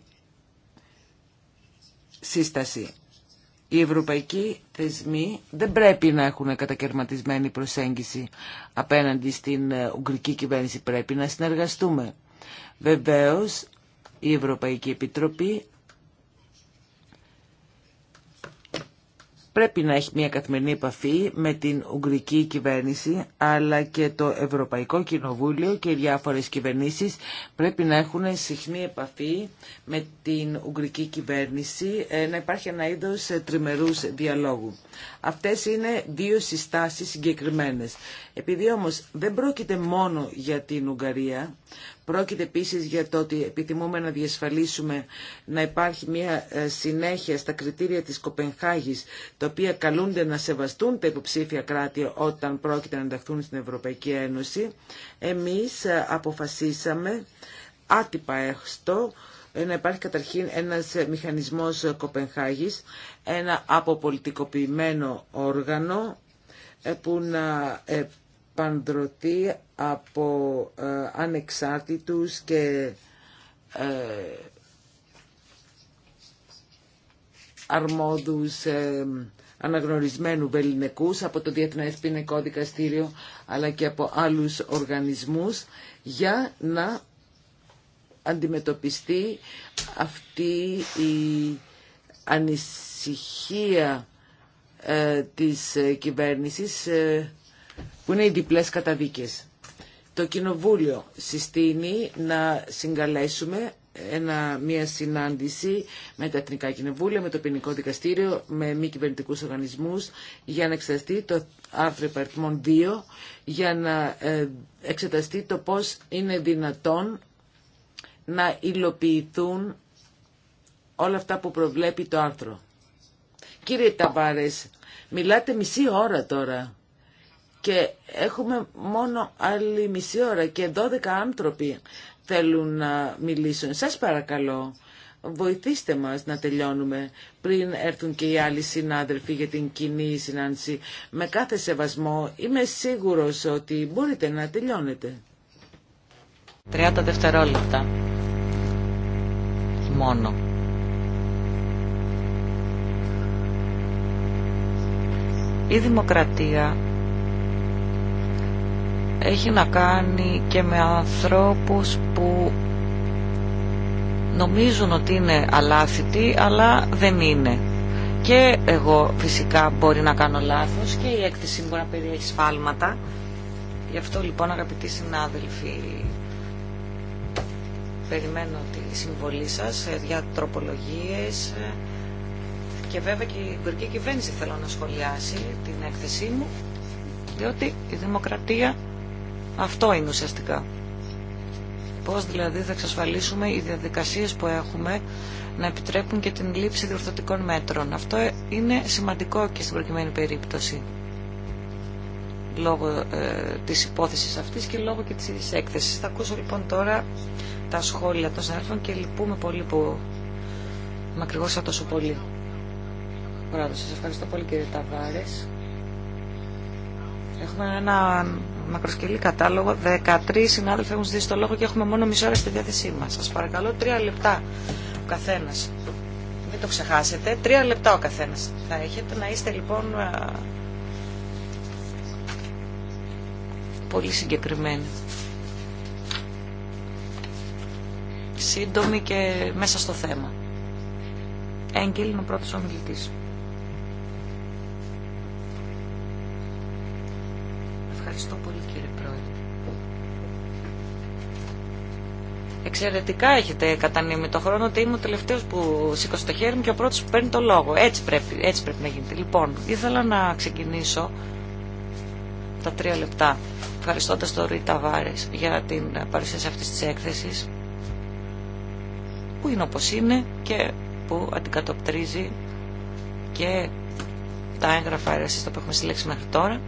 σύσταση. Οι ευρωπαϊκοί θεσμοί δεν πρέπει να έχουν κατακαιρματισμένη προσέγγιση απέναντι στην ε, Ουγγρική κυβέρνηση. Πρέπει να συνεργαστούμε. Βεβαίως, η Ευρωπαϊκή Επιτροπή πρέπει να έχει μια καθημερινή επαφή με την Ουγγρική κυβέρνηση αλλά και το Ευρωπαϊκό Κοινοβούλιο και οι διάφορες κυβερνήσεις πρέπει να έχουν συχνή επαφή με την Ουγγρική κυβέρνηση ε, να υπάρχει ένα είδος τριμερούς διαλόγου. Αυτές είναι δύο συστάσεις συγκεκριμένες. Επειδή όμως δεν πρόκειται μόνο για την Ουγγαρία, πρόκειται επίσης για το ότι επιθυμούμε να διασφαλίσουμε να υπάρχει μια ε, συνέχεια στα κριτήρια της Κοπενχάγης, τα οποία καλούνται να σεβαστούν τα υποψήφια κράτη όταν πρόκειται να ενταχθούν στην Ευρωπαϊκή Ένωση, εμείς ε, αποφασίσαμε άτυπα έστω ε, να υπάρχει καταρχήν ένας ε, μηχανισμός ε, Κοπενχάγης, ένα αποπολιτικοποιημένο όργανο που να παντρωθεί από ανεξάρτητους και αρμόδους αναγνωρισμένου βεληνικούς από το Διεθνές Ποινικό Δικαστήριο αλλά και από άλλους οργανισμούς για να αντιμετωπιστεί αυτή η ανησυχία ε, της ε, κυβέρνησης ε, που είναι οι διπλές καταδίκες. Το Κοινοβούλιο συστήνει να συγκαλέσουμε ένα, μια συνάντηση με τα Εθνικά Κοινοβούλια, με το Ποινικό Δικαστήριο, με μη κυβερνητικού οργανισμούς για να εξεταστεί το άρθρο υπαριθμών 2, για να εξεταστεί το πώς είναι δυνατόν να υλοποιηθούν όλα αυτά που προβλέπει το άρθρο. Κύριε Ταβάρες, μιλάτε μισή ώρα τώρα και έχουμε μόνο άλλη μισή ώρα και 12 άνθρωποι θέλουν να μιλήσουν. Σας παρακαλώ, βοηθήστε μας να τελειώνουμε πριν έρθουν και οι άλλοι συνάδελφοι για την κοινή συνάντηση. Με κάθε σεβασμό είμαι σίγουρος ότι μπορείτε να τελειώνετε. 30 δευτερόλεπτα μόνο. Η δημοκρατία έχει να κάνει και με ανθρώπους που νομίζουν ότι είναι αλάθητοι αλλά δεν είναι. Και εγώ φυσικά μπορεί να κάνω λάθος και η έκθεση μπορεί να περιέχει σφάλματα. Γι' αυτό λοιπόν αγαπητοί συνάδελφοι περιμένω τη συμβολή σας για τροπολογίες και βέβαια και η Υπουργική Κυβέρνηση θέλω να σχολιάσει την έκθεσή μου διότι η δημοκρατία αυτό είναι ουσιαστικά. Πώς δηλαδή θα εξασφαλίσουμε οι διαδικασίες που έχουμε να επιτρέπουν και την λήψη διορθωτικών μέτρων. Αυτό είναι σημαντικό και στην προκειμένη περίπτωση λόγω ε, της υπόθεσης αυτής και λόγω και της έκθεσης. Θα ακούσω λοιπόν τώρα τα σχόλια των συνάδελφων και λυπούμε πολύ που μακρυγόσα τόσο πολύ. Μπράβο, σας ευχαριστώ πολύ κύριε Ταβάρες. Έχουμε ένα μακροσκελή κατάλογο. 13 συνάδελφοι έχουν ζητήσει το λόγο και έχουμε μόνο μισή ώρα στη διάθεσή μας. Σας παρακαλώ, τρία λεπτά ο καθένας. Μην το ξεχάσετε. Τρία λεπτά ο καθένας θα έχετε. Να είστε λοιπόν πολύ συγκεκριμένοι. σύντομη και μέσα στο θέμα. Έγκυλ είναι ο πρώτος ομιλητής. Ευχαριστώ πολύ κύριε Πρόεδρε. Εξαιρετικά έχετε κατανείμει το χρόνο ότι είμαι ο τελευταίος που σήκωσε το χέρι μου και ο πρώτος που παίρνει το λόγο. Έτσι πρέπει, έτσι πρέπει να γίνεται. Λοιπόν, ήθελα να ξεκινήσω τα τρία λεπτά Ευχαριστώ τον Ρίτα Βάρες για την παρουσίαση αυτής της έκθεσης που είναι όπως είναι και που αντικατοπτρίζει και τα έγγραφα εργασίας που έχουμε συλλέξει μέχρι τώρα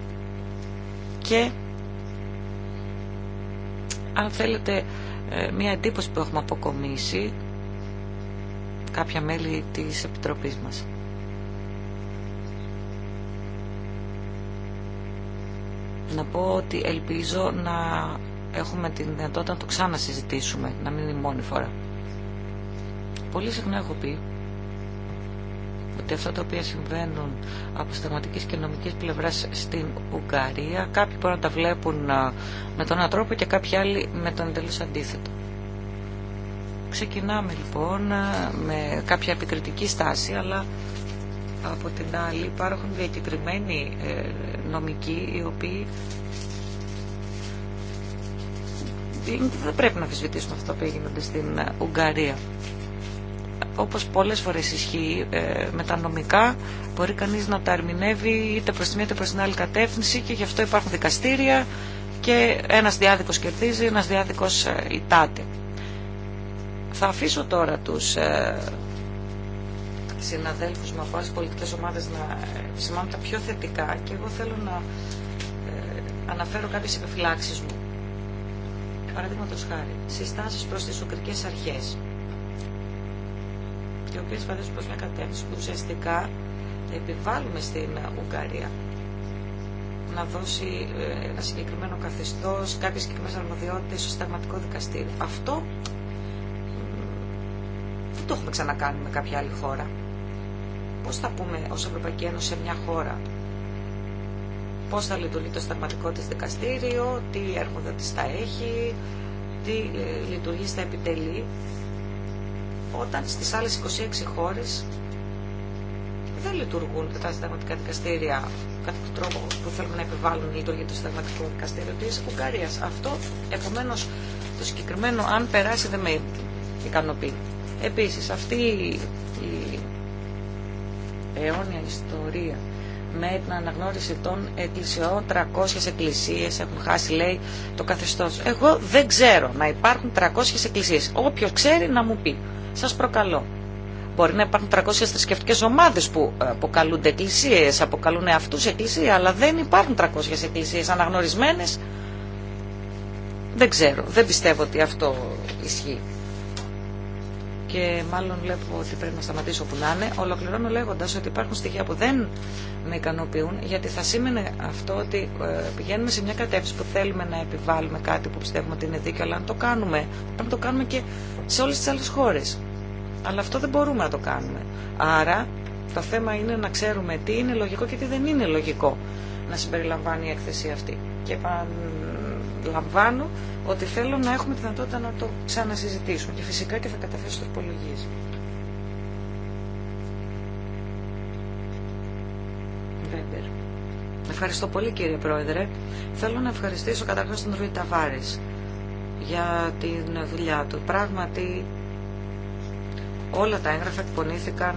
και αν θέλετε ε, μία εντύπωση που έχουμε αποκομίσει κάποια μέλη της Επιτροπής μας. Να πω ότι ελπίζω να έχουμε την δυνατότητα να το ξανασυζητήσουμε, να μην είναι η μόνη φορά. Πολύ συχνά έχω πει ότι αυτά τα οποία συμβαίνουν από σταγματικής και νομικής πλευράς στην Ουγγαρία κάποιοι μπορούν να τα βλέπουν ε, με τον άνθρωπο τρόπο και κάποιοι άλλοι με τον εντελώ αντίθετο. Ξεκινάμε λοιπόν ε, με κάποια επικριτική στάση αλλά από την άλλη υπάρχουν διακεκριμένοι ε, νομικοί οι οποίοι δεν πρέπει να αφισβητήσουμε αυτά που έγινονται στην Ουγγαρία όπως πολλές φορές ισχύει ε, με τα νομικά, μπορεί κανείς να τα ερμηνεύει είτε προς τη μία είτε προς την άλλη κατεύθυνση και γι' αυτό υπάρχουν δικαστήρια και ένας διάδικος κερδίζει, ένας διάδικος ιτάται. Ε, Θα αφήσω τώρα τους ε, συναδέλφους με αφορά πολιτικές ομάδες να σημάνουν τα πιο θετικά και εγώ θέλω να αναφέρω κάποιες επιφυλάξεις μου. Παραδείγματο χάρη, συστάσεις προς τις Αρχές οι οποίε φαίνονται προ μια κατεύθυνση που ουσιαστικά επιβάλλουμε στην Ουγγαρία να δώσει ε, ένα συγκεκριμένο καθεστώ, κάποιε συγκεκριμένε αρμοδιότητε στο συνταγματικό δικαστήριο. Αυτό δεν το έχουμε ξανακάνει με κάποια άλλη χώρα. Πώ θα πούμε ω Ευρωπαϊκή Ένωση σε μια χώρα πώ θα λειτουργεί το σταγματικό τη δικαστήριο, τι έρχονται θα έχει, τι ε, λειτουργεί στα επιτελεί όταν στις άλλες 26 χώρες δεν λειτουργούν τα συνταγματικά δικαστήρια κατά τον τρόπο που θέλουμε να επιβάλλουν η λειτουργία του συνταγματικού δικαστήριου της Ουγγαρίας. Αυτό, επομένως, το συγκεκριμένο, αν περάσει, δεν με ικανοποιεί. Επίσης, αυτή η αιώνια ιστορία με την αναγνώριση των εκκλησιών. 300 εκκλησίες έχουν χάσει, λέει, το καθεστώς. Εγώ δεν ξέρω να υπάρχουν 300 εκκλησίες. Όποιος ξέρει να μου πει. Σας προκαλώ. Μπορεί να υπάρχουν 300 θρησκευτικέ ομάδε που ε, αποκαλούνται εκκλησίε, αποκαλούν αυτού εκκλησία, αλλά δεν υπάρχουν 300 εκκλησίε αναγνωρισμένε. Δεν ξέρω, δεν πιστεύω ότι αυτό ισχύει και μάλλον βλέπω ότι πρέπει να σταματήσω που να είναι, ολοκληρώνω λέγοντα ότι υπάρχουν στοιχεία που δεν με ικανοποιούν, γιατί θα σήμαινε αυτό ότι ε, πηγαίνουμε σε μια κατεύθυνση που θέλουμε να επιβάλλουμε κάτι που πιστεύουμε ότι είναι δίκαιο, αλλά αν το κάνουμε, πρέπει να το κάνουμε και σε όλε τι άλλε χώρε. Αλλά αυτό δεν μπορούμε να το κάνουμε. Άρα το θέμα είναι να ξέρουμε τι είναι λογικό και τι δεν είναι λογικό να συμπεριλαμβάνει η έκθεση αυτή. Και λαμβάνω ότι θέλω να έχουμε τη δυνατότητα να το ξανασυζητήσουμε και φυσικά και θα καταθέσω το Βέμπερ. Ευχαριστώ πολύ κύριε Πρόεδρε. Θέλω να ευχαριστήσω καταρχάς τον Ρουί Ταβάρης για τη δουλειά του. Πράγματι όλα τα έγγραφα εκπονήθηκαν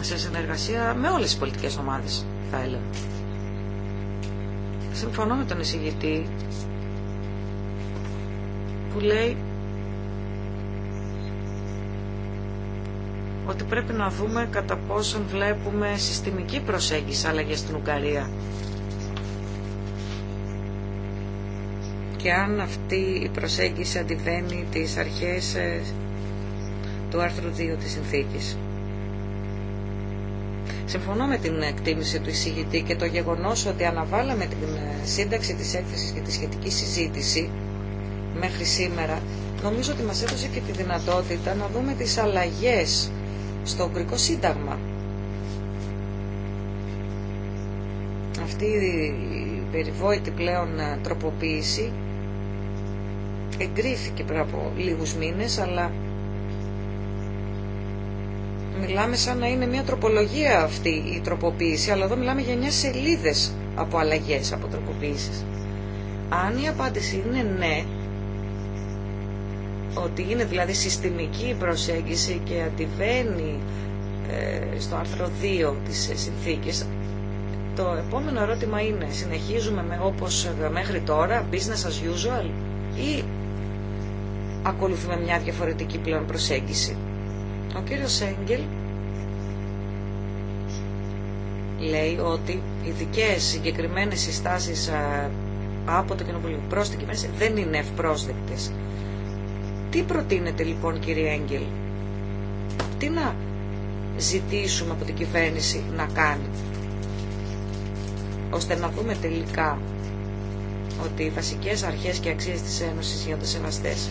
ε, σε συνεργασία με όλες τις πολιτικές ομάδες θα έλεγα. Συμφωνώ με τον εισηγητή που λέει ότι πρέπει να δούμε κατά πόσον βλέπουμε συστημική προσέγγιση αλλαγές στην Ουγγαρία. Και αν αυτή η προσέγγιση αντιβαίνει τις αρχές ε, του άρθρου 2 της συνθήκης. Συμφωνώ με την εκτίμηση του εισηγητή και το γεγονός ότι αναβάλαμε την ε, σύνταξη της έκθεσης και τη σχετική συζήτηση μέχρι σήμερα, νομίζω ότι μας έδωσε και τη δυνατότητα να δούμε τις αλλαγές στο Ουγγρικό Σύνταγμα. Αυτή η περιβόητη πλέον ε, τροποποίηση εγκρίθηκε πριν από λίγους μήνες, αλλά Μιλάμε σαν να είναι μια τροπολογία αυτή η τροποποίηση, αλλά εδώ μιλάμε για μια σελίδες από αλλαγέ από τροποποίησεις. Αν η απάντηση είναι ναι, ότι είναι δηλαδή συστημική η προσέγγιση και αντιβαίνει ε, στο άρθρο 2 της ε, συνθήκης, το επόμενο ερώτημα είναι, συνεχίζουμε με όπως ε, μέχρι τώρα, business as usual, ή ακολουθούμε μια διαφορετική πλέον προσέγγιση. Ο κύριος Έγγελ λέει ότι οι ειδικέ συγκεκριμένες συστάσεις από το Κοινοβουλίο προς την κυβέρνηση δεν είναι ευπρόσδεκτες. Τι προτείνετε λοιπόν κύριε Έγγελ, τι να ζητήσουμε από την κυβέρνηση να κάνει, ώστε να δούμε τελικά ότι οι βασικές αρχές και αξίες της Ένωσης γίνονται σεβαστές.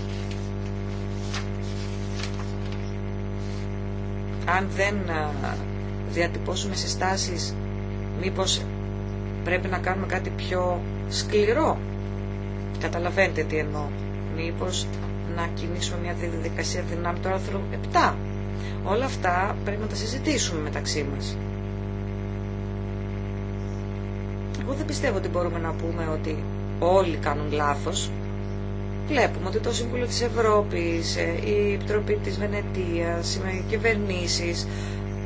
αν δεν διατυπώσουμε συστάσεις, μήπως πρέπει να κάνουμε κάτι πιο σκληρό. Καταλαβαίνετε τι εννοώ. Μήπως να κινήσουμε μια διαδικασία δυνάμει του άρθρου 7. Όλα αυτά πρέπει να τα συζητήσουμε μεταξύ μας. Εγώ δεν πιστεύω ότι μπορούμε να πούμε ότι όλοι κάνουν λάθος βλέπουμε ότι το Σύμβουλο της Ευρώπης, ε, η Επιτροπή της Βενετίας, οι κυβερνήσεις,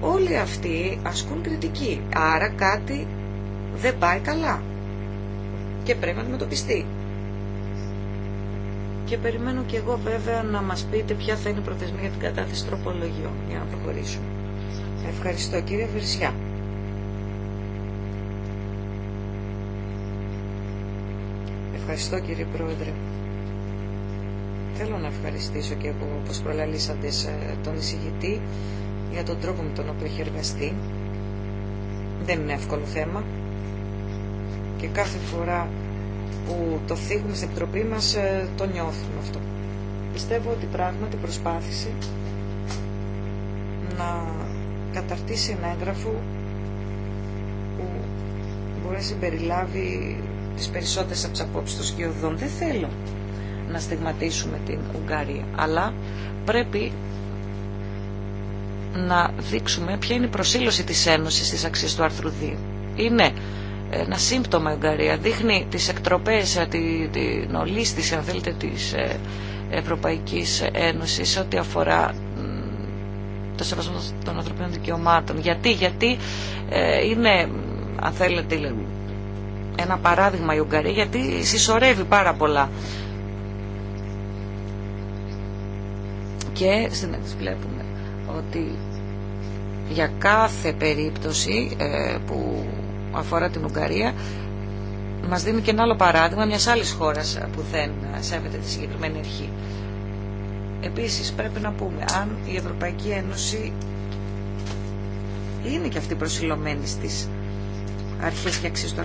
όλοι αυτοί ασκούν κριτική. Άρα κάτι δεν πάει καλά και πρέπει να αντιμετωπιστεί. Και περιμένω και εγώ βέβαια να μας πείτε ποια θα είναι η προθεσμία για την κατάθεση τροπολογιών για να προχωρήσουμε. Ευχαριστώ κύριε Βερσιά. Ευχαριστώ κύριε Πρόεδρε. Θέλω να ευχαριστήσω και εγώ, όπως προλαλήσαντες, ε, τον εισηγητή για τον τρόπο με τον οποίο έχει εργαστεί. Δεν είναι εύκολο θέμα. Και κάθε φορά που το θίγουμε στην Επιτροπή μας, ε, το νιώθουμε αυτό. Πιστεύω ότι πράγματι προσπάθησε να καταρτήσει ένα έγγραφο που μπορεί να συμπεριλάβει τις περισσότερες από τις απόψεις των σκιωδών. Δεν θέλω να στιγματίσουμε την Ουγγαρία. Αλλά πρέπει να δείξουμε ποια είναι η προσήλωση της Ένωσης στις αξίες του άρθρου 2. Είναι ένα σύμπτωμα η Ουγγαρία. Δείχνει τις εκτροπές, ε, την ολίσθηση αν θέλετε της ε, Ευρωπαϊκής Ένωσης ό,τι αφορά το σεβασμό των ανθρωπίνων δικαιωμάτων. Γιατί, γιατί ε, είναι αν θέλετε ένα παράδειγμα η Ουγγαρία γιατί συσσωρεύει πάρα πολλά και βλέπουμε ότι για κάθε περίπτωση ε, που αφορά την Ουγγαρία μας δίνει και ένα άλλο παράδειγμα μιας άλλης χώρας ε, που δεν ε, σέβεται τη συγκεκριμένη αρχή. Επίσης πρέπει να πούμε αν η Ευρωπαϊκή Ένωση είναι και αυτή προσιλωμένη στις αρχές και αξίες του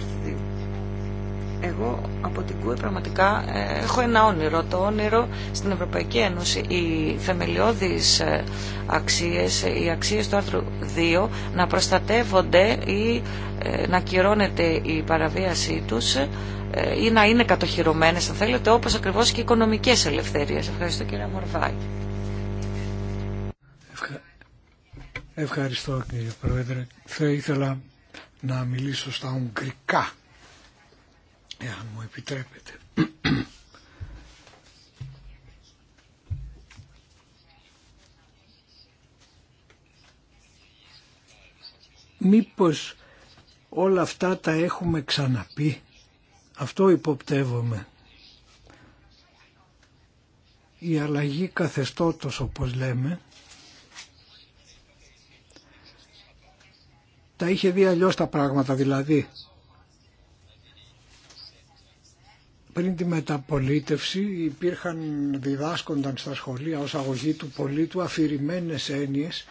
εγώ από την ΚΟΕ πραγματικά ε, έχω ένα όνειρο. Το όνειρο στην Ευρωπαϊκή Ένωση, οι θεμελιώδεις ε, αξίες, οι αξίες του άρθρου 2 να προστατεύονται ή ε, να κυρώνεται η παραβίασή τους ή να είναι κατοχυρωμένες αν θέλετε όπως ακριβώς και οι οικονομικές ελευθερίες. Ευχαριστώ κύριε Μορβάκη. Ευχαριστώ κύριε Πρόεδρε. Θα ήθελα να μιλήσω στα Ουγγρικά εάν μου επιτρέπετε. Μήπως όλα αυτά τα έχουμε ξαναπεί, αυτό υποπτεύομαι. Η αλλαγή καθεστώτος όπως λέμε, τα είχε δει αλλιώς τα πράγματα δηλαδή. πριν τη μεταπολίτευση υπήρχαν, διδάσκονταν στα σχολεία ως αγωγή του πολίτου αφηρημένες έννοιες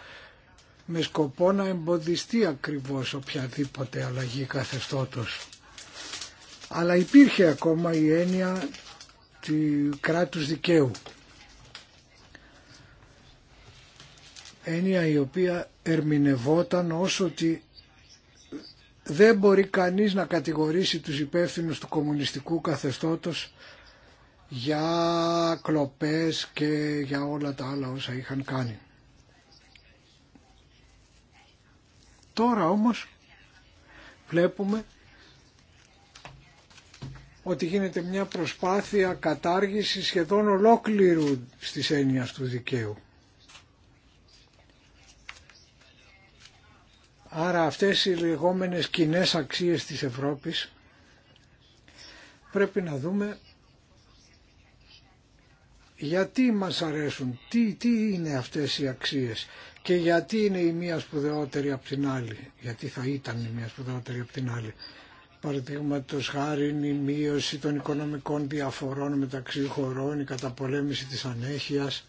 με σκοπό να εμποδιστεί ακριβώς οποιαδήποτε αλλαγή καθεστώτος. Αλλά υπήρχε ακόμα η έννοια του κράτους δικαίου. Έννοια η οποία ερμηνευόταν όσο ότι δεν μπορεί κανείς να κατηγορήσει τους υπεύθυνους του κομμουνιστικού καθεστώτος για κλοπές και για όλα τα άλλα όσα είχαν κάνει. Τώρα όμως βλέπουμε ότι γίνεται μια προσπάθεια κατάργηση σχεδόν ολόκληρου στις έννοιας του δικαίου. Άρα αυτές οι λεγόμενες κοινέ αξίες της Ευρώπης πρέπει να δούμε γιατί μας αρέσουν, τι, τι είναι αυτές οι αξίες και γιατί είναι η μία σπουδαιότερη από την άλλη, γιατί θα ήταν η μία σπουδαιότερη από την άλλη. Παραδείγματο χάρη η μείωση των οικονομικών διαφορών μεταξύ χωρών, η καταπολέμηση της ανέχειας,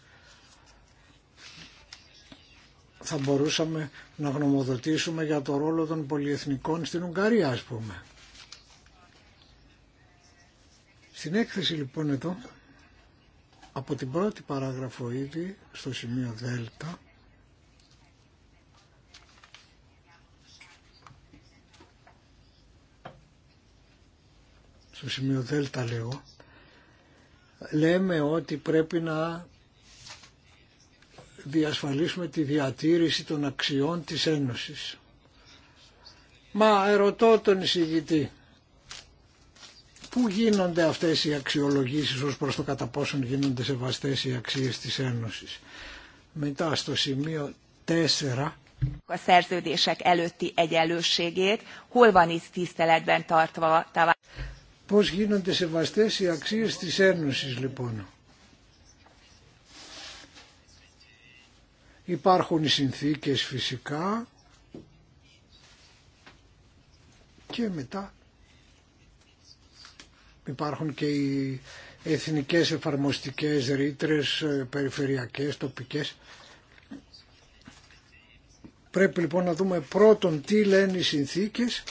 θα μπορούσαμε να γνωμοδοτήσουμε για το ρόλο των πολιεθνικών στην Ουγγαρία ας πούμε. Στην έκθεση λοιπόν εδώ, από την πρώτη παράγραφο ήδη, στο σημείο Δέλτα, στο σημείο Δέλτα λέω, λέμε ότι πρέπει να διασφαλίσουμε τη διατήρηση των αξιών της Ένωσης. Μα ερωτώ τον εισηγητή, πού γίνονται αυτές οι αξιολογήσεις ως προς το κατά πόσον γίνονται σεβαστές οι αξίες της Ένωσης. Μετά στο σημείο 4 a szerződések előtti egyenlőségét, hol van tartva Πώς γίνονται σεβαστές οι αξίες της Ένωσης λοιπόν. Υπάρχουν οι συνθήκες φυσικά και μετά υπάρχουν και οι εθνικές εφαρμοστικές ρήτρες, ε, περιφερειακές, τοπικές. Πρέπει λοιπόν να δούμε πρώτον τι λένε οι συνθήκες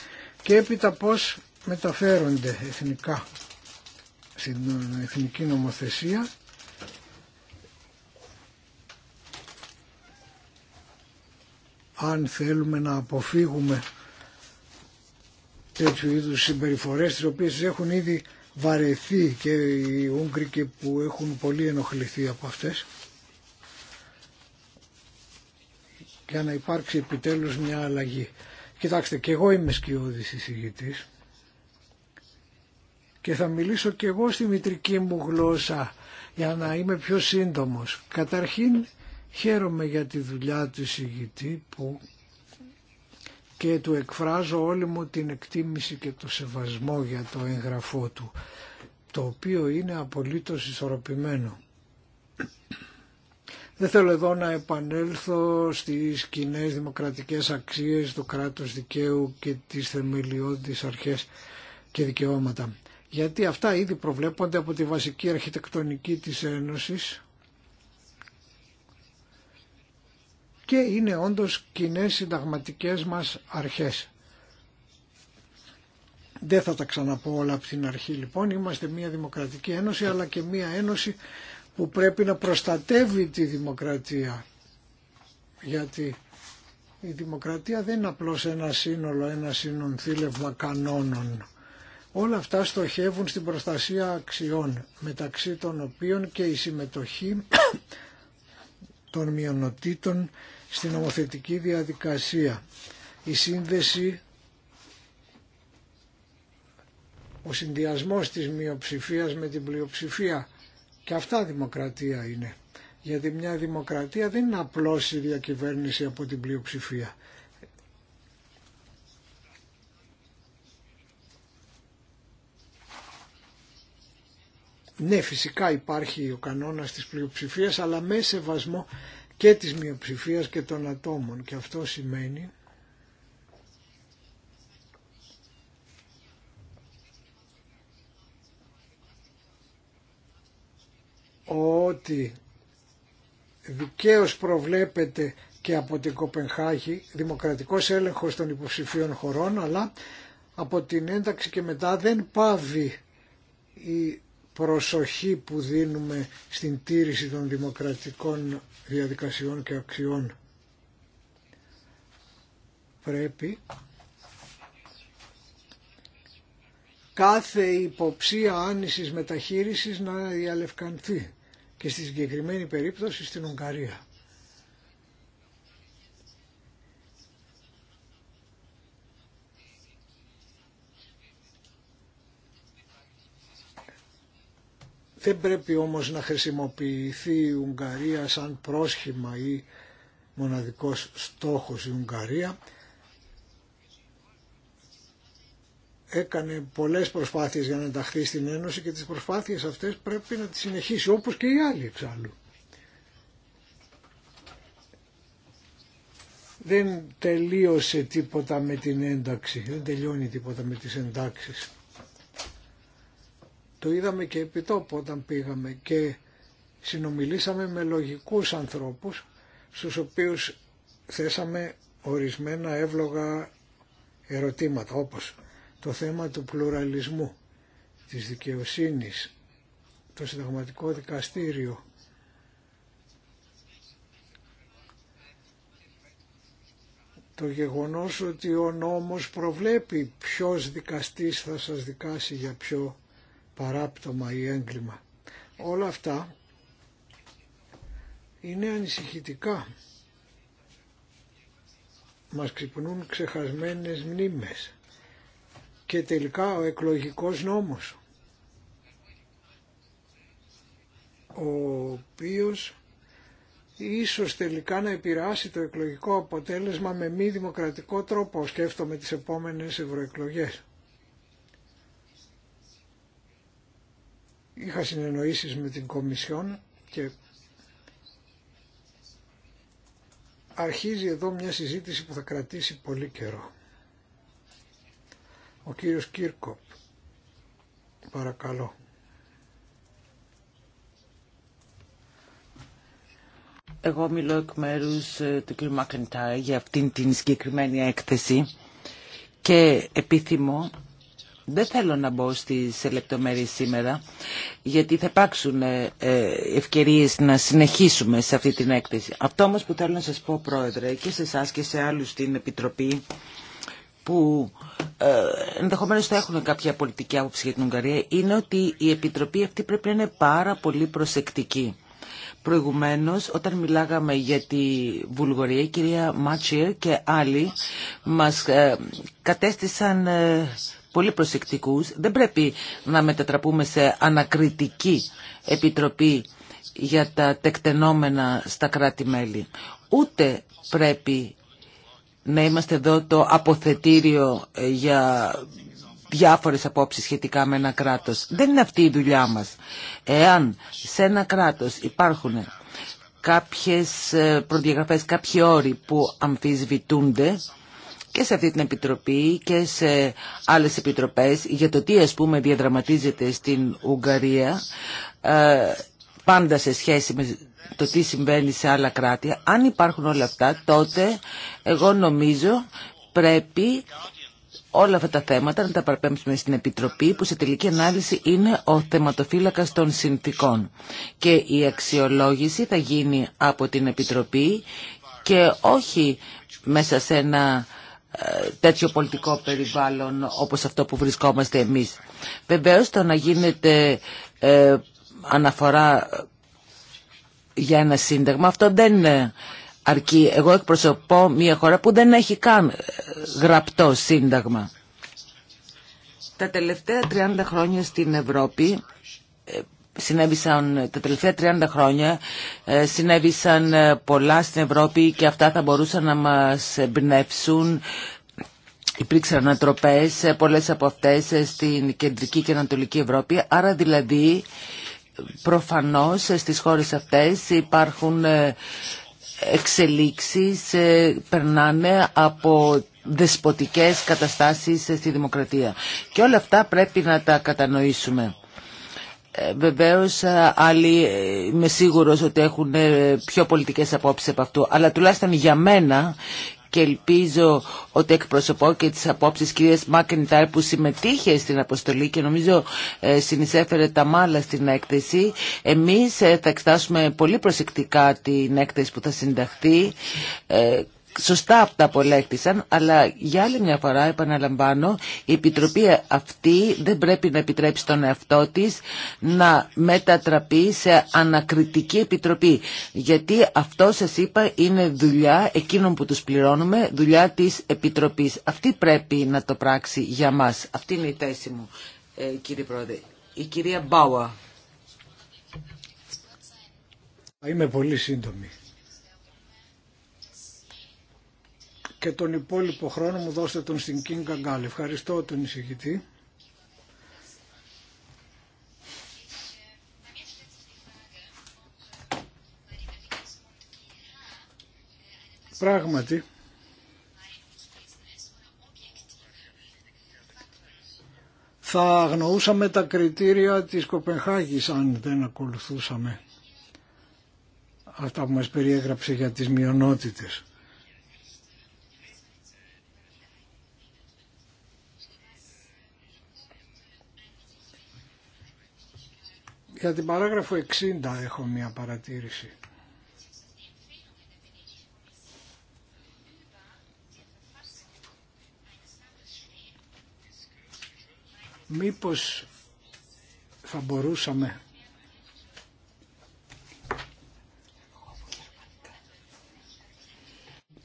και έπειτα πώς μεταφέρονται εθνικά στην ε, εθνική νομοθεσία αν θέλουμε να αποφύγουμε τέτοιου είδου συμπεριφορές τι οποίε έχουν ήδη βαρεθεί και οι Ούγγρικοι που έχουν πολύ ενοχληθεί από αυτές για να υπάρξει επιτέλους μια αλλαγή. Κοιτάξτε, και εγώ είμαι σκιώδης εισηγητής και θα μιλήσω και εγώ στη μητρική μου γλώσσα για να είμαι πιο σύντομος. Καταρχήν Χαίρομαι για τη δουλειά του εισηγητή που και του εκφράζω όλη μου την εκτίμηση και το σεβασμό για το έγγραφό του, το οποίο είναι απολύτως ισορροπημένο. Δεν θέλω εδώ να επανέλθω στις κοινέ δημοκρατικές αξίες, του κράτους δικαίου και τις θεμελιώδεις αρχές και δικαιώματα. Γιατί αυτά ήδη προβλέπονται από τη βασική αρχιτεκτονική της Ένωσης και είναι όντως κοινέ συνταγματικές μας αρχές. Δεν θα τα ξαναπώ όλα από την αρχή λοιπόν, είμαστε μια δημοκρατική ένωση αλλά και μια ένωση που πρέπει να προστατεύει τη δημοκρατία. Γιατί η δημοκρατία δεν είναι απλώς ένα σύνολο, ένα συνονθήλευμα κανόνων. Όλα αυτά στοχεύουν στην προστασία αξιών, μεταξύ των οποίων και η συμμετοχή των μειονοτήτων στην νομοθετική διαδικασία. Η σύνδεση, ο συνδυασμός της μειοψηφίας με την πλειοψηφία και αυτά δημοκρατία είναι. Γιατί μια δημοκρατία δεν είναι απλώς η διακυβέρνηση από την πλειοψηφία. Ναι, φυσικά υπάρχει ο κανόνας της πλειοψηφίας, αλλά με σεβασμό και της μειοψηφίας και των ατόμων και αυτό σημαίνει ότι δικαίως προβλέπεται και από την Κοπενχάγη δημοκρατικός έλεγχος των υποψηφίων χωρών αλλά από την ένταξη και μετά δεν πάβει η προσοχή που δίνουμε στην τήρηση των δημοκρατικών διαδικασιών και αξιών. Πρέπει κάθε υποψία άνησης μεταχείρισης να διαλευκανθεί και στη συγκεκριμένη περίπτωση στην Ουγγαρία. Δεν πρέπει όμως να χρησιμοποιηθεί η Ουγγαρία σαν πρόσχημα ή μοναδικός στόχος η Ουγγαρία. Έκανε πολλές προσπάθειες για να ενταχθεί στην Ένωση και τις προσπάθειες αυτές πρέπει να τις συνεχίσει όπως και οι άλλοι εξάλλου. Δεν τελείωσε τίποτα με την ένταξη, δεν τελειώνει τίποτα με τις εντάξεις. Το είδαμε και επί τόπου όταν πήγαμε και συνομιλήσαμε με λογικούς ανθρώπους στους οποίους θέσαμε ορισμένα εύλογα ερωτήματα όπως το θέμα του πλουραλισμού, της δικαιοσύνης, το συνταγματικό δικαστήριο, το γεγονός ότι ο νόμος προβλέπει ποιος δικαστής θα σας δικάσει για ποιο παράπτωμα ή έγκλημα. Όλα αυτά είναι ανησυχητικά. Μας ξυπνούν ξεχασμένες μνήμες και τελικά ο εκλογικός νόμος ο οποίος ίσως τελικά να επηρεάσει το εκλογικό αποτέλεσμα με μη δημοκρατικό τρόπο σκέφτομαι τις επόμενες ευρωεκλογές. είχα συνεννοήσεις με την Κομισιόν και αρχίζει εδώ μια συζήτηση που θα κρατήσει πολύ καιρό. Ο κύριος Κίρκοπ, παρακαλώ. Εγώ μιλώ εκ μέρους ε, του κ. Μακεντάι για αυτήν την συγκεκριμένη έκθεση και επιθυμώ δεν θέλω να μπω στις λεπτομέρειες σήμερα, γιατί θα υπάρξουν ε, ε, ευκαιρίες να συνεχίσουμε σε αυτή την έκθεση. Αυτό όμως που θέλω να σας πω, Πρόεδρε, και σε εσά και σε άλλους στην Επιτροπή, που ε, ενδεχομένως θα έχουν κάποια πολιτική άποψη για την Ουγγαρία, είναι ότι η Επιτροπή αυτή πρέπει να είναι πάρα πολύ προσεκτική. Προηγουμένως, όταν μιλάγαμε για τη Βουλγορία η κυρία Μάτσιερ και άλλοι μας κατέστησαν πολύ προσεκτικούς. Δεν πρέπει να μετατραπούμε σε ανακριτική επιτροπή για τα τεκτενόμενα στα κράτη-μέλη. Ούτε πρέπει να είμαστε εδώ το αποθετήριο ε, για διάφορες απόψεις σχετικά με ένα κράτος. Δεν είναι αυτή η δουλειά μας. Εάν σε ένα κράτος υπάρχουν κάποιες ε, προδιαγραφές, κάποιοι όροι που αμφισβητούνται, και σε αυτή την Επιτροπή και σε άλλες επιτροπές για το τι ας πούμε διαδραματίζεται στην Ουγγαρία ε, πάντα σε σχέση με το τι συμβαίνει σε άλλα κράτη. Αν υπάρχουν όλα αυτά τότε εγώ νομίζω πρέπει όλα αυτά τα θέματα να τα παραπέμψουμε στην Επιτροπή που σε τελική ανάλυση είναι ο θεματοφύλακας των συνθήκων και η αξιολόγηση θα γίνει από την Επιτροπή και όχι μέσα σε ένα τέτοιο πολιτικό περιβάλλον όπως αυτό που βρισκόμαστε εμείς. Βεβαίω το να γίνεται ε, αναφορά για ένα σύνταγμα αυτό δεν αρκεί. Εγώ εκπροσωπώ μια χώρα που δεν έχει καν γραπτό σύνταγμα. Τα τελευταία 30 χρόνια στην Ευρώπη ε, συνέβησαν τα τελευταία 30 χρόνια, ε, συνέβησαν ε, πολλά στην Ευρώπη και αυτά θα μπορούσαν να μας εμπνεύσουν. Υπήρξαν ανατροπές, ε, πολλές από αυτές στην κεντρική και ανατολική Ευρώπη, άρα δηλαδή προφανώς στις χώρες αυτές υπάρχουν εξελίξεις, περνάνε από δεσποτικές καταστάσεις στη δημοκρατία. Και όλα αυτά πρέπει να τα κατανοήσουμε. Ε, βεβαίως ε, άλλοι ε, είμαι σίγουρος ότι έχουν πιο πολιτικές απόψεις από αυτού. Αλλά τουλάχιστον για μένα και ελπίζω ότι εκπροσωπώ και τις απόψεις κυρίας Μάκεντάρ που συμμετείχε στην αποστολή και νομίζω συνεισέφερε τα μάλα στην έκθεση. Εμείς θα εξετάσουμε πολύ προσεκτικά την έκθεση που θα συνταχθεί Σωστά αυτά απολέκτησαν, αλλά για άλλη μια φορά επαναλαμβάνω, η Επιτροπή αυτή δεν πρέπει να επιτρέψει τον εαυτό της να μετατραπεί σε ανακριτική επιτροπή. Γιατί αυτό σας είπα είναι δουλειά εκείνων που τους πληρώνουμε, δουλειά της Επιτροπής. Αυτή πρέπει να το πράξει για μας. Αυτή είναι η θέση μου, ε, κύριε Πρόεδρε. Η κυρία Μπάουα. Είμαι πολύ σύντομη. και τον υπόλοιπο χρόνο μου δώστε τον στην Κίνγκα Γκάλ. Ευχαριστώ τον εισηγητή. Πράγματι, θα αγνοούσαμε τα κριτήρια της Κοπενχάγης αν δεν ακολουθούσαμε αυτά που μας περιέγραψε για τις μειονότητες. Για την παράγραφο 60 έχω μία παρατήρηση. Μήπως θα μπορούσαμε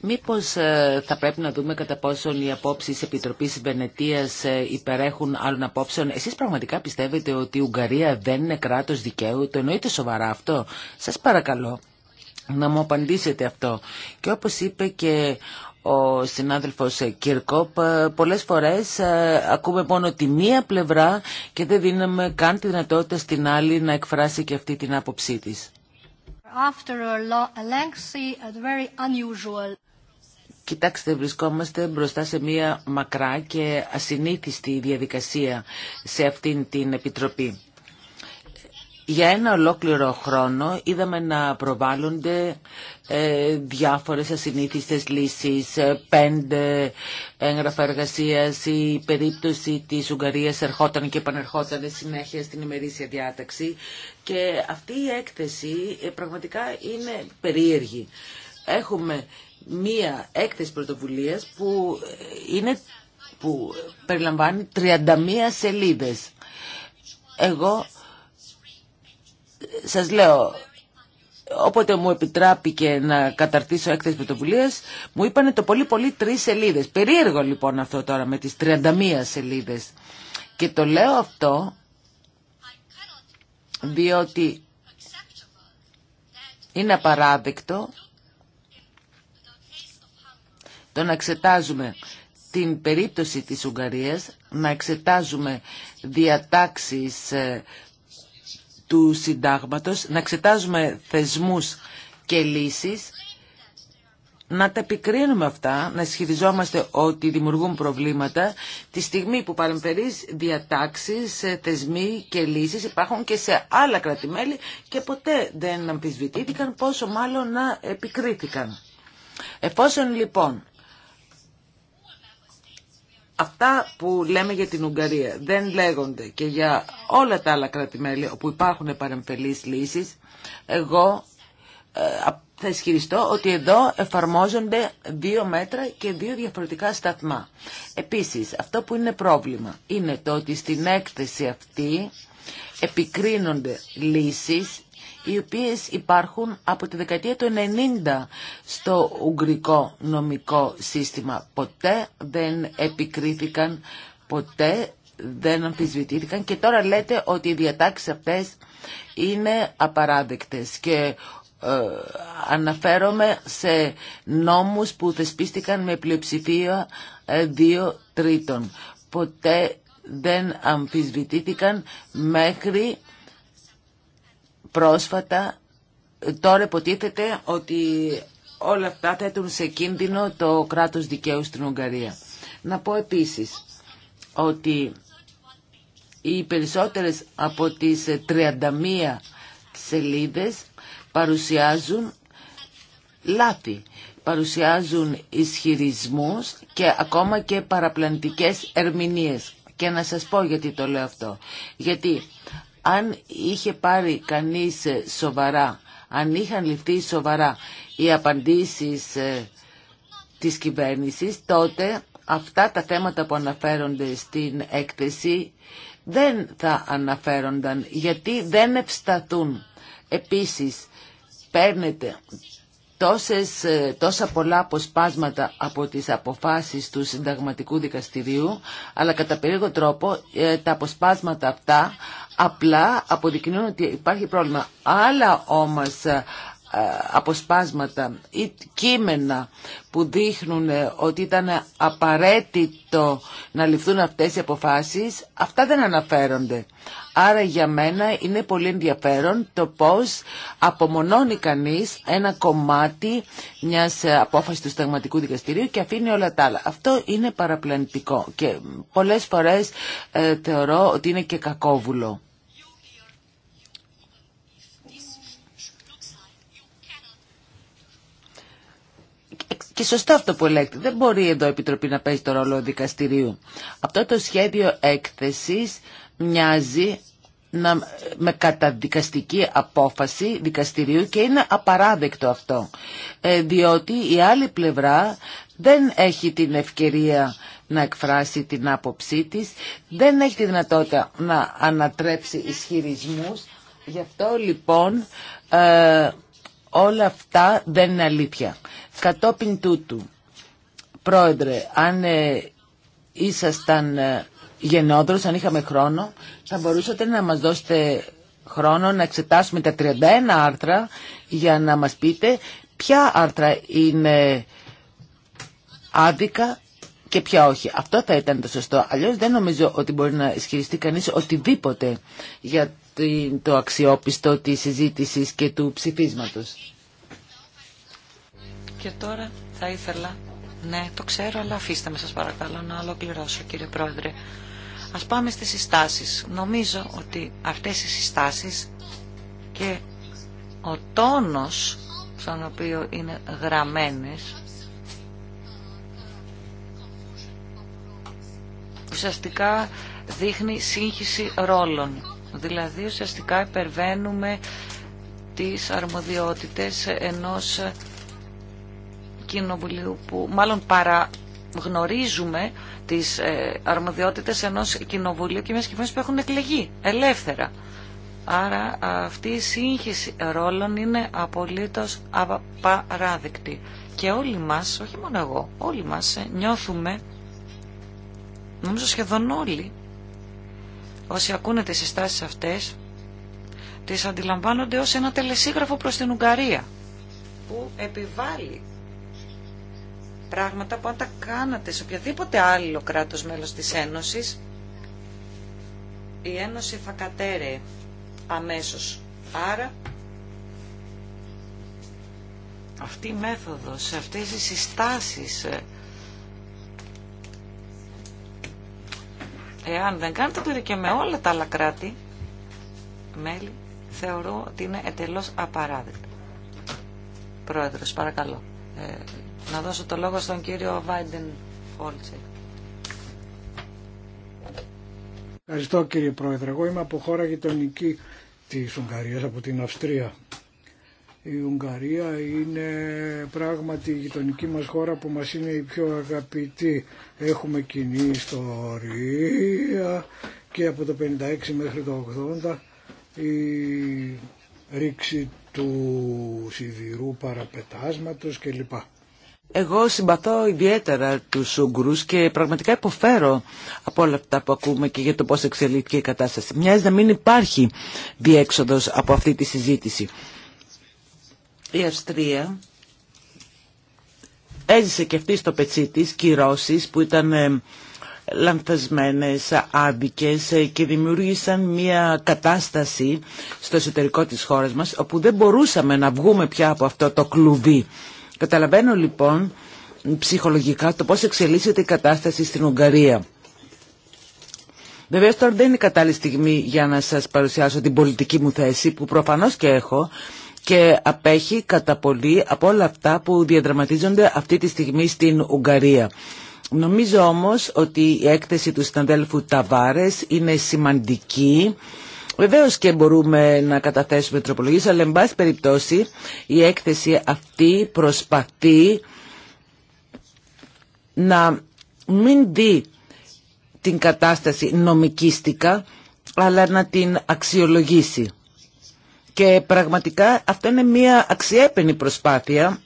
Μήπως ε, θα πρέπει να δούμε κατά πόσον οι απόψεις Επιτροπής Βενετίας ε, υπερέχουν άλλων απόψεων. Εσείς πραγματικά πιστεύετε ότι η Ουγγαρία δεν είναι κράτος δικαίου. Το εννοείτε σοβαρά αυτό. Σας παρακαλώ να μου απαντήσετε αυτό. Και όπως είπε και ο συνάδελφος Κυρκόπ, ε, πολλές φορές ακούμε μόνο τη μία πλευρά και δεν δίνουμε καν τη δυνατότητα στην άλλη να εκφράσει και αυτή την άποψή της. After a lengthy, very unusual... Κοιτάξτε, βρισκόμαστε μπροστά σε μία μακρά και ασυνήθιστη διαδικασία σε αυτήν την Επιτροπή. Για ένα ολόκληρο χρόνο είδαμε να προβάλλονται ε, διάφορες ασυνήθιστες λύσεις, ε, πέντε έγγραφα εργασίας, η περίπτωση της Ουγγαρίας ερχόταν και επανερχόταν συνέχεια στην ημερήσια διάταξη και αυτή η έκθεση ε, πραγματικά είναι περίεργη. Έχουμε μία έκθεση πρωτοβουλίας που, είναι, που περιλαμβάνει 31 σελίδες. Εγώ σας λέω, όποτε μου επιτράπηκε να καταρτήσω έκθεση πρωτοβουλία, μου είπανε το πολύ πολύ τρει σελίδε. Περίεργο λοιπόν αυτό τώρα με τι 31 σελίδε. Και το λέω αυτό διότι είναι απαράδεκτο το να εξετάζουμε την περίπτωση της Ουγγαρίας, να εξετάζουμε διατάξεις ε, του συντάγματος, να εξετάζουμε θεσμούς και λύσεις, να τα επικρίνουμε αυτά, να ισχυριζόμαστε ότι δημιουργούν προβλήματα τη στιγμή που παρεμφερείς διατάξεις, ε, θεσμοί και λύσεις υπάρχουν και σε άλλα κρατημέλη και ποτέ δεν αμφισβητήθηκαν πόσο μάλλον να επικρίθηκαν. Εφόσον λοιπόν Αυτά που λέμε για την Ουγγαρία δεν λέγονται και για όλα τα άλλα κράτη-μέλη όπου υπάρχουν παρεμφελείς λύσεις, εγώ ε, θα ισχυριστώ ότι εδώ εφαρμόζονται δύο μέτρα και δύο διαφορετικά σταθμά. Επίσης, αυτό που είναι πρόβλημα είναι το ότι στην έκθεση αυτή επικρίνονται λύσεις οι οποίες υπάρχουν από τη δεκαετία του 90 στο ουγγρικό νομικό σύστημα. Ποτέ δεν επικρίθηκαν, ποτέ δεν αμφισβητήθηκαν και τώρα λέτε ότι οι διατάξεις αυτές είναι απαράδεκτες και ε, αναφέρομαι σε νόμους που θεσπίστηκαν με πλειοψηφία ε, δύο τρίτων. Ποτέ δεν αμφισβητήθηκαν μέχρι πρόσφατα τώρα υποτίθεται ότι όλα αυτά θέτουν σε κίνδυνο το κράτος δικαίου στην Ουγγαρία. Να πω επίσης ότι οι περισσότερες από τις 31 σελίδες παρουσιάζουν λάθη, παρουσιάζουν ισχυρισμούς και ακόμα και παραπλανητικές ερμηνείες. Και να σας πω γιατί το λέω αυτό. Γιατί αν είχε πάρει κανείς ε, σοβαρά, αν είχαν ληφθεί σοβαρά οι απαντήσεις ε, της κυβέρνησης, τότε αυτά τα θέματα που αναφέρονται στην έκθεση δεν θα αναφέρονταν, γιατί δεν ευσταθούν. Επίσης, παίρνετε τόσες, ε, τόσα πολλά αποσπάσματα από τις αποφάσεις του συνταγματικού δικαστηρίου, αλλά κατά περίεργο τρόπο ε, τα αποσπάσματα αυτά απλά αποδεικνύουν ότι υπάρχει πρόβλημα. Άλλα όμως ε, ε, αποσπάσματα ή κείμενα που δείχνουν ε, ότι ήταν απαραίτητο να ληφθούν αυτές οι αποφάσεις, αυτά δεν αναφέρονται. Άρα για μένα είναι πολύ ενδιαφέρον το πώς απομονώνει κανείς ένα κομμάτι μιας ε, απόφασης του Σταγματικού Δικαστηρίου και αφήνει όλα τα άλλα. Αυτό είναι παραπλανητικό και πολλές φορές θεωρώ ότι είναι και κακόβουλο. Και σωστά αυτό που λέτε. Δεν μπορεί εδώ η Επιτροπή να παίζει το ρόλο δικαστηρίου. Αυτό το σχέδιο έκθεσης μοιάζει να, με καταδικαστική απόφαση δικαστηρίου και είναι απαράδεκτο αυτό. Ε, διότι η άλλη πλευρά δεν έχει την ευκαιρία να εκφράσει την άποψή της, δεν έχει τη δυνατότητα να ανατρέψει ισχυρισμούς. Γι' αυτό λοιπόν... Ε, Όλα αυτά δεν είναι αλήθεια. Κατόπιν τούτου, πρόεδρε, αν ε, ήσασταν ε, γενόδρος, αν είχαμε χρόνο, θα μπορούσατε να μας δώσετε χρόνο να εξετάσουμε τα 31 άρθρα για να μας πείτε ποια άρθρα είναι άδικα και ποια όχι. Αυτό θα ήταν το σωστό. Αλλιώς δεν νομίζω ότι μπορεί να ισχυριστεί κανείς οτιδήποτε για το αξιόπιστο της συζήτησης και του ψηφίσματος. Και τώρα θα ήθελα, ναι το ξέρω αλλά αφήστε με σας παρακαλώ να ολοκληρώσω κύριε Πρόεδρε. Ας πάμε στις συστάσεις. Νομίζω ότι αυτές οι συστάσεις και ο τόνος στον οποίο είναι γραμμένες ουσιαστικά δείχνει σύγχυση ρόλων Δηλαδή ουσιαστικά υπερβαίνουμε τις αρμοδιότητες ενός κοινοβουλίου που μάλλον παραγνωρίζουμε τις ε, αρμοδιότητες ενός κοινοβουλίου και μιας κυβέρνησης που έχουν εκλεγεί ελεύθερα. Άρα αυτή η σύγχυση ρόλων είναι απολύτως απαράδεκτη. Και όλοι μας, όχι μόνο εγώ, όλοι μας ε, νιώθουμε, νομίζω σχεδόν όλοι, όσοι ακούνε τις συστάσεις αυτές, τις αντιλαμβάνονται ως ένα τελεσίγραφο προς την Ουγγαρία, που επιβάλλει πράγματα που αν τα κάνατε σε οποιαδήποτε άλλο κράτος μέλος της Ένωσης, η Ένωση θα κατέρεε αμέσως. Άρα, αυτή η μέθοδος, αυτές οι συστάσεις ε, Εάν δεν κάνετε το ίδιο και με όλα τα άλλα κράτη, μέλη, θεωρώ ότι είναι εντελώ απαράδεκτο. Πρόεδρος, παρακαλώ. Ε, να δώσω το λόγο στον κύριο Βάιντεν Φόλτσε. Ευχαριστώ κύριε Πρόεδρε. Εγώ είμαι από χώρα γειτονική της Ουγγαρίας, από την Αυστρία. Η Ουγγαρία είναι πράγματι η γειτονική μας χώρα που μας είναι η πιο αγαπητή. Έχουμε κοινή ιστορία και από το 56 μέχρι το 80 η ρήξη του σιδηρού παραπετάσματος κλπ. Εγώ συμπαθώ ιδιαίτερα τους Ούγγρους και πραγματικά υποφέρω από όλα αυτά που ακούμε και για το πώς εξελίχθηκε η κατάσταση. Μοιάζει να μην υπάρχει διέξοδος από αυτή τη συζήτηση η Αυστρία έζησε και αυτή στο πετσί της κυρώσεις που ήταν ε, λανθασμένες, άδικες ε, και δημιούργησαν μια κατάσταση στο εσωτερικό της χώρας μας όπου δεν μπορούσαμε να βγούμε πια από αυτό το κλουβί. Καταλαβαίνω λοιπόν ψυχολογικά το πώς εξελίσσεται η κατάσταση στην Ουγγαρία. Βεβαίως τώρα δεν είναι κατάλληλη στιγμή για να σας παρουσιάσω την πολιτική μου θέση που προφανώς και έχω και απέχει κατά πολύ από όλα αυτά που διαδραματίζονται αυτή τη στιγμή στην Ουγγαρία. Νομίζω όμως ότι η έκθεση του συναδέλφου Ταβάρες είναι σημαντική. Βεβαίω και μπορούμε να καταθέσουμε τροπολογίες, αλλά εν πάση περιπτώσει η έκθεση αυτή προσπαθεί να μην δει την κατάσταση νομικίστικα, αλλά να την αξιολογήσει. Και πραγματικά αυτό είναι μια αξιέπαινη προσπάθεια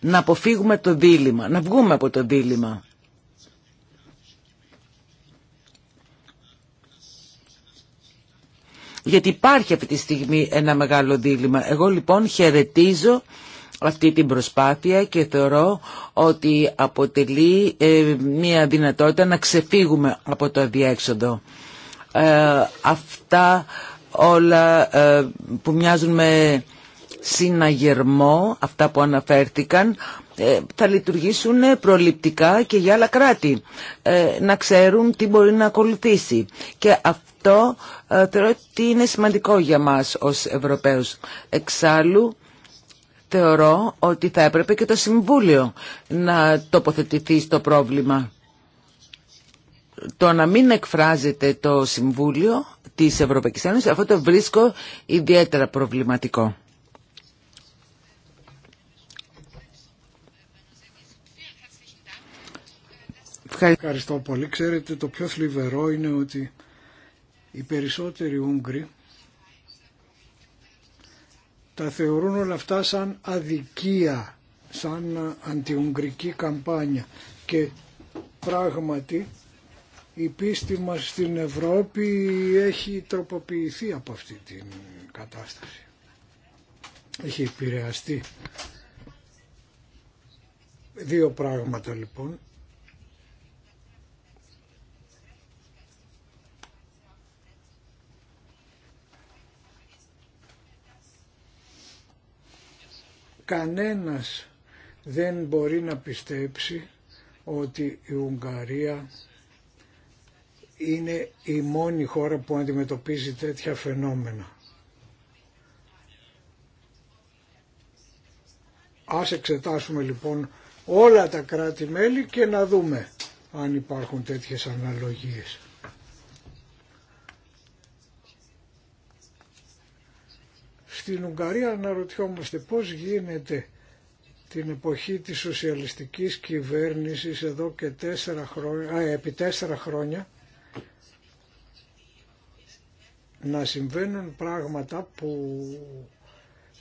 να αποφύγουμε το δίλημα, να βγούμε από το δίλημα. Γιατί υπάρχει αυτή τη στιγμή ένα μεγάλο δίλημα. Εγώ λοιπόν χαιρετίζω αυτή την προσπάθεια και θεωρώ ότι αποτελεί ε, μια δυνατότητα να ξεφύγουμε από το αδιέξοδο. Ε, αυτά όλα ε, που μοιάζουν με συναγερμό, αυτά που αναφέρθηκαν, ε, θα λειτουργήσουν προληπτικά και για άλλα κράτη, ε, να ξέρουν τι μπορεί να ακολουθήσει. Και αυτό θεωρώ ότι είναι σημαντικό για μας ως Ευρωπαίους. Εξάλλου, θεωρώ ότι θα έπρεπε και το Συμβούλιο να τοποθετηθεί στο πρόβλημα. Το να μην εκφράζεται το Συμβούλιο της Ευρωπαϊκής Ένωσης. Αυτό το βρίσκω ιδιαίτερα προβληματικό. Ευχαριστώ πολύ. Ξέρετε το πιο θλιβερό είναι ότι οι περισσότεροι Ούγγροι τα θεωρούν όλα αυτά σαν αδικία, σαν αντιουγγρική καμπάνια και πράγματι η πίστη μας στην Ευρώπη έχει τροποποιηθεί από αυτή την κατάσταση. Έχει επηρεαστεί. Δύο πράγματα λοιπόν. Κανένας δεν μπορεί να πιστέψει ότι η Ουγγαρία είναι η μόνη χώρα που αντιμετωπίζει τέτοια φαινόμενα. Ας εξετάσουμε λοιπόν όλα τα κράτη-μέλη και να δούμε αν υπάρχουν τέτοιες αναλογίες. Στην Ουγγαρία αναρωτιόμαστε πώς γίνεται την εποχή της σοσιαλιστικής κυβέρνησης εδώ και τέσσερα χρόνια, α, επί τέσσερα χρόνια να συμβαίνουν πράγματα που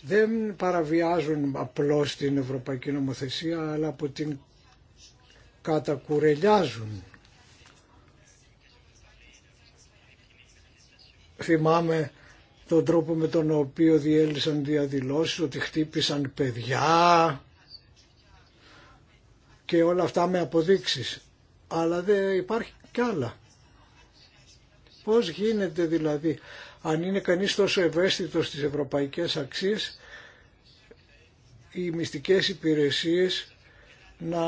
δεν παραβιάζουν απλώς την Ευρωπαϊκή Νομοθεσία αλλά που την κατακουρελιάζουν. Θυμάμαι τον τρόπο με τον οποίο διέλυσαν διαδηλώσεις, ότι χτύπησαν παιδιά και όλα αυτά με αποδείξεις. Αλλά δεν υπάρχει κι άλλα. Πώς γίνεται δηλαδή, αν είναι κανείς τόσο ευαίσθητος στις ευρωπαϊκές αξίες, οι μυστικές υπηρεσίες να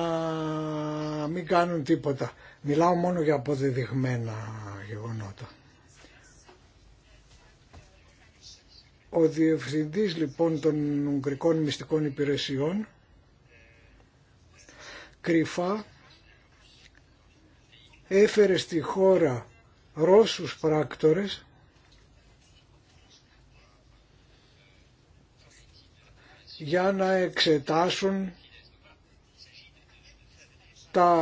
μην κάνουν τίποτα. Μιλάω μόνο για αποδεδειγμένα γεγονότα. Ο διευθυντής λοιπόν των Ουγγρικών Μυστικών Υπηρεσιών κρυφά έφερε στη χώρα Ρώσους πράκτορες για να εξετάσουν τα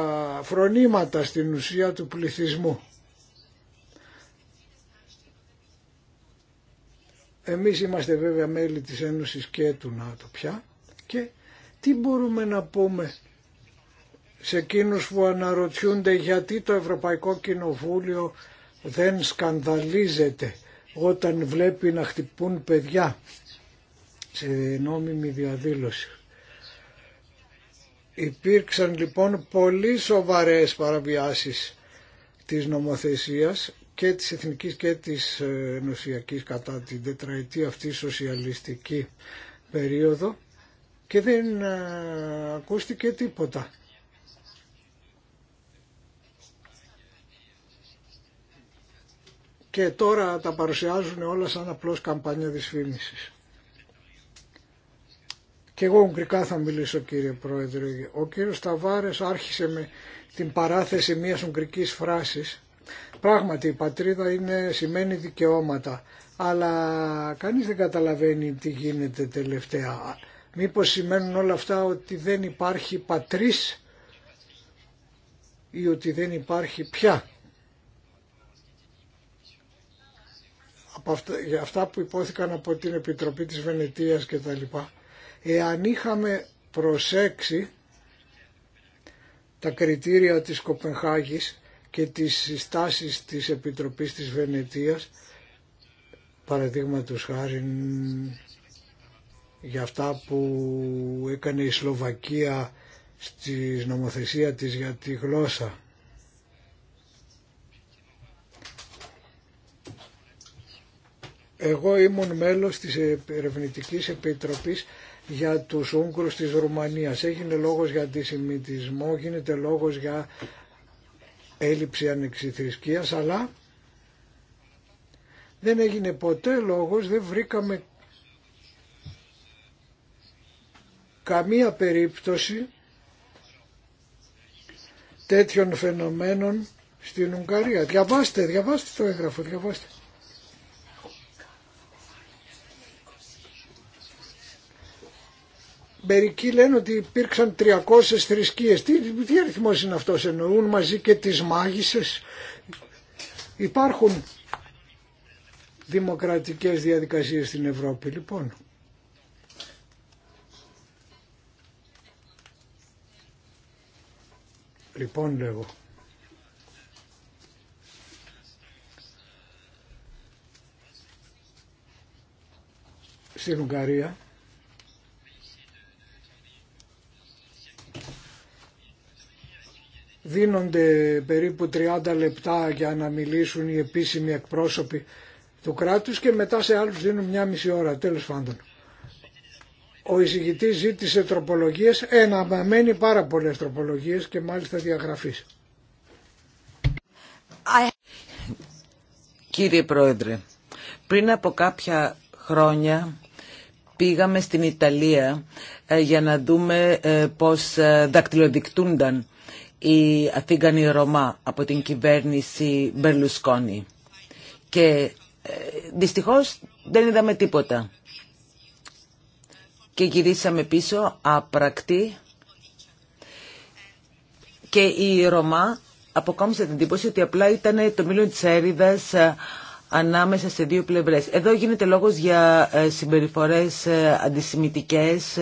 φρονήματα στην ουσία του πληθυσμού. Εμείς είμαστε βέβαια μέλη της Ένωσης και του ΝΑΤΟ πια και τι μπορούμε να πούμε σε εκείνους που αναρωτιούνται γιατί το Ευρωπαϊκό Κοινοβούλιο δεν σκανδαλίζεται όταν βλέπει να χτυπούν παιδιά σε νόμιμη διαδήλωση. Υπήρξαν λοιπόν πολύ σοβαρές παραβιάσεις της νομοθεσίας και της εθνικής και της ε, ενωσιακής κατά την τετραετή αυτή σοσιαλιστική περίοδο και δεν ε, ακούστηκε τίποτα. και τώρα τα παρουσιάζουν όλα σαν απλώς καμπάνια δυσφήμισης. Και εγώ ουγγρικά θα μιλήσω κύριε Πρόεδρε. Ο κύριος Σταβάρες άρχισε με την παράθεση μιας ουγγρικής φράσης. Πράγματι η πατρίδα είναι, σημαίνει δικαιώματα, αλλά κανείς δεν καταλαβαίνει τι γίνεται τελευταία. Μήπως σημαίνουν όλα αυτά ότι δεν υπάρχει πατρίς ή ότι δεν υπάρχει πια από αυτά, για αυτά που υπόθηκαν από την Επιτροπή της Βενετίας και τα λοιπά, εάν είχαμε προσέξει τα κριτήρια της Κοπενχάγης και τις συστάσεις της Επιτροπής της Βενετίας, παραδείγματος χάρη για αυτά που έκανε η Σλοβακία στη νομοθεσία της για τη γλώσσα Εγώ ήμουν μέλος της Ερευνητικής Επιτροπής για τους Ούγγρους της Ρουμανίας. Έγινε λόγος για αντισημιτισμό, γίνεται λόγος για έλλειψη ανεξιθρησκείας, αλλά δεν έγινε ποτέ λόγος, δεν βρήκαμε καμία περίπτωση τέτοιων φαινομένων στην Ουγγαρία. Διαβάστε, διαβάστε το έγγραφο, διαβάστε. Μερικοί λένε ότι υπήρξαν 300 θρησκείες. Τι, τι αριθμός είναι αυτός, εννοούν μαζί και τις μάγισσες. Υπάρχουν δημοκρατικές διαδικασίες στην Ευρώπη λοιπόν. Λοιπόν λέγω. Στην Ουγγαρία δίνονται περίπου 30 λεπτά για να μιλήσουν οι επίσημοι εκπρόσωποι του κράτους και μετά σε άλλους δίνουν μια μισή ώρα, τέλος πάντων. Ο εισηγητής ζήτησε τροπολογίες, εναμένει πάρα πολλές τροπολογίες και μάλιστα διαγραφής. Κύριε Πρόεδρε, πριν από κάποια χρόνια πήγαμε στην Ιταλία ε, για να δούμε ε, πώς ε, δακτυλοδεικτούνταν η Αθήγανοι Ρωμά από την κυβέρνηση Μπερλουσκόνη. Και ε, δυστυχώς δεν είδαμε τίποτα. Και γυρίσαμε πίσω απρακτή και η Ρωμά αποκόμισε την εντύπωση ότι απλά ήταν το μήλο της έρηδας ε, ανάμεσα σε δύο πλευρές. Εδώ γίνεται λόγος για ε, συμπεριφορές αντισημιτικές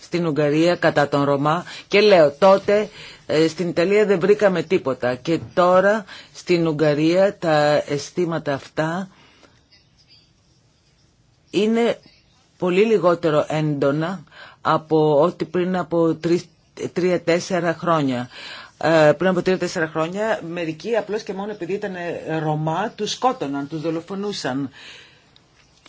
στην Ουγγαρία κατά τον Ρωμά και λέω τότε ε, στην Ιταλία δεν βρήκαμε τίποτα και τώρα στην Ουγγαρία τα αισθήματα αυτά είναι πολύ λιγότερο έντονα από ό,τι πριν από τρία-τέσσερα χρόνια. Ε, πριν από τρία-τέσσερα χρόνια μερικοί απλώς και μόνο επειδή ήταν Ρωμά τους σκότωναν, τους δολοφονούσαν.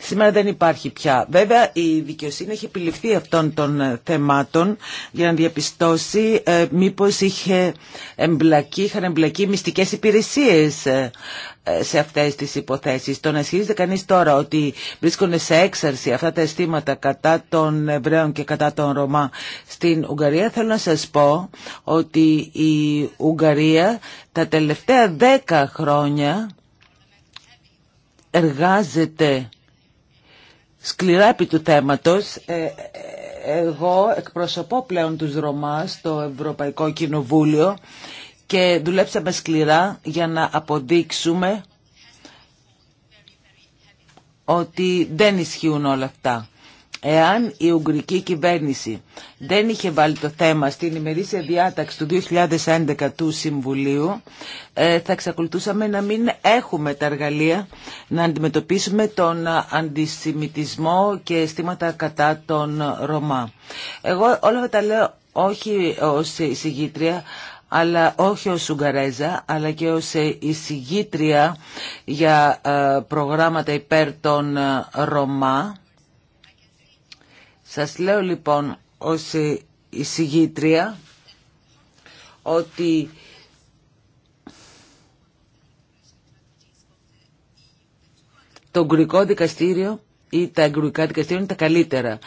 Σήμερα δεν υπάρχει πια. Βέβαια η δικαιοσύνη έχει επιληφθεί αυτών των ε, θεμάτων για να διαπιστώσει ε, μήπως είχε εμπλακεί, είχαν εμπλακεί μυστικές υπηρεσίες ε, ε, σε αυτές τις υποθέσεις. Το να ισχυρίζεται κανείς τώρα ότι βρίσκονται σε έξαρση αυτά τα αισθήματα κατά των Εβραίων και κατά των Ρωμά στην Ουγγαρία, θέλω να σας πω ότι η Ουγγαρία τα τελευταία δέκα χρόνια εργάζεται σκληρά επί του θέματος. Ε, ε, εγώ εκπροσωπώ πλέον τους Ρωμά στο Ευρωπαϊκό Κοινοβούλιο και δουλέψαμε σκληρά για να αποδείξουμε ότι δεν ισχύουν όλα αυτά. Εάν η Ουγγρική κυβέρνηση δεν είχε βάλει το θέμα στην ημερήσια διάταξη του 2011 του Συμβουλίου, ε, θα εξακολουθούσαμε να μην έχουμε τα εργαλεία να αντιμετωπίσουμε τον αντισημιτισμό και αισθήματα κατά τον Ρωμά. Εγώ όλα αυτά τα λέω όχι ως εισηγήτρια, αλλά όχι ως Ουγγαρέζα, αλλά και ως εισηγήτρια για ε, προγράμματα υπέρ των ε, Ρωμά, σας λέω λοιπόν ως ε, εισηγήτρια ότι το εγκουρικό δικαστήριο ή τα εγκουρικά δικαστήρια είναι τα καλύτερα.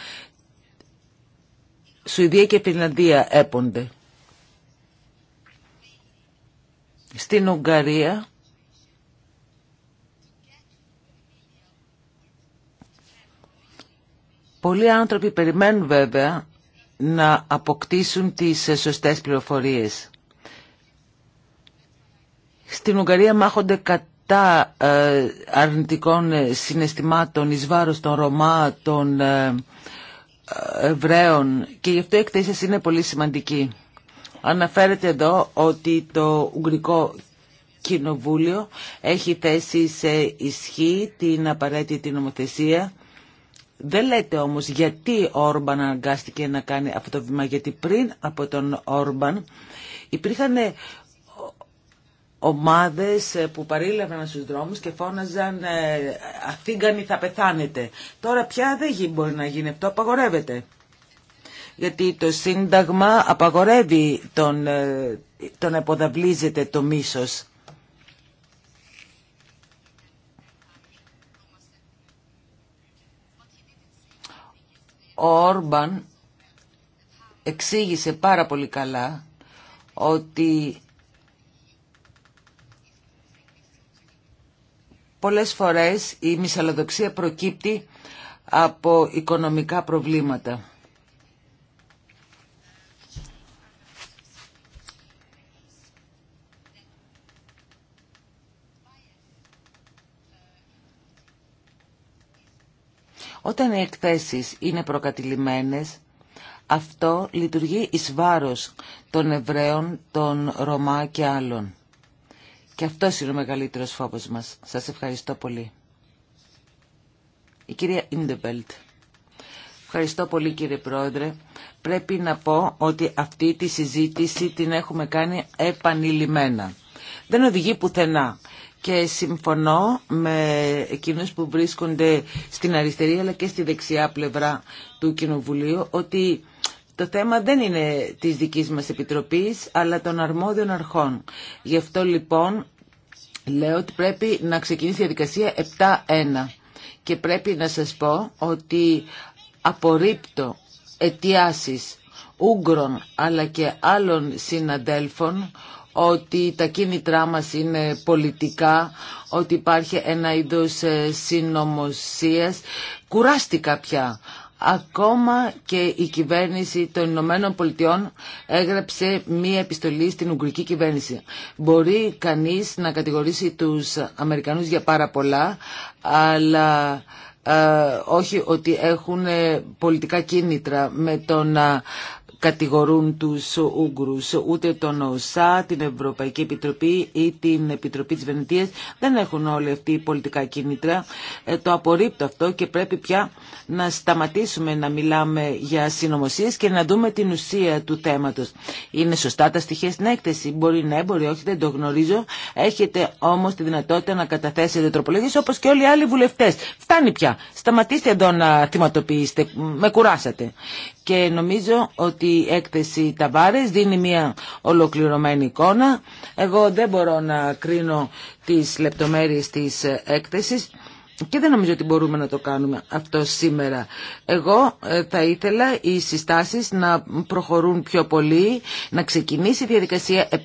Σουηδία και Φιλανδία έπονται. Στην Ουγγαρία Πολλοί άνθρωποι περιμένουν βέβαια να αποκτήσουν τις σωστές πληροφορίες. Στην Ουγγαρία μάχονται κατά ε, αρνητικών συναισθημάτων εις βάρος των Ρωμά, των ε, Εβραίων και γι' αυτό η εκτέση είναι πολύ σημαντική. Αναφέρεται εδώ ότι το Ουγγρικό Κοινοβούλιο έχει θέσει σε ισχύ την απαραίτητη νομοθεσία δεν λέτε όμως γιατί ο Όρμπαν αναγκάστηκε να κάνει αυτό το βήμα, γιατί πριν από τον Όρμπαν υπήρχαν ε, ομάδες ε, που παρήλευαν στους δρόμους και φώναζαν ε, «Αθήγκανοι θα πεθάνετε». Τώρα πια δεν μπορεί να γίνει αυτό, απαγορεύεται. Γιατί το Σύνταγμα απαγορεύει τον, τον αποδαβλίζεται το μίσος. Ο Όρμπαν εξήγησε πάρα πολύ καλά ότι πολλές φορές η μυσαλλοδοξία προκύπτει από οικονομικά προβλήματα. Όταν οι εκθέσεις είναι προκατηλημένες, αυτό λειτουργεί εις βάρος των Εβραίων, των Ρωμά και άλλων. Και αυτό είναι ο μεγαλύτερος φόβος μας. Σας ευχαριστώ πολύ. Η κυρία Ιντεβελτ. Ευχαριστώ πολύ κύριε Πρόεδρε. Πρέπει να πω ότι αυτή τη συζήτηση την έχουμε κάνει επανειλημμένα. Δεν οδηγεί πουθενά και συμφωνώ με εκείνους που βρίσκονται στην αριστερή αλλά και στη δεξιά πλευρά του Κοινοβουλίου ότι το θέμα δεν είναι της δικής μας Επιτροπής αλλά των αρμόδιων αρχών. Γι' αυτό λοιπόν λέω ότι πρέπει να ξεκινήσει η διαδικασία 7-1 και πρέπει να σας πω ότι απορρίπτω αιτιάσεις Ούγκρων αλλά και άλλων συναντέλφων ότι τα κίνητρά μας είναι πολιτικά, ότι υπάρχει ένα είδος ε, συνωμοσίας. Κουράστηκα πια. Ακόμα και η κυβέρνηση των Ηνωμένων Πολιτειών έγραψε μία επιστολή στην Ουγγρική κυβέρνηση. Μπορεί κανείς να κατηγορήσει τους Αμερικανούς για πάρα πολλά, αλλά ε, όχι ότι έχουν ε, πολιτικά κίνητρα με τον κατηγορούν τους Ούγγρους. Ούτε τον ΟΣΑ, την Ευρωπαϊκή Επιτροπή ή την Επιτροπή της Βενετίας δεν έχουν όλοι αυτοί οι πολιτικά κίνητρα. Ε, το απορρίπτω αυτό και πρέπει πια να σταματήσουμε να μιλάμε για συνωμοσίες και να δούμε την ουσία του θέματος. Είναι σωστά τα στοιχεία στην έκθεση. Μπορεί ναι, μπορεί όχι, δεν το γνωρίζω. Έχετε όμως τη δυνατότητα να καταθέσετε τροπολογίες όπως και όλοι οι άλλοι βουλευτές. Φτάνει πια. Σταματήστε εδώ να θυματοποιήσετε. Με κουράσατε και νομίζω ότι η έκθεση Ταβάρες δίνει μια ολοκληρωμένη εικόνα. Εγώ δεν μπορώ να κρίνω τις λεπτομέρειες της έκθεσης. Και δεν νομίζω ότι μπορούμε να το κάνουμε αυτό σήμερα. Εγώ ε, θα ήθελα οι συστάσεις να προχωρούν πιο πολύ, να ξεκινήσει η διαδικασία 7-1,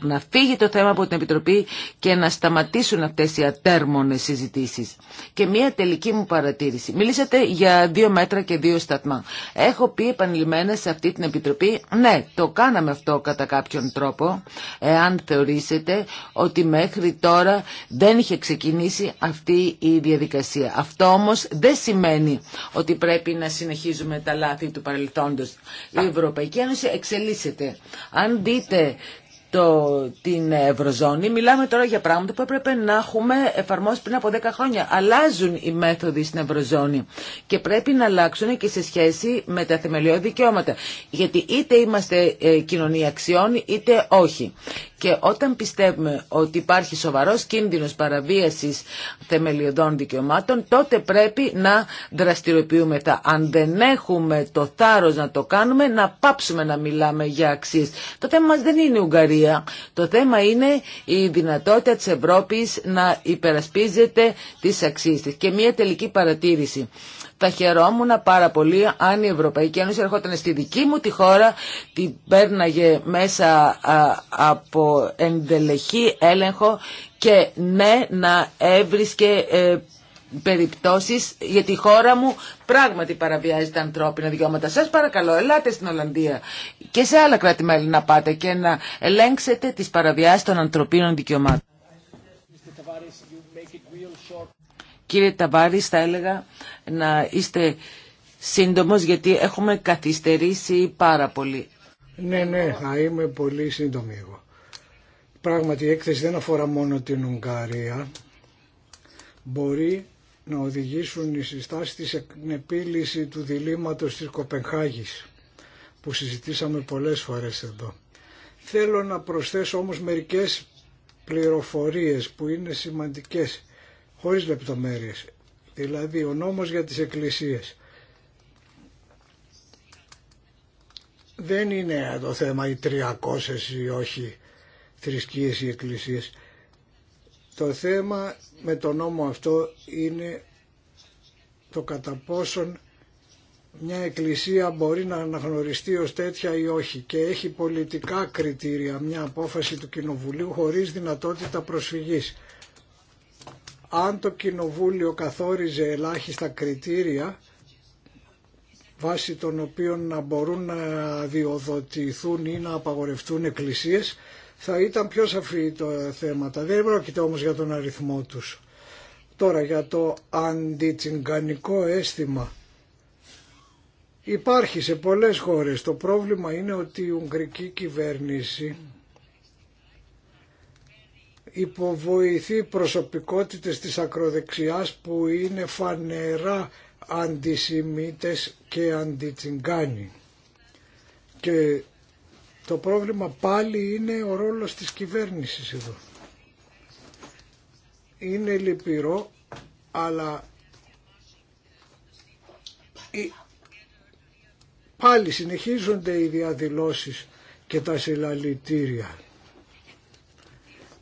να φύγει το θέμα από την Επιτροπή και να σταματήσουν αυτές οι ατέρμονες συζητήσεις. Και μία τελική μου παρατήρηση. Μιλήσατε για δύο μέτρα και δύο σταθμά. Έχω πει επανειλημμένα σε αυτή την Επιτροπή, ναι, το κάναμε αυτό κατά κάποιον τρόπο, εάν θεωρήσετε ότι μέχρι τώρα δεν είχε ξεκινήσει αυτή η διαδικασία. Αυτό όμως δεν σημαίνει ότι πρέπει να συνεχίζουμε τα λάθη του παρελθόντος. Η Ευρωπαϊκή Ένωση εξελίσσεται. Αν δείτε το, την Ευρωζώνη, μιλάμε τώρα για πράγματα που έπρεπε να έχουμε εφαρμόσει πριν από 10 χρόνια. Αλλάζουν οι μέθοδοι στην Ευρωζώνη και πρέπει να αλλάξουν και σε σχέση με τα θεμελιώδη δικαιώματα. Γιατί είτε είμαστε ε, κοινωνία αξιών είτε όχι. Και όταν πιστεύουμε ότι υπάρχει σοβαρός κίνδυνος παραβίασης θεμελιωδών δικαιωμάτων, τότε πρέπει να δραστηριοποιούμε τα. Αν δεν έχουμε το θάρρος να το κάνουμε, να πάψουμε να μιλάμε για αξίες. Το θέμα μας δεν είναι η Ουγγαρία το θέμα είναι η δυνατότητα της Ευρώπης να υπερασπίζεται τις αξίες της. Και μια τελική παρατήρηση. Θα χαιρόμουν πάρα πολύ αν η Ευρωπαϊκή Ένωση έρχονταν στη δική μου τη χώρα, την πέρναγε μέσα από ενδελεχή έλεγχο και ναι να έβρισκε ε, περιπτώσεις γιατί η χώρα μου πράγματι παραβιάζει τα ανθρώπινα δικαιώματα. Σας παρακαλώ, ελάτε στην Ολλανδία και σε άλλα κράτη-μέλη να πάτε και να ελέγξετε τις παραβιάσεις των ανθρωπίνων δικαιωμάτων. Κύριε Ταβάρης, θα έλεγα να είστε σύντομος γιατί έχουμε καθυστερήσει πάρα πολύ. Ναι, ναι, θα είμαι πολύ σύντομη εγώ. Πράγματι η έκθεση δεν αφορά μόνο την Ουγγαρία. Μπορεί να οδηγήσουν οι συστάσεις της στην του διλήμματος της Κοπενχάγης που συζητήσαμε πολλές φορές εδώ. Θέλω να προσθέσω όμως μερικές πληροφορίες που είναι σημαντικές χωρίς λεπτομέρειες. Δηλαδή ο νόμος για τις εκκλησίες. Δεν είναι το θέμα οι 300 ή όχι θρησκείες ή εκκλησίες. Το θέμα με τον νόμο αυτό είναι το κατά πόσον μια εκκλησία μπορεί να αναγνωριστεί ως τέτοια ή όχι και έχει πολιτικά κριτήρια μια απόφαση του Κοινοβουλίου χωρίς δυνατότητα προσφυγής. Αν το Κοινοβούλιο καθόριζε ελάχιστα κριτήρια βάσει των οποίων να μπορούν να διοδοτηθούν ή να απαγορευτούν εκκλησίες θα ήταν πιο σαφή τα θέματα. Δεν πρόκειται όμως για τον αριθμό τους. Τώρα για το αντιτσιγκανικό αίσθημα. Υπάρχει σε πολλές χώρες. Το πρόβλημα είναι ότι η Ουγγρική κυβέρνηση υποβοηθεί προσωπικότητες της ακροδεξιάς που είναι φανερά αντισημίτες και αντιτσιγκάνοι. Και το πρόβλημα πάλι είναι ο ρόλος της κυβέρνησης εδώ. Είναι λυπηρό, αλλά πάλι συνεχίζονται οι διαδηλώσεις και τα συλλαλητήρια.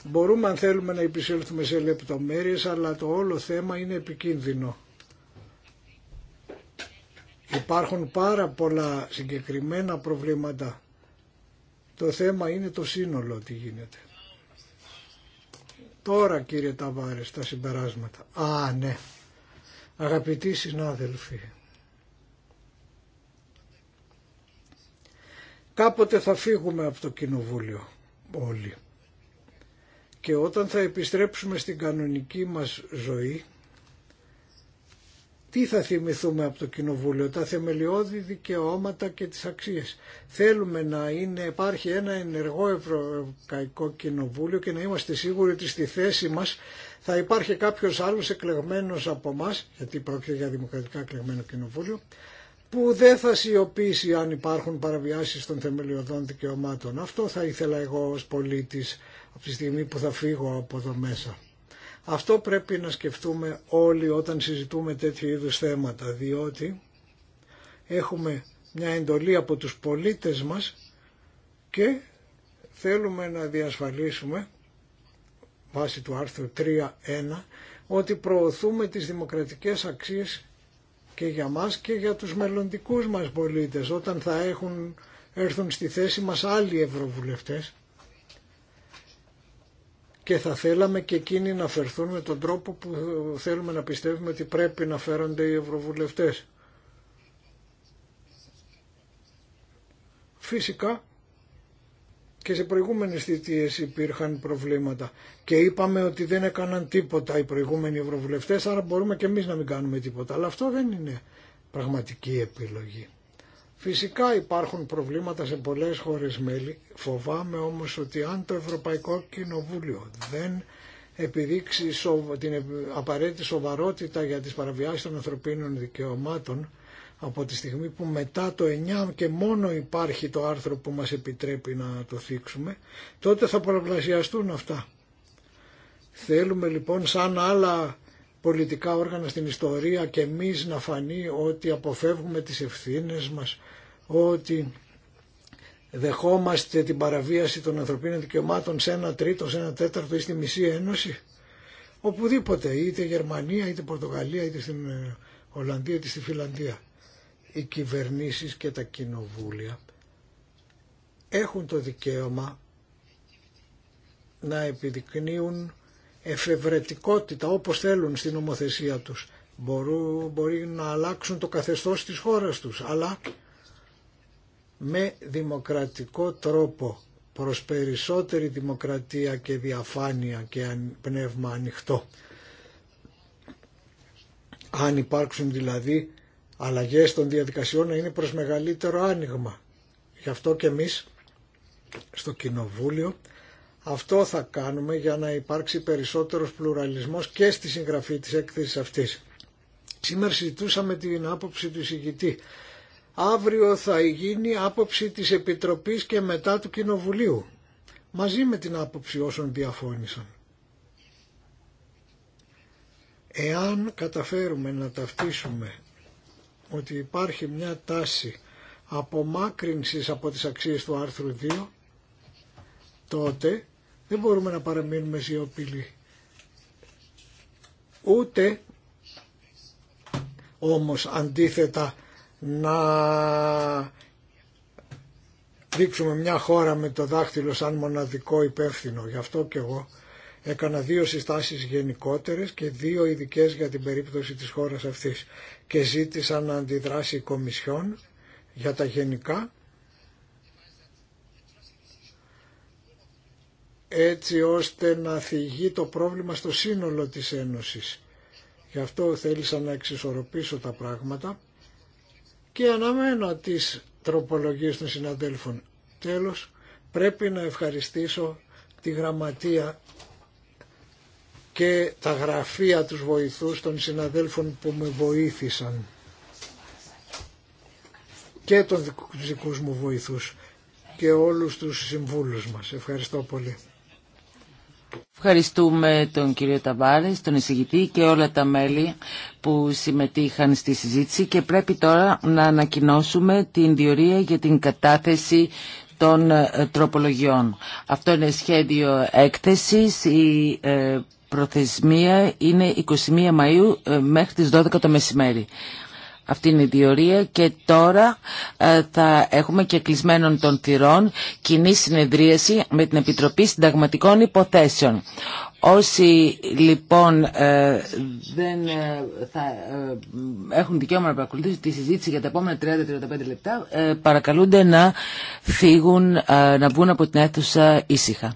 Μπορούμε αν θέλουμε να επισέλθουμε σε λεπτομέρειες, αλλά το όλο θέμα είναι επικίνδυνο. Υπάρχουν πάρα πολλά συγκεκριμένα προβλήματα το θέμα είναι το σύνολο τι γίνεται. Τώρα κύριε Ταβάρες τα συμπεράσματα. Α, ναι. Αγαπητοί συνάδελφοι. Κάποτε θα φύγουμε από το κοινοβούλιο όλοι. Και όταν θα επιστρέψουμε στην κανονική μας ζωή τι θα θυμηθούμε από το Κοινοβούλιο, τα θεμελιώδη δικαιώματα και τις αξίες. Θέλουμε να είναι, υπάρχει ένα ενεργό Ευρωπαϊκό Κοινοβούλιο και να είμαστε σίγουροι ότι στη θέση μας θα υπάρχει κάποιος άλλος εκλεγμένος από εμά, γιατί πρόκειται για δημοκρατικά εκλεγμένο Κοινοβούλιο, που δεν θα σιωπήσει αν υπάρχουν παραβιάσεις των θεμελιωδών δικαιωμάτων. Αυτό θα ήθελα εγώ ως πολίτης από τη στιγμή που θα φύγω από εδώ μέσα. Αυτό πρέπει να σκεφτούμε όλοι όταν συζητούμε τέτοιου είδους θέματα, διότι έχουμε μια εντολή από τους πολίτες μας και θέλουμε να διασφαλίσουμε βάσει του άρθρου 3.1 ότι προωθούμε τις δημοκρατικές αξίες και για μας και για τους μελλοντικούς μας πολίτες όταν θα έχουν, έρθουν στη θέση μας άλλοι ευρωβουλευτές και θα θέλαμε και εκείνοι να φερθούν με τον τρόπο που θέλουμε να πιστεύουμε ότι πρέπει να φέρονται οι ευρωβουλευτές. Φυσικά και σε προηγούμενες θητείες υπήρχαν προβλήματα και είπαμε ότι δεν έκαναν τίποτα οι προηγούμενοι ευρωβουλευτές άρα μπορούμε και εμείς να μην κάνουμε τίποτα αλλά αυτό δεν είναι πραγματική επιλογή. Φυσικά υπάρχουν προβλήματα σε πολλές χώρες μέλη. Φοβάμαι όμως ότι αν το Ευρωπαϊκό Κοινοβούλιο δεν επιδείξει την απαραίτητη σοβαρότητα για τις παραβιάσεις των ανθρωπίνων δικαιωμάτων από τη στιγμή που μετά το 9 και μόνο υπάρχει το άρθρο που μας επιτρέπει να το θίξουμε, τότε θα πολλαπλασιαστούν αυτά. Θέλουμε λοιπόν σαν άλλα πολιτικά όργανα στην ιστορία και εμείς να φανεί ότι αποφεύγουμε τις ευθύνες μας, ότι δεχόμαστε την παραβίαση των ανθρωπίνων δικαιωμάτων σε ένα τρίτο, σε ένα τέταρτο ή στη μισή ένωση. Οπουδήποτε, είτε Γερμανία, είτε Πορτογαλία, είτε στην ε, Ολλανδία, είτε στη Φιλανδία. Οι κυβερνήσεις και τα κοινοβούλια έχουν το δικαίωμα να επιδεικνύουν εφευρετικότητα όπως θέλουν στην νομοθεσία τους. Μπορούν, μπορεί να αλλάξουν το καθεστώς της χώρας τους, αλλά με δημοκρατικό τρόπο προς περισσότερη δημοκρατία και διαφάνεια και πνεύμα ανοιχτό. Αν υπάρξουν δηλαδή αλλαγές των διαδικασιών να είναι προς μεγαλύτερο άνοιγμα. Γι' αυτό και εμείς στο Κοινοβούλιο αυτό θα κάνουμε για να υπάρξει περισσότερος πλουραλισμός και στη συγγραφή της έκθεσης αυτής. Σήμερα συζητούσαμε την άποψη του συγγητή. Αύριο θα γίνει άποψη της Επιτροπής και μετά του Κοινοβουλίου, μαζί με την άποψη όσων διαφώνησαν. Εάν καταφέρουμε να ταυτίσουμε ότι υπάρχει μια τάση απομάκρυνσης από τις αξίες του άρθρου 2, τότε δεν μπορούμε να παραμείνουμε σιωπηλοί. Ούτε όμως αντίθετα να δείξουμε μια χώρα με το δάχτυλο σαν μοναδικό υπεύθυνο. Γι' αυτό και εγώ έκανα δύο συστάσεις γενικότερες και δύο ειδικέ για την περίπτωση της χώρας αυτής και ζήτησα να αντιδράσει η Κομισιόν για τα γενικά έτσι ώστε να θυγεί το πρόβλημα στο σύνολο της Ένωσης. Γι' αυτό θέλησα να εξισορροπήσω τα πράγματα και αναμένω τις τροπολογίες των συναδέλφων. Τέλος, πρέπει να ευχαριστήσω τη γραμματεία και τα γραφεία τους βοηθούς των συναδέλφων που με βοήθησαν και των δικούς μου βοηθούς και όλους τους συμβούλους μας. Ευχαριστώ πολύ. Ευχαριστούμε τον κύριο Ταβάρη, τον εισηγητή και όλα τα μέλη που συμμετείχαν στη συζήτηση και πρέπει τώρα να ανακοινώσουμε την διορία για την κατάθεση των ε, τροπολογιών. Αυτό είναι σχέδιο έκθεσης. Η ε, προθεσμία είναι 21 Μαΐου ε, μέχρι τις 12 το μεσημέρι. Αυτή είναι η διορία και τώρα ε, θα έχουμε και κλεισμένων των θυρών κοινή συνεδρίαση με την Επιτροπή Συνταγματικών Υποθέσεων. Όσοι λοιπόν ε, δεν ε, θα έχουν δικαίωμα να παρακολουθήσουν τη συζήτηση για τα επόμενα 30-35 λεπτά παρακαλούνται να φύγουν, να βγουν από την αίθουσα ήσυχα.